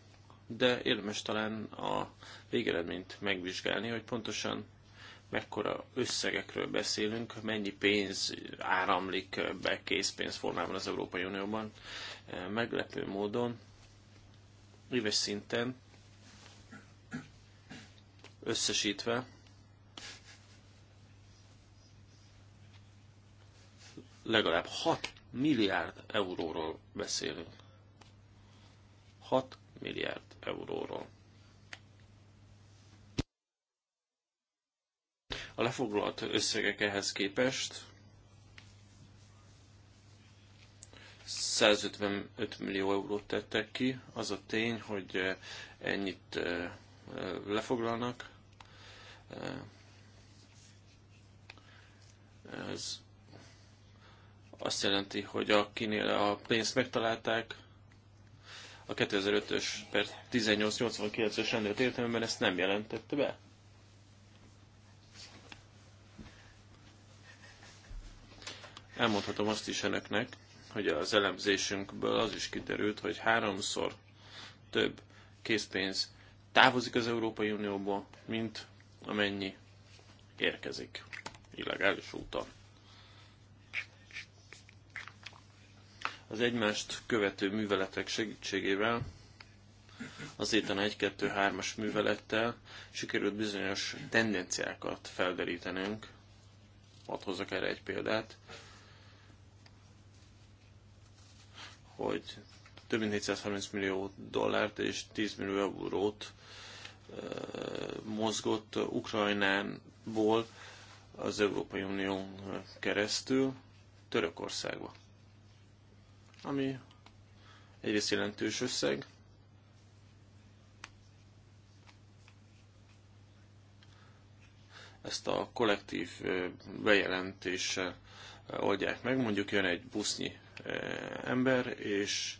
de érdemes talán a végeredményt megvizsgálni, hogy pontosan mekkora összegekről beszélünk, mennyi pénz áramlik be készpénz formában az Európai Unióban. E, meglepő módon éves szinten összesítve legalább 6 milliárd euróról beszélünk. 6 milliárd euróról. A lefoglalt összegek ehhez képest 155 millió eurót tettek ki. Az a tény, hogy eh, ennyit eh, lefoglalnak. Eh, ez azt jelenti, hogy akinél a pénzt megtalálták, a 2005-ös per 1889-ös rendelet értelemben ezt nem jelentette be. Elmondhatom azt is önöknek, hogy az elemzésünkből az is kiderült, hogy háromszor több készpénz távozik az Európai Unióból, mint amennyi érkezik illegális úton. Az egymást követő műveletek segítségével, az éten 1-2-3-as művelettel sikerült bizonyos tendenciákat felderítenünk. Hadd hozzak erre egy példát, hogy több mint 430 millió dollárt és 10 millió eurót mozgott Ukrajnánból az Európai Unión keresztül Törökországba ami egyrészt jelentős összeg, ezt a kollektív bejelentéssel oldják meg, mondjuk jön egy busznyi ember, és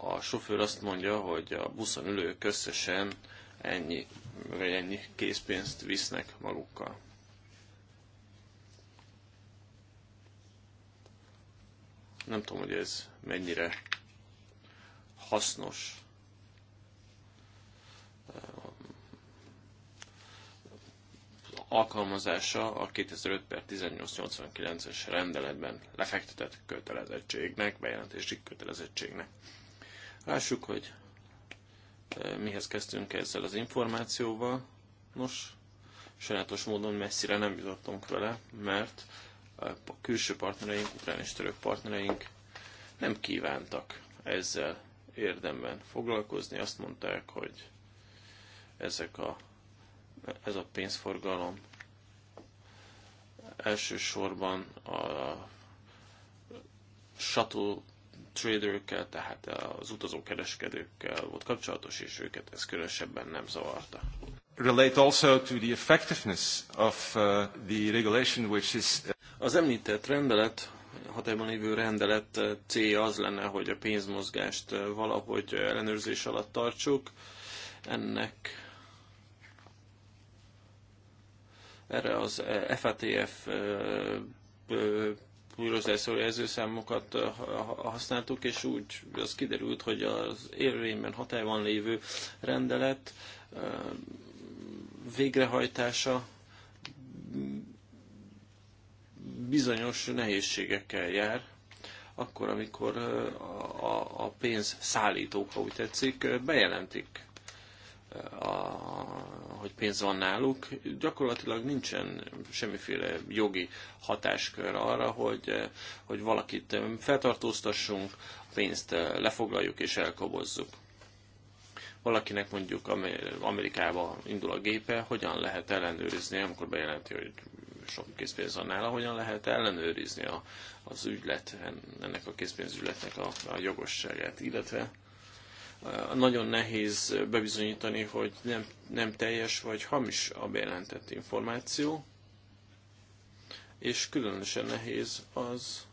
a sofőr azt mondja, hogy a buszon ülők összesen ennyi, vagy ennyi készpénzt visznek magukkal. Nem tudom, hogy ez mennyire hasznos. alkalmazása a 2005 per 1889-es rendeletben lefektetett kötelezettségnek, bejelentési kötelezettségnek. Lássuk, hogy e, mihez kezdtünk ezzel az információval. Nos, sajátos módon messzire nem jutottunk vele, mert a külső partnereink, ukrán és török partnereink nem kívántak ezzel érdemben foglalkozni. Azt mondták, hogy ezek a, ez a pénzforgalom elsősorban a shuttle traderökkel, tehát az utazókereskedőkkel volt kapcsolatos, és őket ez különösebben nem zavarta. Relate also to the effectiveness of uh, the regulation which is uh, az említett rendelet, hatályban lévő rendelet eh, célja az lenne, hogy a pénzmozgást eh, valahogy eh, ellenőrzés alatt tartsuk. Ennek erre az FATF újrazászoló jelzőszámokat használtuk, és úgy az kiderült, hogy az érvényben hatályban lévő rendelet végrehajtása bizonyos nehézségekkel jár, akkor, amikor a, a pénz szállítók, ha úgy tetszik, bejelentik, a, hogy pénz van náluk, gyakorlatilag nincsen semmiféle jogi hatáskör arra, hogy, hogy valakit feltartóztassunk, pénzt lefoglaljuk és elkobozzuk. Valakinek mondjuk Amerikába indul a gépe, hogyan lehet ellenőrizni, amikor bejelenti, hogy sok készpénz van nála, hogyan lehet ellenőrizni a, az ügylet, ennek a készpénzügyletnek a, a jogosságát, illetve eh, nagyon nehéz bebizonyítani, hogy nem, nem teljes vagy hamis a bejelentett információ, és különösen nehéz az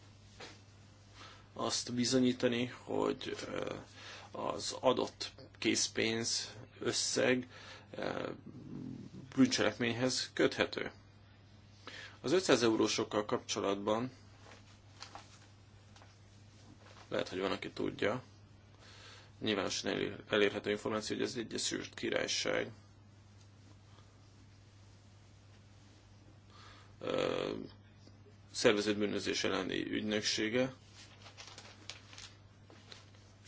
azt bizonyítani, hogy eh, az adott készpénz összeg eh, bűncselekményhez köthető. Az 500 eurósokkal kapcsolatban lehet, hogy van, aki tudja, nyilvánosan elérhető információ, hogy ez egy szűrt Királyság szervezett bűnözés elleni ügynöksége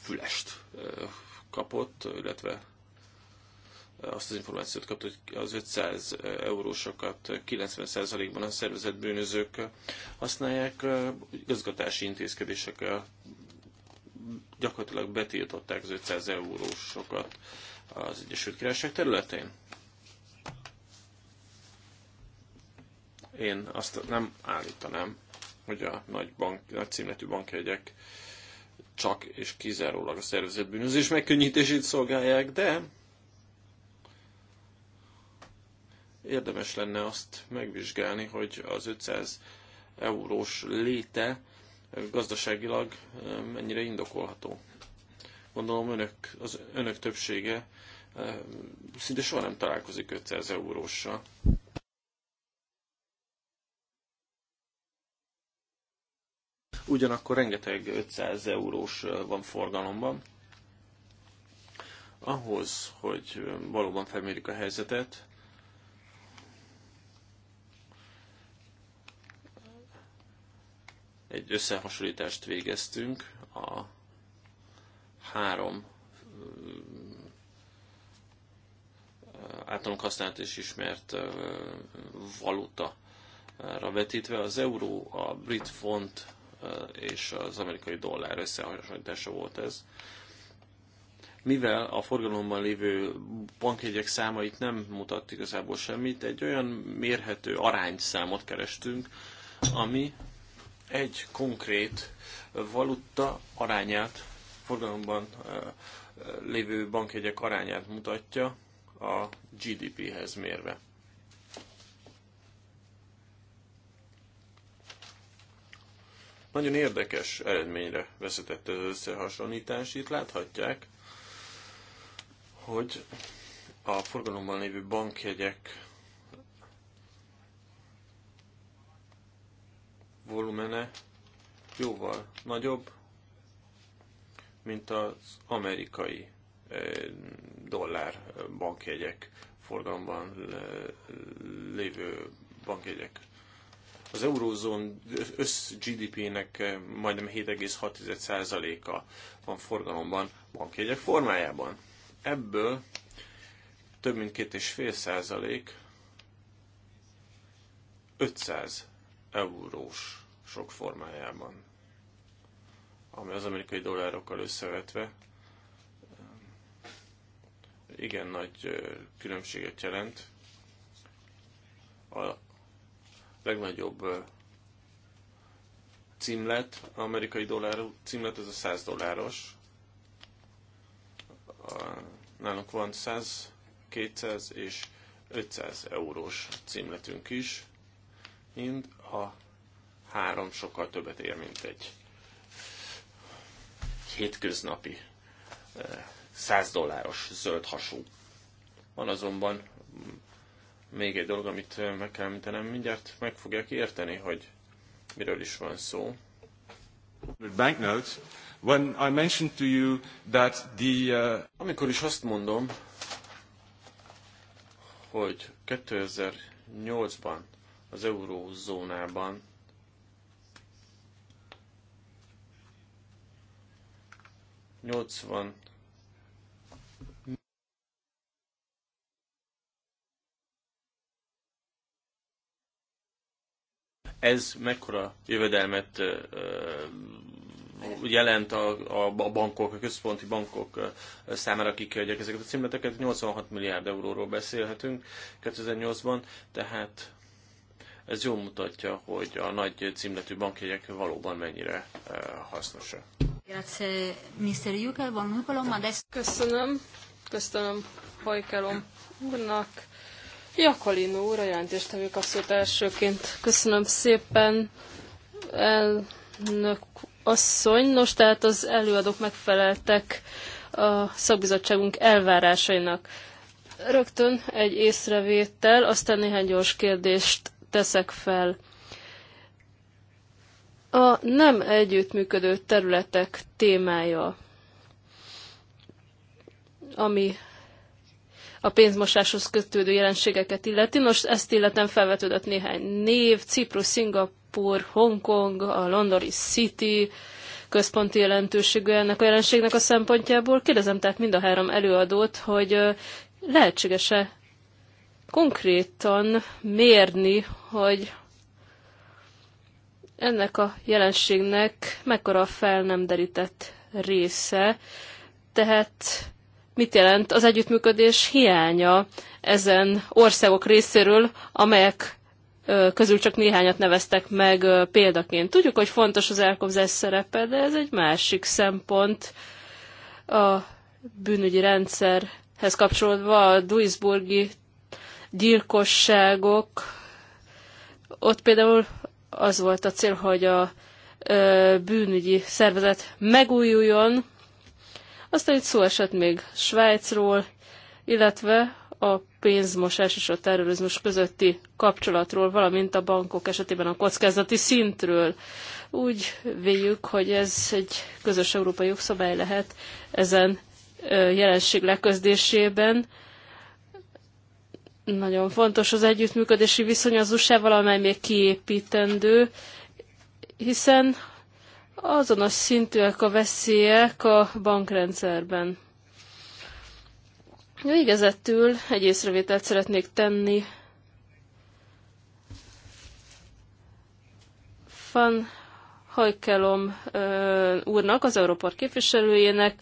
fülest kapott, illetve azt az információt kapta, hogy az 500 eurósokat 90%-ban a szervezett bűnözők használják, igazgatási intézkedésekkel gyakorlatilag betiltották az 500 eurósokat az Egyesült Királyság területén. Én azt nem állítanám, hogy a nagy, bank, nagy címletű bankjegyek csak és kizárólag a szervezett bűnözés megkönnyítését szolgálják, de érdemes lenne azt megvizsgálni, hogy az 500 eurós léte gazdaságilag eh, mennyire indokolható. Gondolom önök, az önök többsége eh, szinte soha nem találkozik 500 eurósra. Ugyanakkor rengeteg 500 eurós eh, van forgalomban. Ahhoz, hogy valóban felmérjük a helyzetet, Egy összehasonlítást végeztünk a három általunk használt és ismert valuta vetítve. Az euró, a brit font és az amerikai dollár összehasonlítása volt ez. Mivel a forgalomban lévő bankjegyek száma itt nem mutatt igazából semmit, egy olyan mérhető arányszámot kerestünk, ami egy konkrét valuta arányát, forgalomban lévő bankjegyek arányát mutatja a GDP-hez mérve. Nagyon érdekes eredményre vezetett az összehasonlítás. Itt láthatják, hogy a forgalomban lévő bankjegyek volumene jóval nagyobb, mint az amerikai eh, dollár bankjegyek forgalomban lévő bankjegyek. Az eurózón össz GDP-nek eh, majdnem 7,6%-a van forgalomban bankjegyek formájában. Ebből több mint 2,5 százalék 500 eurós sok formájában, ami az amerikai dollárokkal összevetve igen nagy különbséget jelent. A legnagyobb címlet, amerikai dollár címlet, ez a 100 dolláros. Nálunk van 100, 200 és 500 eurós címletünk is, mind ha három sokkal többet ér, mint egy hétköznapi 100 eh, dolláros zöld hasú. Van azonban még egy dolog, amit eh, meg kell említenem, mindjárt meg fogják érteni, hogy miről is van szó. Banknotes. When I mentioned to you that the, uh... Amikor is azt mondom, hogy 2008-ban az eurózónában nyolcvan ez mekkora jövedelmet jelent a, a, bankok, a központi bankok számára, akik kiadják ezeket a címleteket. 86 milliárd euróról beszélhetünk 2008-ban, tehát ez jól mutatja, hogy a nagy címletű bankjegyek valóban mennyire eh, hasznosak. Köszönöm, köszönöm Hajkelom úrnak. Jakalin úr, a jelentéstevő kapszott elsőként. Köszönöm szépen, elnök asszony. Nos, tehát az előadók megfeleltek a szakbizottságunk elvárásainak. Rögtön egy észrevétel, aztán néhány gyors kérdést teszek fel. A nem együttműködő területek témája, ami a pénzmosáshoz kötődő jelenségeket illeti. Nos, ezt illetem felvetődött néhány név, Ciprus, Szingapur, Hongkong, a Londoni City, központi jelentőségű ennek a jelenségnek a szempontjából. Kérdezem tehát mind a három előadót, hogy lehetséges-e konkrétan mérni, hogy ennek a jelenségnek mekkora a fel nem derített része, tehát mit jelent az együttműködés hiánya ezen országok részéről, amelyek közül csak néhányat neveztek meg példaként. Tudjuk, hogy fontos az elkobzás szerepe, de ez egy másik szempont a bűnügyi rendszerhez kapcsolódva a Duisburgi gyilkosságok. Ott például az volt a cél, hogy a bűnügyi szervezet megújuljon. Aztán itt szó esett még Svájcról, illetve a pénzmosás és a terrorizmus közötti kapcsolatról, valamint a bankok esetében a kockázati szintről. Úgy véljük, hogy ez egy közös európai jogszabály lehet ezen jelenség leközdésében, nagyon fontos az együttműködési viszony az USA-val, amely még kiépítendő, hiszen azonos szintűek a veszélyek a bankrendszerben. Végezetül egy észrevételt szeretnék tenni. Van Hajkelom úrnak, az Európor képviselőjének,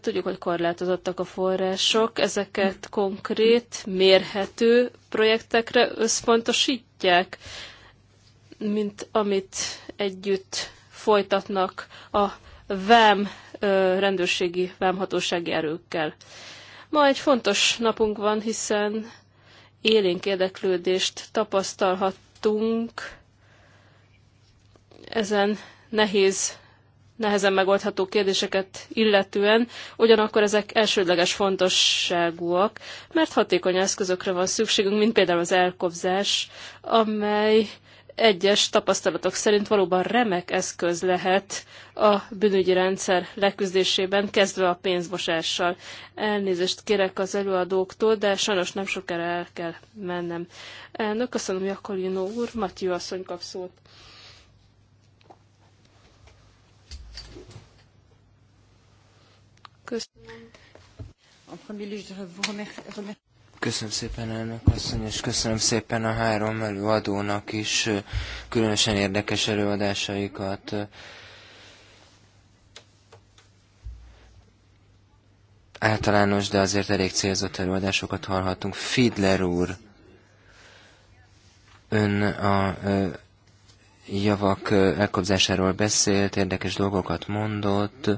Tudjuk, hogy korlátozottak a források, ezeket konkrét, mérhető projektekre összpontosítják, mint amit együtt folytatnak a VEM rendőrségi vámhatósági erőkkel. Ma egy fontos napunk van, hiszen élénk érdeklődést tapasztalhattunk ezen nehéz nehezen megoldható kérdéseket illetően, ugyanakkor ezek elsődleges fontosságúak, mert hatékony eszközökre van szükségünk, mint például az elkobzás, amely egyes tapasztalatok szerint valóban remek eszköz lehet a bűnügyi rendszer leküzdésében, kezdve a pénzmosással. Elnézést kérek az előadóktól, de sajnos nem sokára el kell mennem. Elnök, köszönöm Jakolino úr, Matyő asszony kap szót. Köszönöm. Köszönöm szépen elnök asszony, és köszönöm szépen a három előadónak is különösen érdekes előadásaikat. Általános, de azért elég célzott előadásokat hallhatunk. Fidler úr, ön a javak elkobzásáról beszélt, érdekes dolgokat mondott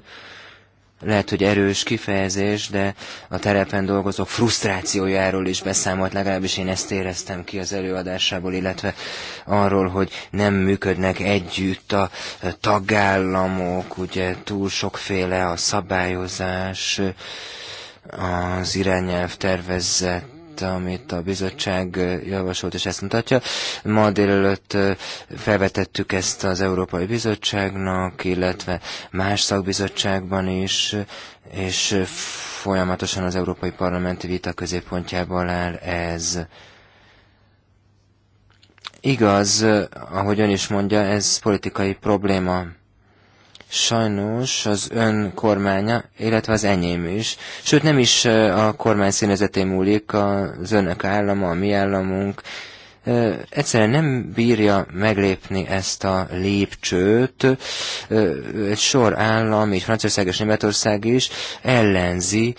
lehet, hogy erős kifejezés, de a terepen dolgozók frusztrációjáról is beszámolt, legalábbis én ezt éreztem ki az előadásából, illetve arról, hogy nem működnek együtt a tagállamok, ugye túl sokféle a szabályozás, az irányelv tervezett amit, amit a bizottság javasolt, és ezt mutatja. Ma délelőtt felvetettük ezt az Európai Bizottságnak, illetve más szakbizottságban is, és folyamatosan az Európai Parlamenti vita középpontjában áll ez. Igaz, ahogy ön is mondja, ez politikai probléma sajnos az ön kormánya, illetve az enyém is, sőt nem is a kormány színezetén múlik az önök állama, a mi államunk, egyszerűen nem bírja meglépni ezt a lépcsőt. Egy sor állam, így Franciaország és Németország is ellenzi,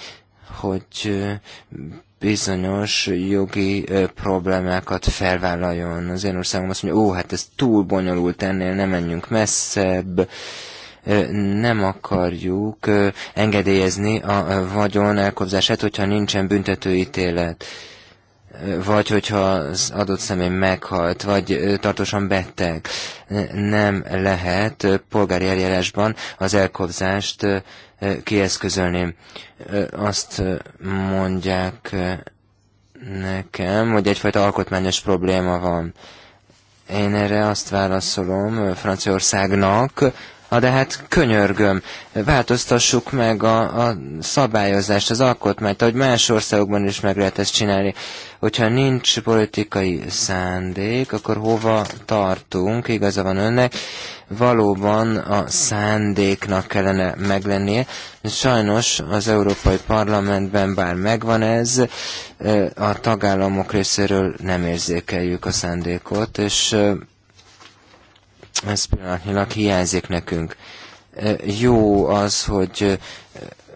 hogy bizonyos jogi problémákat felvállaljon. Az én országom azt mondja, ó, hát ez túl bonyolult ennél, nem menjünk messzebb. Ö, nem akarjuk engedélyezni a vagyon elkobzását, hogyha nincsen büntetőítélet vagy hogyha az adott személy meghalt, vagy tartósan beteg. Nem lehet polgári eljárásban az elkobzást kieszközölni. Azt mondják nekem, hogy egyfajta alkotmányos probléma van. Én erre azt válaszolom Franciaországnak, Na de hát könyörgöm, változtassuk meg a, a szabályozást, az alkotmányt, ahogy más országokban is meg lehet ezt csinálni. Hogyha nincs politikai szándék, akkor hova tartunk, igaza van önnek, valóban a szándéknak kellene meglennie. Sajnos az Európai Parlamentben bár megvan ez, a tagállamok részéről nem érzékeljük a szándékot, és ez pillanatnyilag hiányzik nekünk. Jó az, hogy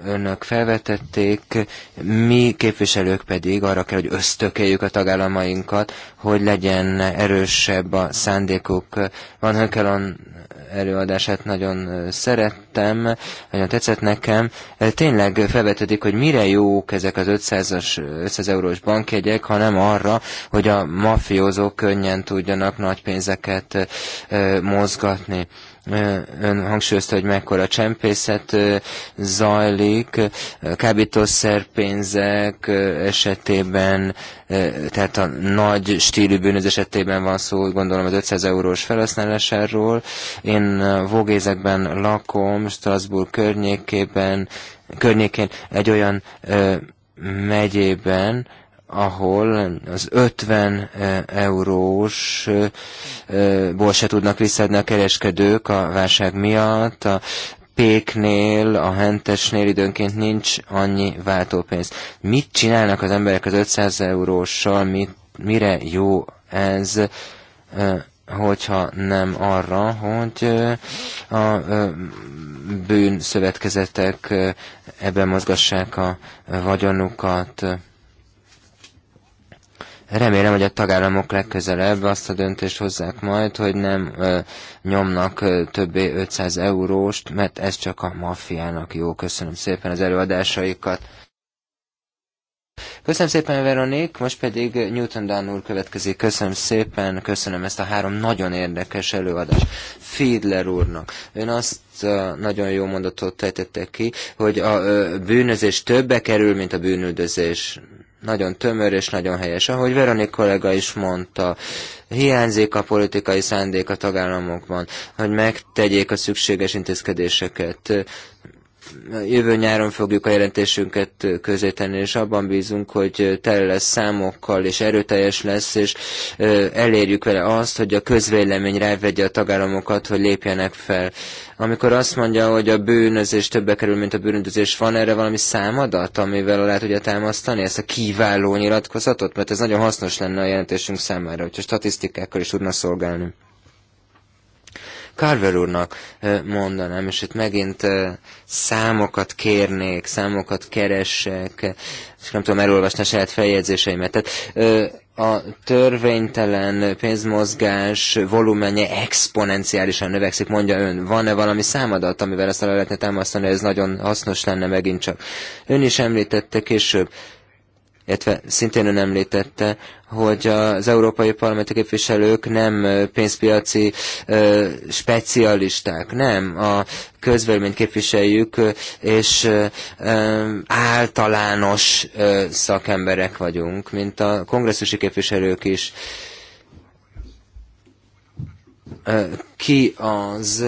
önök felvetették, mi képviselők pedig arra kell, hogy ösztökeljük a tagállamainkat, hogy legyen erősebb a szándékuk. Van Hökelon előadását nagyon szerettem, nagyon tetszett nekem. Tényleg felvetődik, hogy mire jók ezek az 500-as, 500 eurós bankjegyek, hanem arra, hogy a mafiózók könnyen tudjanak nagy pénzeket mozgatni. Ön hangsúlyozta, hogy mekkora csempészet zajlik, pénzek esetében, tehát a nagy stílű bűnöz esetében van szó, gondolom az 500 eurós felhasználásáról. Én Vogézekben lakom, Strasbourg környékében, környékén egy olyan megyében, ahol az 50 eh, eurós eh, eh, ból se tudnak visszaadni a kereskedők a válság miatt, a péknél, a hentesnél időnként nincs annyi váltópénz. Mit csinálnak az emberek az 500 euróssal, mit, mire jó ez, hogyha nem arra, hogy a bűn szövetkezetek ebben mozgassák a vagyonukat, Remélem, hogy a tagállamok legközelebb azt a döntést hozzák majd, hogy nem ö, nyomnak ö, többé 500 euróst, mert ez csak a maffiának jó. Köszönöm szépen az előadásaikat. Köszönöm szépen, Veronik, most pedig Newton Dan úr következik. Köszönöm szépen, köszönöm ezt a három nagyon érdekes előadást. Fiedler úrnak. Ön azt nagyon jó mondatot tettette ki, hogy a bűnözés többe kerül, mint a bűnüldözés nagyon tömör és nagyon helyes. Ahogy Veronik kollega is mondta, hiányzik a politikai szándék a tagállamokban, hogy megtegyék a szükséges intézkedéseket jövő nyáron fogjuk a jelentésünket tenni, és abban bízunk, hogy tele lesz számokkal, és erőteljes lesz, és elérjük vele azt, hogy a közvélemény rávegye a tagállamokat, hogy lépjenek fel. Amikor azt mondja, hogy a bűnözés többe kerül, mint a bűnözés, van erre valami számadat, amivel lehet ugye támasztani ezt a kiváló nyilatkozatot? Mert ez nagyon hasznos lenne a jelentésünk számára, hogyha statisztikákkal is tudna szolgálni. Carver úrnak mondanám, és itt megint számokat kérnék, számokat keresek, és nem tudom elolvasni a saját feljegyzéseimet. Tehát a törvénytelen pénzmozgás volumenje exponenciálisan növekszik, mondja ön. Van-e valami számadat, amivel ezt le lehetne támasztani, ez nagyon hasznos lenne megint csak? Ön is említette később illetve szintén ön említette, hogy az európai parlamenti képviselők nem pénzpiaci specialisták, nem, a közvéleményt képviseljük, és általános szakemberek vagyunk, mint a kongresszusi képviselők is ki az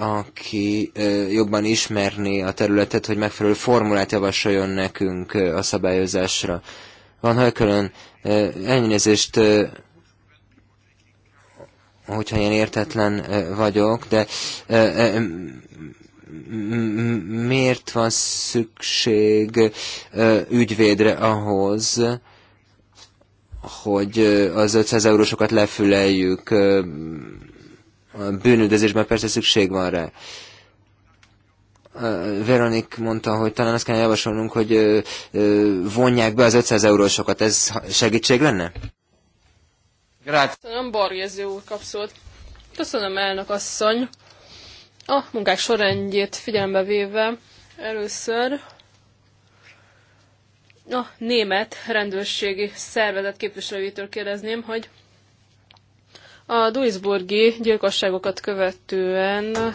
aki jobban ismerné a területet, hogy megfelelő formulát javasoljon nekünk a szabályozásra. Van Hajkölön, elnézést, hogyha ilyen értetlen vagyok, de miért van szükség ügyvédre ahhoz, hogy az 500 eurósokat lefüleljük a bűnüldözésben persze szükség van rá. Veronik mondta, hogy talán azt kell javasolnunk, hogy vonják be az 500 eurósokat. Ez segítség lenne? Grácz. Köszönöm, Barjézi úr kapszolt. Köszönöm, elnök asszony. A munkák sorrendjét figyelembe véve először a német rendőrségi szervezet képviselőjétől kérdezném, hogy a Duisburgi gyilkosságokat követően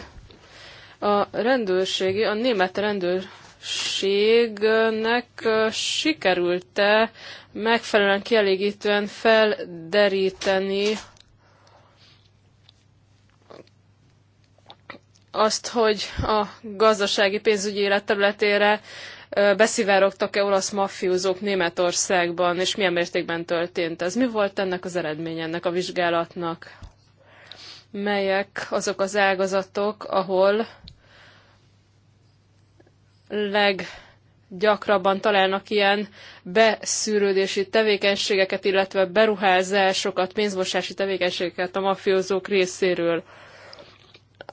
a rendőrségi, a német rendőrségnek sikerült-e megfelelően kielégítően felderíteni azt, hogy a gazdasági pénzügyi élet területére beszivárogtak-e olasz maffiózók Németországban, és milyen mértékben történt ez? Mi volt ennek az eredménye, ennek a vizsgálatnak? Melyek azok az ágazatok, ahol leggyakrabban találnak ilyen beszűrődési tevékenységeket, illetve beruházásokat, pénzmosási tevékenységeket a mafiózók részéről?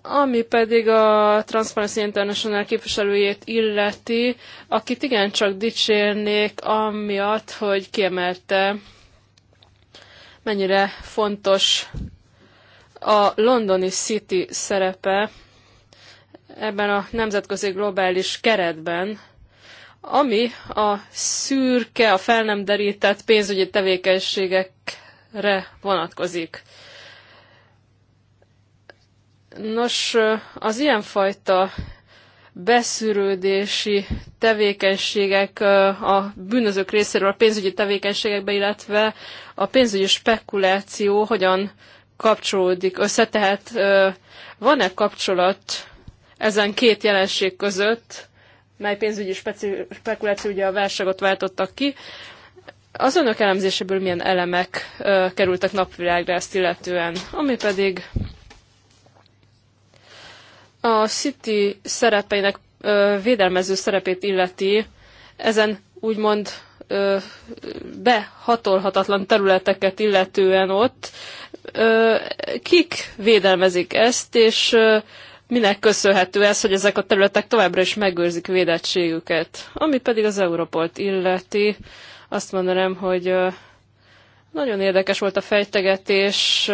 Ami pedig a Transparency International képviselőjét illeti, akit igencsak dicsérnék, amiatt, hogy kiemelte, mennyire fontos a londoni City szerepe ebben a nemzetközi globális keretben, ami a szürke, a fel nem derített pénzügyi tevékenységekre vonatkozik. Nos, az ilyenfajta beszűrődési tevékenységek a bűnözők részéről a pénzügyi tevékenységekbe, illetve a pénzügyi spekuláció hogyan kapcsolódik össze. Tehát van-e kapcsolat ezen két jelenség között, mely pénzügyi spekuláció ugye a válságot váltottak ki. Az önök elemzéséből milyen elemek kerültek napvilágra ezt illetően, ami pedig a City szerepeinek védelmező szerepét illeti, ezen úgymond behatolhatatlan területeket illetően ott, kik védelmezik ezt, és minek köszönhető ez, hogy ezek a területek továbbra is megőrzik védettségüket. Ami pedig az Europolt illeti, azt mondanám, hogy nagyon érdekes volt a fejtegetés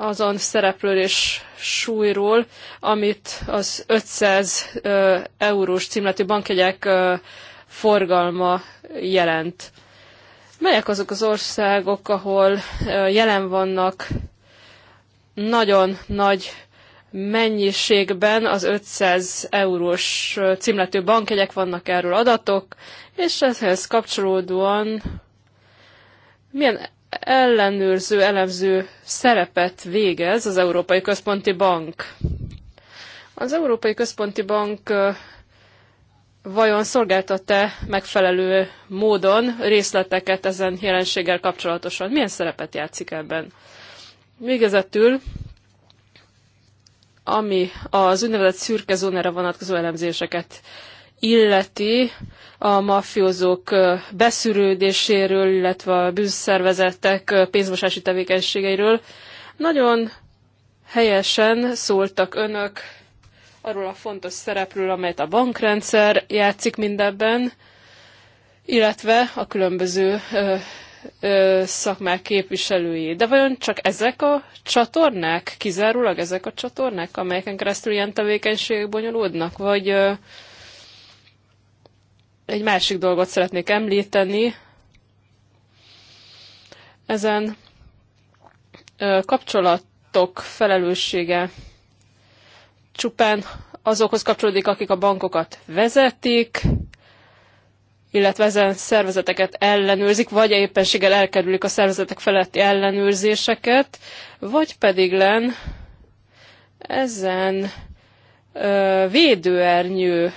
azon szereplőr és súlyról, amit az 500 eurós címletű bankjegyek forgalma jelent. Melyek azok az országok, ahol jelen vannak nagyon nagy mennyiségben az 500 eurós címletű bankjegyek vannak erről adatok, és ehhez kapcsolódóan milyen ellenőrző, elemző szerepet végez az Európai Központi Bank. Az Európai Központi Bank vajon szolgáltat-e megfelelő módon részleteket ezen jelenséggel kapcsolatosan? Milyen szerepet játszik ebben? Végezetül, ami az úgynevezett szürke zónára vonatkozó elemzéseket illeti, a mafiózók beszűrődéséről, illetve a bűnszervezetek pénzmosási tevékenységeiről. Nagyon helyesen szóltak önök arról a fontos szerepről, amelyet a bankrendszer játszik mindebben, illetve a különböző ö, ö, szakmák képviselői. De vajon csak ezek a csatornák, kizárólag ezek a csatornák, amelyeken keresztül ilyen tevékenységek bonyolódnak, vagy ö, egy másik dolgot szeretnék említeni. Ezen kapcsolatok felelőssége csupán azokhoz kapcsolódik, akik a bankokat vezetik, illetve ezen szervezeteket ellenőrzik, vagy éppenséggel elkerülik a szervezetek feletti ellenőrzéseket, vagy pedig len ezen védőernyő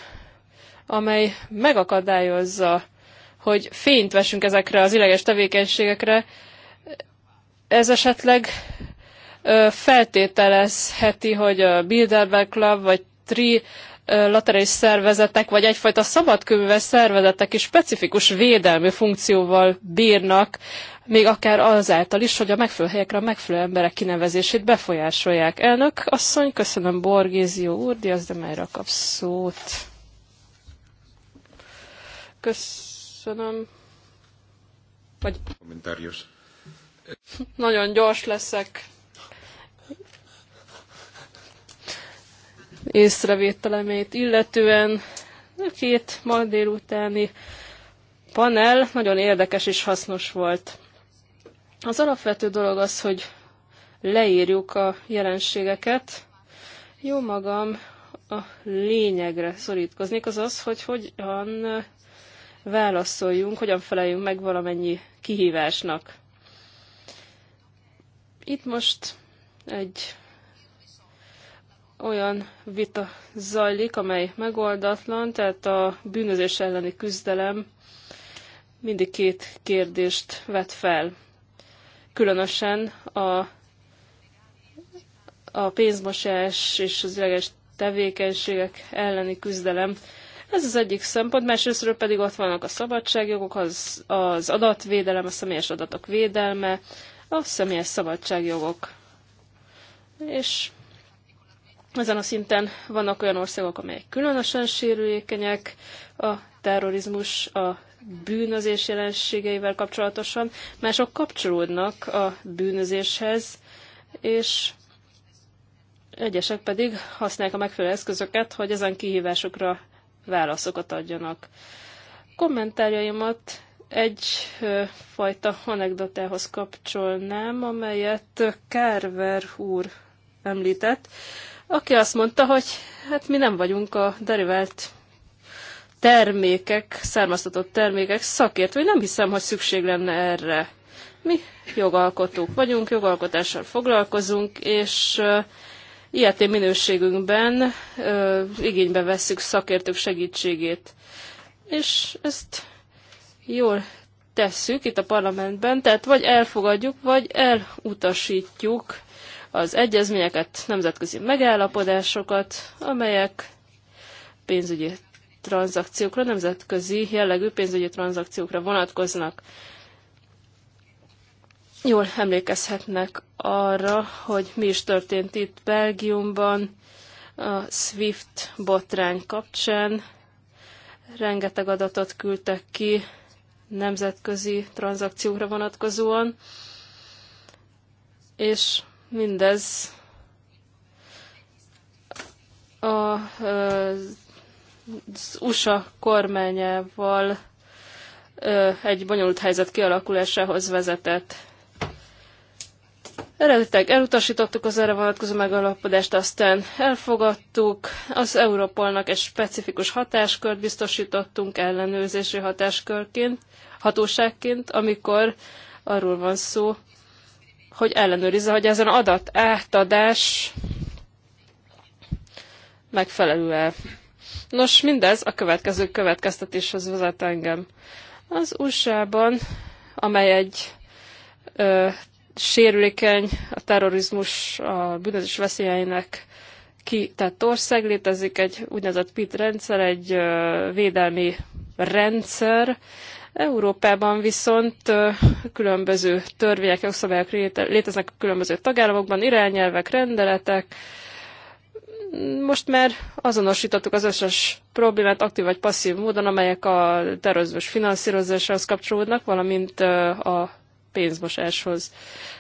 amely megakadályozza, hogy fényt vessünk ezekre az illegális tevékenységekre, ez esetleg feltételezheti, hogy a Bilderberg Club vagy Tri laterális szervezetek, vagy egyfajta szabadkőműves szervezetek is specifikus védelmi funkcióval bírnak, még akár azáltal is, hogy a megfelelő helyekre a megfelelő emberek kinevezését befolyásolják. Elnök asszony, köszönöm Borgézió úr, Diaz de Meyra kap szót. Köszönöm. Vagy... Kommentárius. Nagyon gyors leszek. Észrevételemét illetően a két ma délutáni panel nagyon érdekes és hasznos volt. Az alapvető dolog az, hogy leírjuk a jelenségeket. Jó magam a lényegre szorítkoznék, az az, hogy hogyan válaszoljunk, hogyan feleljünk meg valamennyi kihívásnak. Itt most egy olyan vita zajlik, amely megoldatlan, tehát a bűnözés elleni küzdelem mindig két kérdést vet fel. Különösen a, a pénzmosás és az illegális tevékenységek elleni küzdelem ez az egyik szempont, másrésztről pedig ott vannak a szabadságjogok, az, az adatvédelem, a személyes adatok védelme, a személyes szabadságjogok. És ezen a szinten vannak olyan országok, amelyek különösen sérülékenyek a terrorizmus, a bűnözés jelenségeivel kapcsolatosan, mások kapcsolódnak a bűnözéshez, és egyesek pedig használják a megfelelő eszközöket, hogy ezen kihívásokra válaszokat adjanak. Kommentárjaimat egyfajta anekdotához kapcsolnám, amelyet Carver úr említett, aki azt mondta, hogy hát mi nem vagyunk a derivált termékek, származtatott termékek szakértői, nem hiszem, hogy szükség lenne erre. Mi jogalkotók vagyunk, jogalkotással foglalkozunk, és Ilyet minőségünkben ö, igénybe vesszük szakértők segítségét. És ezt jól tesszük itt a parlamentben, tehát vagy elfogadjuk, vagy elutasítjuk az egyezményeket, nemzetközi megállapodásokat, amelyek pénzügyi tranzakciókra, nemzetközi jellegű pénzügyi tranzakciókra vonatkoznak jól emlékezhetnek arra, hogy mi is történt itt Belgiumban a SWIFT botrány kapcsán. Rengeteg adatot küldtek ki nemzetközi tranzakciókra vonatkozóan, és mindez a, az USA kormányával egy bonyolult helyzet kialakulásához vezetett Eredetileg elutasítottuk az erre vonatkozó megalapodást, aztán elfogadtuk, az Europolnak egy specifikus hatáskört biztosítottunk ellenőrzési hatáskörként, hatóságként, amikor arról van szó, hogy ellenőrizze, hogy ezen adat átadás megfelelő-e. Nos, mindez a következő következtetéshez vezet engem. Az USA-ban, amely egy ö, sérülékeny, a terrorizmus a bűnözés veszélyeinek kitett ország. Létezik egy úgynevezett PIT rendszer, egy védelmi rendszer. Európában viszont különböző törvények, jogszabályok léteznek a különböző tagállamokban, irányelvek, rendeletek. Most már azonosítottuk az összes problémát aktív vagy passzív módon, amelyek a terrorizmus finanszírozásához kapcsolódnak, valamint a pénzmosáshoz.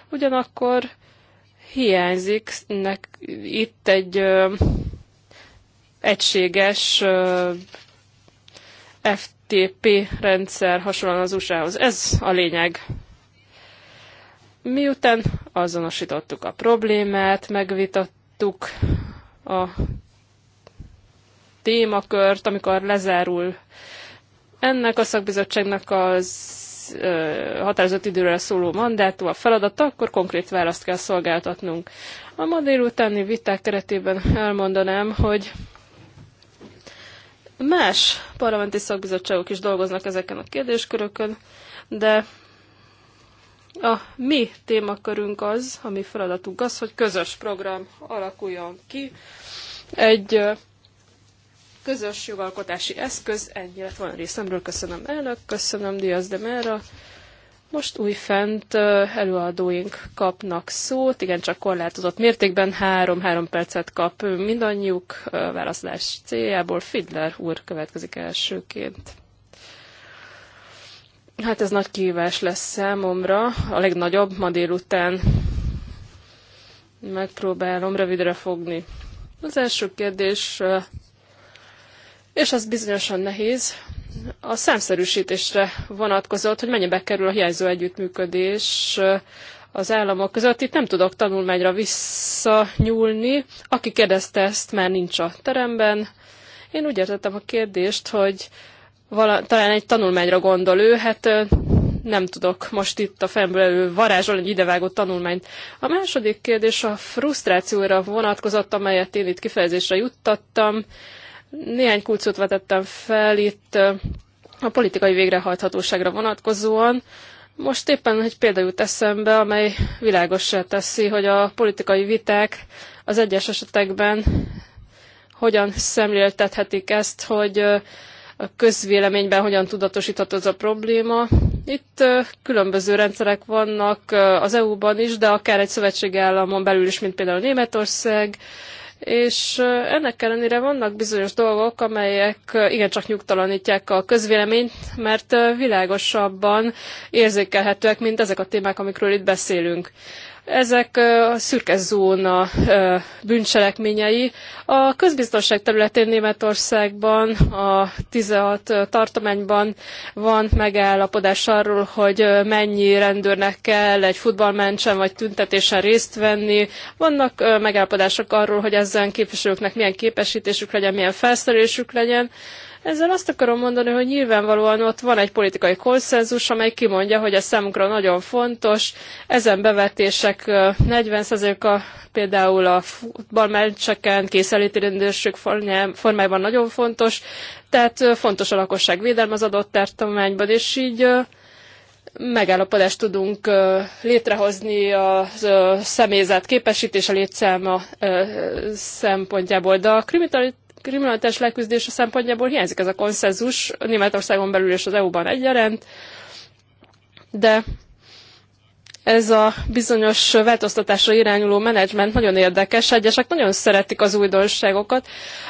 Ugyanakkor hiányzik nek, itt egy ö, egységes ö, FTP rendszer hasonlóan az USA-hoz. Ez a lényeg. Miután azonosítottuk a problémát, megvitattuk a témakört, amikor lezárul ennek a szakbizottságnak az határozott időre szóló mandátum, a feladata, akkor konkrét választ kell szolgáltatnunk. A ma délutáni viták keretében elmondanám, hogy más parlamenti szakbizottságok is dolgoznak ezeken a kérdéskörökön, de a mi témakörünk az, ami feladatunk az, hogy közös program alakuljon ki. Egy közös jogalkotási eszköz. Ennyi lett volna részemről. Köszönöm elnök, köszönöm Diaz de Mera. Most újfent előadóink kapnak szót, igen, csak korlátozott mértékben három-három percet kap mindannyiuk válaszlás céljából. Fidler úr következik elsőként. Hát ez nagy kívás lesz számomra, a legnagyobb ma délután. Megpróbálom rövidre fogni. Az első kérdés és az bizonyosan nehéz. A számszerűsítésre vonatkozott, hogy mennyibe kerül a hiányzó együttműködés az államok között. Itt nem tudok tanulmányra visszanyúlni. Aki kérdezte ezt, már nincs a teremben. Én úgy értettem a kérdést, hogy vala, talán egy tanulmányra gondol ő, hát nem tudok most itt a fejemből varázsolni egy idevágó tanulmányt. A második kérdés a frusztrációra vonatkozott, amelyet én itt kifejezésre juttattam. Néhány kulcsot vetettem fel itt a politikai végrehajthatóságra vonatkozóan. Most éppen egy példa jut eszembe, amely világosra teszi, hogy a politikai viták az egyes esetekben hogyan szemléltethetik ezt, hogy a közvéleményben hogyan tudatosítható ez a probléma. Itt különböző rendszerek vannak az EU-ban is, de akár egy szövetségi államon belül is, mint például Németország, és ennek ellenére vannak bizonyos dolgok, amelyek igencsak nyugtalanítják a közvéleményt, mert világosabban érzékelhetőek, mint ezek a témák, amikről itt beszélünk. Ezek a szürke zóna bűncselekményei. A közbiztonság területén Németországban a 16 tartományban van megállapodás arról, hogy mennyi rendőrnek kell egy futballmencsen vagy tüntetésen részt venni. Vannak megállapodások arról, hogy ezen képviselőknek milyen képesítésük legyen, milyen felszerelésük legyen. Ezzel azt akarom mondani, hogy nyilvánvalóan ott van egy politikai konszenzus, amely kimondja, hogy ez számunkra nagyon fontos. Ezen bevetések 40%-a például a futballmeccseken, készeléti rendőrség formájában nagyon fontos, tehát fontos a lakosság védelme az adott tartományban, és így megállapodást tudunk létrehozni a személyzet képesítése létszáma szempontjából, de a kriminalitás leküzdése szempontjából hiányzik ez a konszenzus Németországon belül és az EU-ban egyaránt, de ez a bizonyos változtatásra irányuló menedzsment nagyon érdekes. Egyesek nagyon szeretik az újdonságokat,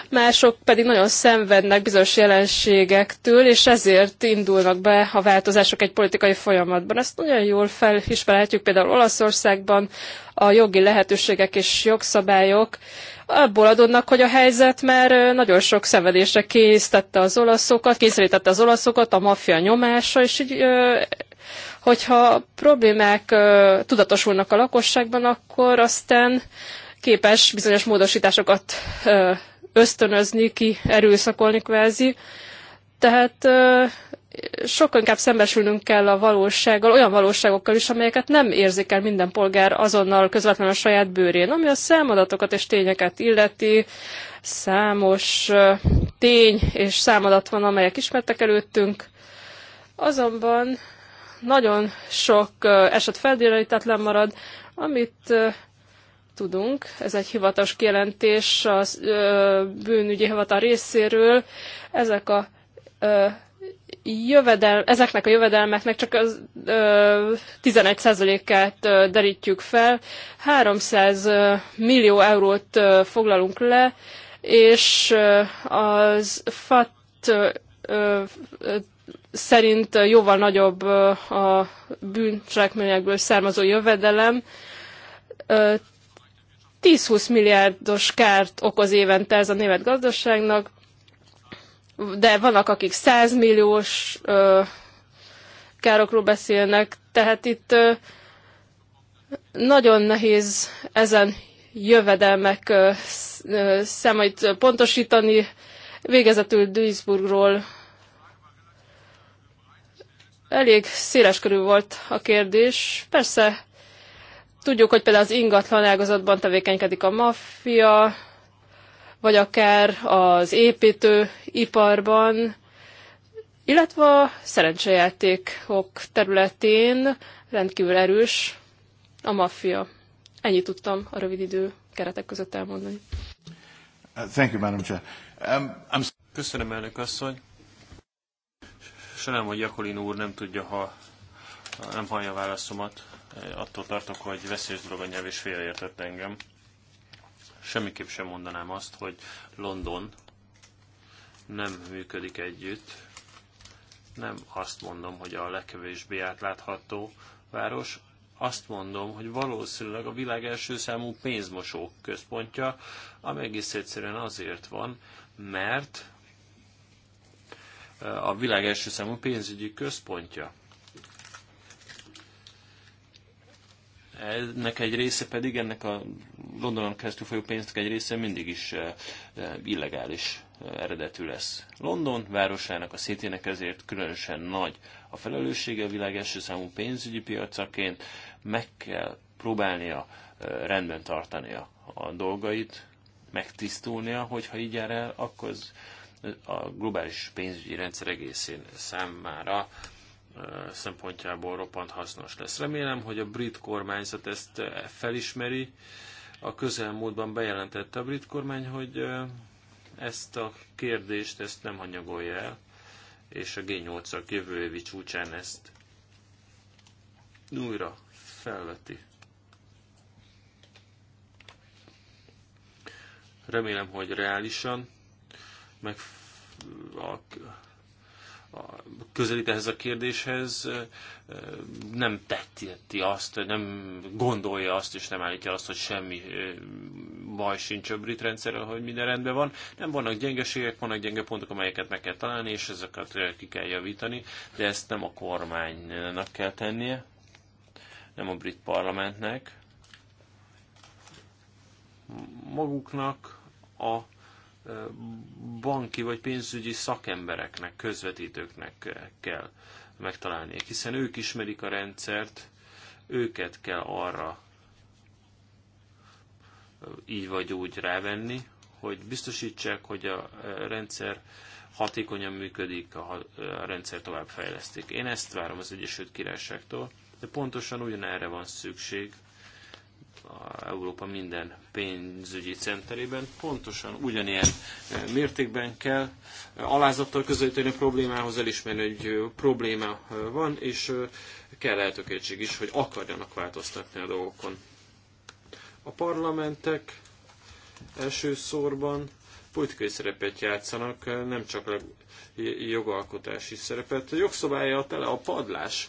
mások pedig nagyon szenvednek bizonyos jelenségektől, és ezért indulnak be a változások egy politikai folyamatban. Ezt nagyon jól felismerhetjük például Olaszországban a jogi lehetőségek és jogszabályok abból adódnak, hogy a helyzet már nagyon sok szenvedésre késztette az olaszokat, kényszerítette az olaszokat, a maffia nyomása, és így hogyha problémák tudatosulnak a lakosságban, akkor aztán képes bizonyos módosításokat ösztönözni, ki erőszakolni kvázi. Tehát sokkal inkább szembesülnünk kell a valósággal, olyan valóságokkal is, amelyeket nem érzik el minden polgár azonnal közvetlenül a saját bőrén. Ami a számadatokat és tényeket illeti, számos tény és számadat van, amelyek ismertek előttünk. Azonban nagyon sok eset feldélítetlen marad, amit tudunk. Ez egy hivatalos kijelentés a bűnügyi hivatal részéről. Ezek a jövedel, ezeknek a jövedelmeknek csak az ö, 11 százalékát derítjük fel. 300 millió eurót ö, foglalunk le, és ö, az FAT ö, ö, szerint jóval nagyobb ö, a bűncselekményekből származó jövedelem. Ö, 10-20 milliárdos kárt okoz évente ez a német gazdaságnak, de vannak, akik 100 milliós ö, károkról beszélnek, tehát itt ö, nagyon nehéz ezen jövedelmek ö, számait pontosítani. Végezetül Duisburgról elég körül volt a kérdés. Persze tudjuk, hogy például az ingatlan ágazatban tevékenykedik a maffia, vagy akár az építőiparban, illetve a szerencsejátékok területén rendkívül erős a maffia. Ennyit tudtam a rövid idő keretek között elmondani. Thank you, Madam Chair. Um, I'm... Köszönöm, elnök asszony. Sajnálom, hogy Jakolin úr nem tudja, ha nem hallja a válaszomat. Attól tartok, hogy veszélyes dolog a nyelv és félreértett engem semmiképp sem mondanám azt, hogy London nem működik együtt. Nem azt mondom, hogy a legkevésbé átlátható város, azt mondom, hogy valószínűleg a világ első számú pénzmosó központja, ami egész egyszerűen azért van, mert eh, a világ első számú pénzügyi központja. ennek egy része pedig, ennek a Londonon keresztül folyó pénznek egy része mindig is eh, eh, illegális eh, eredetű lesz. London városának a szétének ezért különösen nagy a felelőssége a világ első számú pénzügyi piacaként, meg kell próbálnia rendben tartania a dolgait, megtisztulnia, hogyha így jár el, akkor az a globális pénzügyi rendszer egészén számára szempontjából roppant hasznos lesz. Remélem, hogy a brit kormányzat ezt felismeri. A közelmúltban bejelentette a brit kormány, hogy ezt a kérdést ezt nem hanyagolja el, és a G8-ak jövő évi csúcsán ezt újra felveti. Remélem, hogy reálisan meg a közelít ehhez a kérdéshez, nem tetti azt, nem gondolja azt, és nem állítja azt, hogy semmi baj sincs a brit rendszerrel, hogy minden rendben van. Nem vannak gyengeségek, vannak gyenge pontok, amelyeket meg kell találni, és ezeket ki kell javítani, de ezt nem a kormánynak kell tennie, nem a brit parlamentnek, maguknak, a banki vagy pénzügyi szakembereknek, közvetítőknek kell megtalálni, hiszen ők ismerik a rendszert, őket kell arra így vagy úgy rávenni, hogy biztosítsák, hogy a rendszer hatékonyan működik, a, rendszer továbbfejlesztik. Én ezt várom az Egyesült Királyságtól, de pontosan ugyanerre van szükség Európa minden pénzügyi centerében. Pontosan ugyanilyen e, mértékben kell alázattal közelíteni a problémához, elismerni, hogy e, probléma e, van, és kell eltökéltség is, hogy akarjanak változtatni a dolgokon. A parlamentek elsősorban politikai szerepet játszanak, nem csak jogalkotási szerepet. A jogszabálya tele a padlás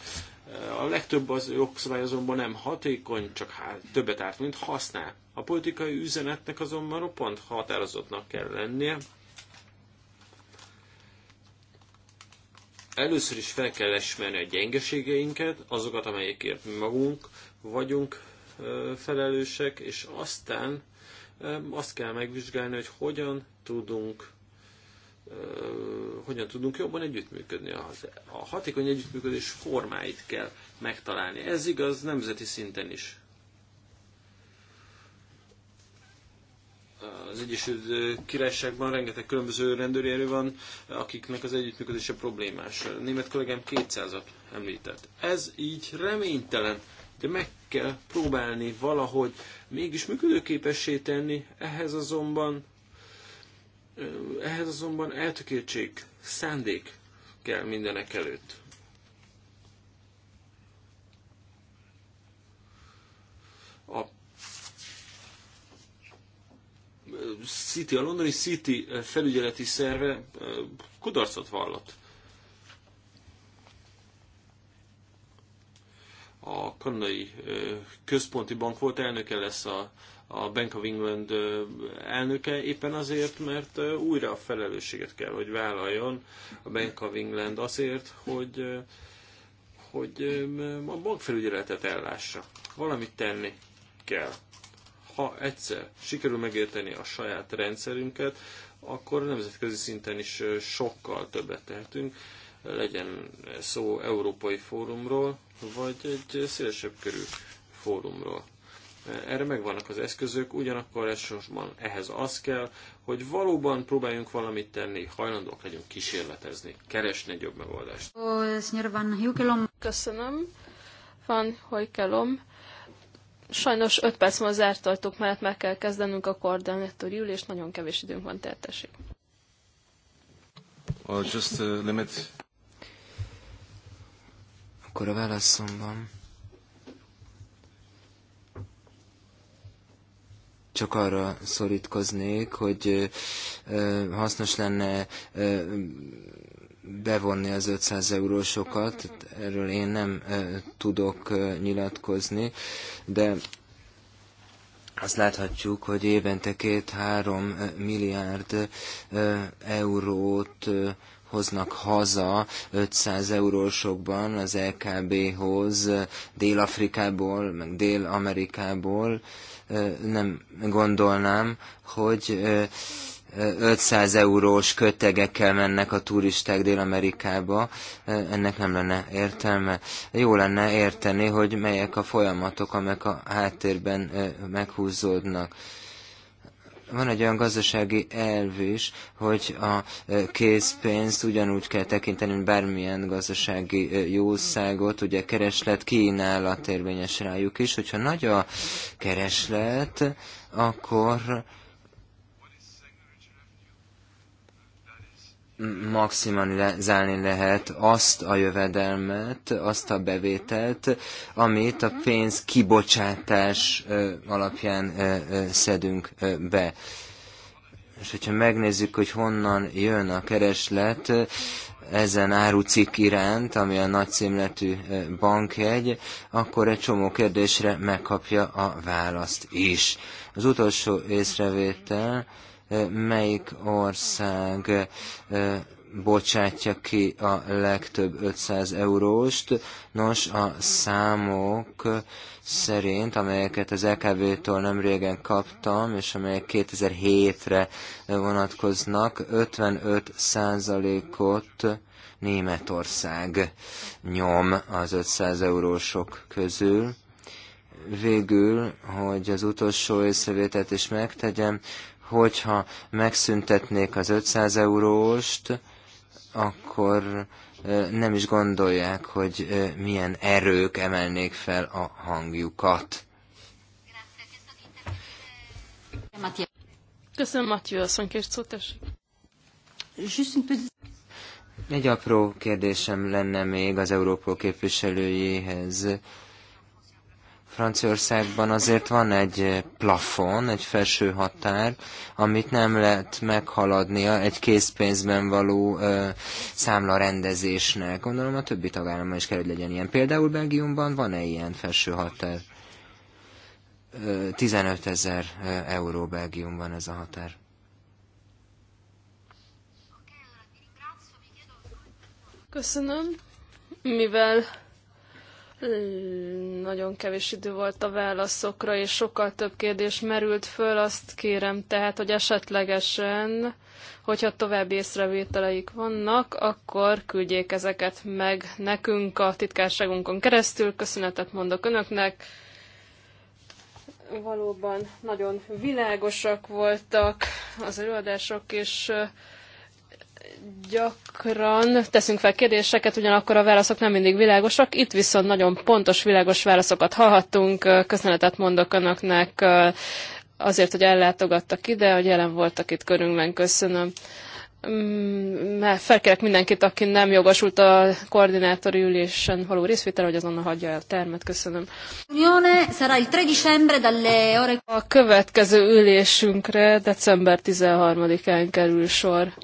a legtöbb az jogszabály azonban nem hatékony, csak hát többet árt, mint használ. A politikai üzenetnek azonban roppant határozottnak kell lennie. Először is fel kell ismerni a gyengeségeinket, azokat, amelyekért mi magunk vagyunk felelősek, és aztán azt kell megvizsgálni, hogy hogyan tudunk hogyan tudunk jobban együttműködni. A, hatékony együttműködés formáit kell megtalálni. Ez igaz nemzeti szinten is. Az Egyesült Királyságban rengeteg különböző rendőri erő van, akiknek az együttműködése problémás. A német kollégám 200-at említett. Ez így reménytelen, de meg kell próbálni valahogy mégis működőképessé tenni, ehhez azonban ehhez azonban eltökéltség, szándék kell mindenek előtt. A City, a londoni City felügyeleti szerve kudarcot vallott. A kanadai központi bank volt elnöke lesz a a Bank of England elnöke, éppen azért, mert újra a felelősséget kell, hogy vállaljon a Bank of England azért, hogy, hogy a bankfelügyeletet ellássa. Valamit tenni kell. Ha egyszer sikerül megérteni a saját rendszerünket, akkor nemzetközi szinten is sokkal többet tehetünk, legyen szó európai fórumról, vagy egy szélesebb körű fórumról erre megvannak az eszközök, ugyanakkor elsősorban ehhez az kell, hogy valóban próbáljunk valamit tenni, hajlandók legyünk kísérletezni, keresni egy jobb megoldást. Köszönöm, van Hojkelom. Sajnos 5 perc múlva zártartók mellett meg kell kezdenünk a koordinátori ülést, nagyon kevés időnk van, tehát just uh, limit. Akkor a válaszomban csak arra szorítkoznék, hogy hasznos lenne bevonni az 500 eurósokat, erről én nem tudok nyilatkozni, de azt láthatjuk, hogy évente két-három milliárd eurót hoznak haza 500 eurósokban az LKB-hoz e Dél-Afrikából, meg Dél-Amerikából, nem gondolnám, hogy 500 eurós kötegekkel mennek a turisták Dél-Amerikába, ennek nem lenne értelme. Jó lenne érteni, hogy melyek a folyamatok, amelyek a háttérben meghúzódnak van egy olyan gazdasági elv is, hogy a e, készpénzt ugyanúgy kell tekinteni, mint bármilyen gazdasági e, jószágot, ugye kereslet, kínálat érvényes rájuk is, hogyha nagy a kereslet, akkor maximalizálni lehet azt a jövedelmet, azt a bevételt, amit a pénz kibocsátás alapján szedünk be. És hogyha megnézzük, hogy honnan jön a kereslet ezen árucik iránt, ami a nagyszímletű bankjegy, akkor egy csomó kérdésre megkapja a választ is. Az utolsó észrevétel, melyik ország bocsátja ki a legtöbb 500 euróst. Nos, a számok szerint, amelyeket az LKV-tól nem régen kaptam, és amelyek 2007-re vonatkoznak, 55 százalékot Németország nyom az 500 eurósok közül. Végül, hogy az utolsó észrevételt is megtegyem, hogyha megszüntetnék az 500 euróst, akkor nem is gondolják, hogy milyen erők emelnék fel a hangjukat. Köszönöm, Matyő, a kért szót, Egy apró kérdésem lenne még az Európol képviselőjéhez. Franciaországban azért van egy eh, plafon, egy felső határ, amit nem lehet meghaladnia egy készpénzben való ö, eh, rendezésnek. Gondolom a többi tagállamban is kell, hogy legyen ilyen. Például Belgiumban van-e ilyen felső határ? Ö, 15 ezer euró Belgiumban ez a határ. Köszönöm, mivel nagyon kevés idő volt a válaszokra, és sokkal több kérdés merült föl. Azt kérem tehát, hogy esetlegesen, hogyha további észrevételeik vannak, akkor küldjék ezeket meg nekünk a titkárságunkon keresztül. Köszönetet mondok önöknek. Valóban nagyon világosak voltak az előadások, és gyakran teszünk fel kérdéseket, ugyanakkor a válaszok nem mindig világosak. Itt viszont nagyon pontos, világos válaszokat hallhattunk. Köszönetet mondok önöknek azért, hogy ellátogattak ide, hogy jelen voltak itt körünkben. Köszönöm. Mm, mert felkérek mindenkit, aki nem jogosult a koordinátori ülésen való részvétel, hogy azonnal hagyja el a termet. Köszönöm. A következő ülésünkre december 13-án kerül sor.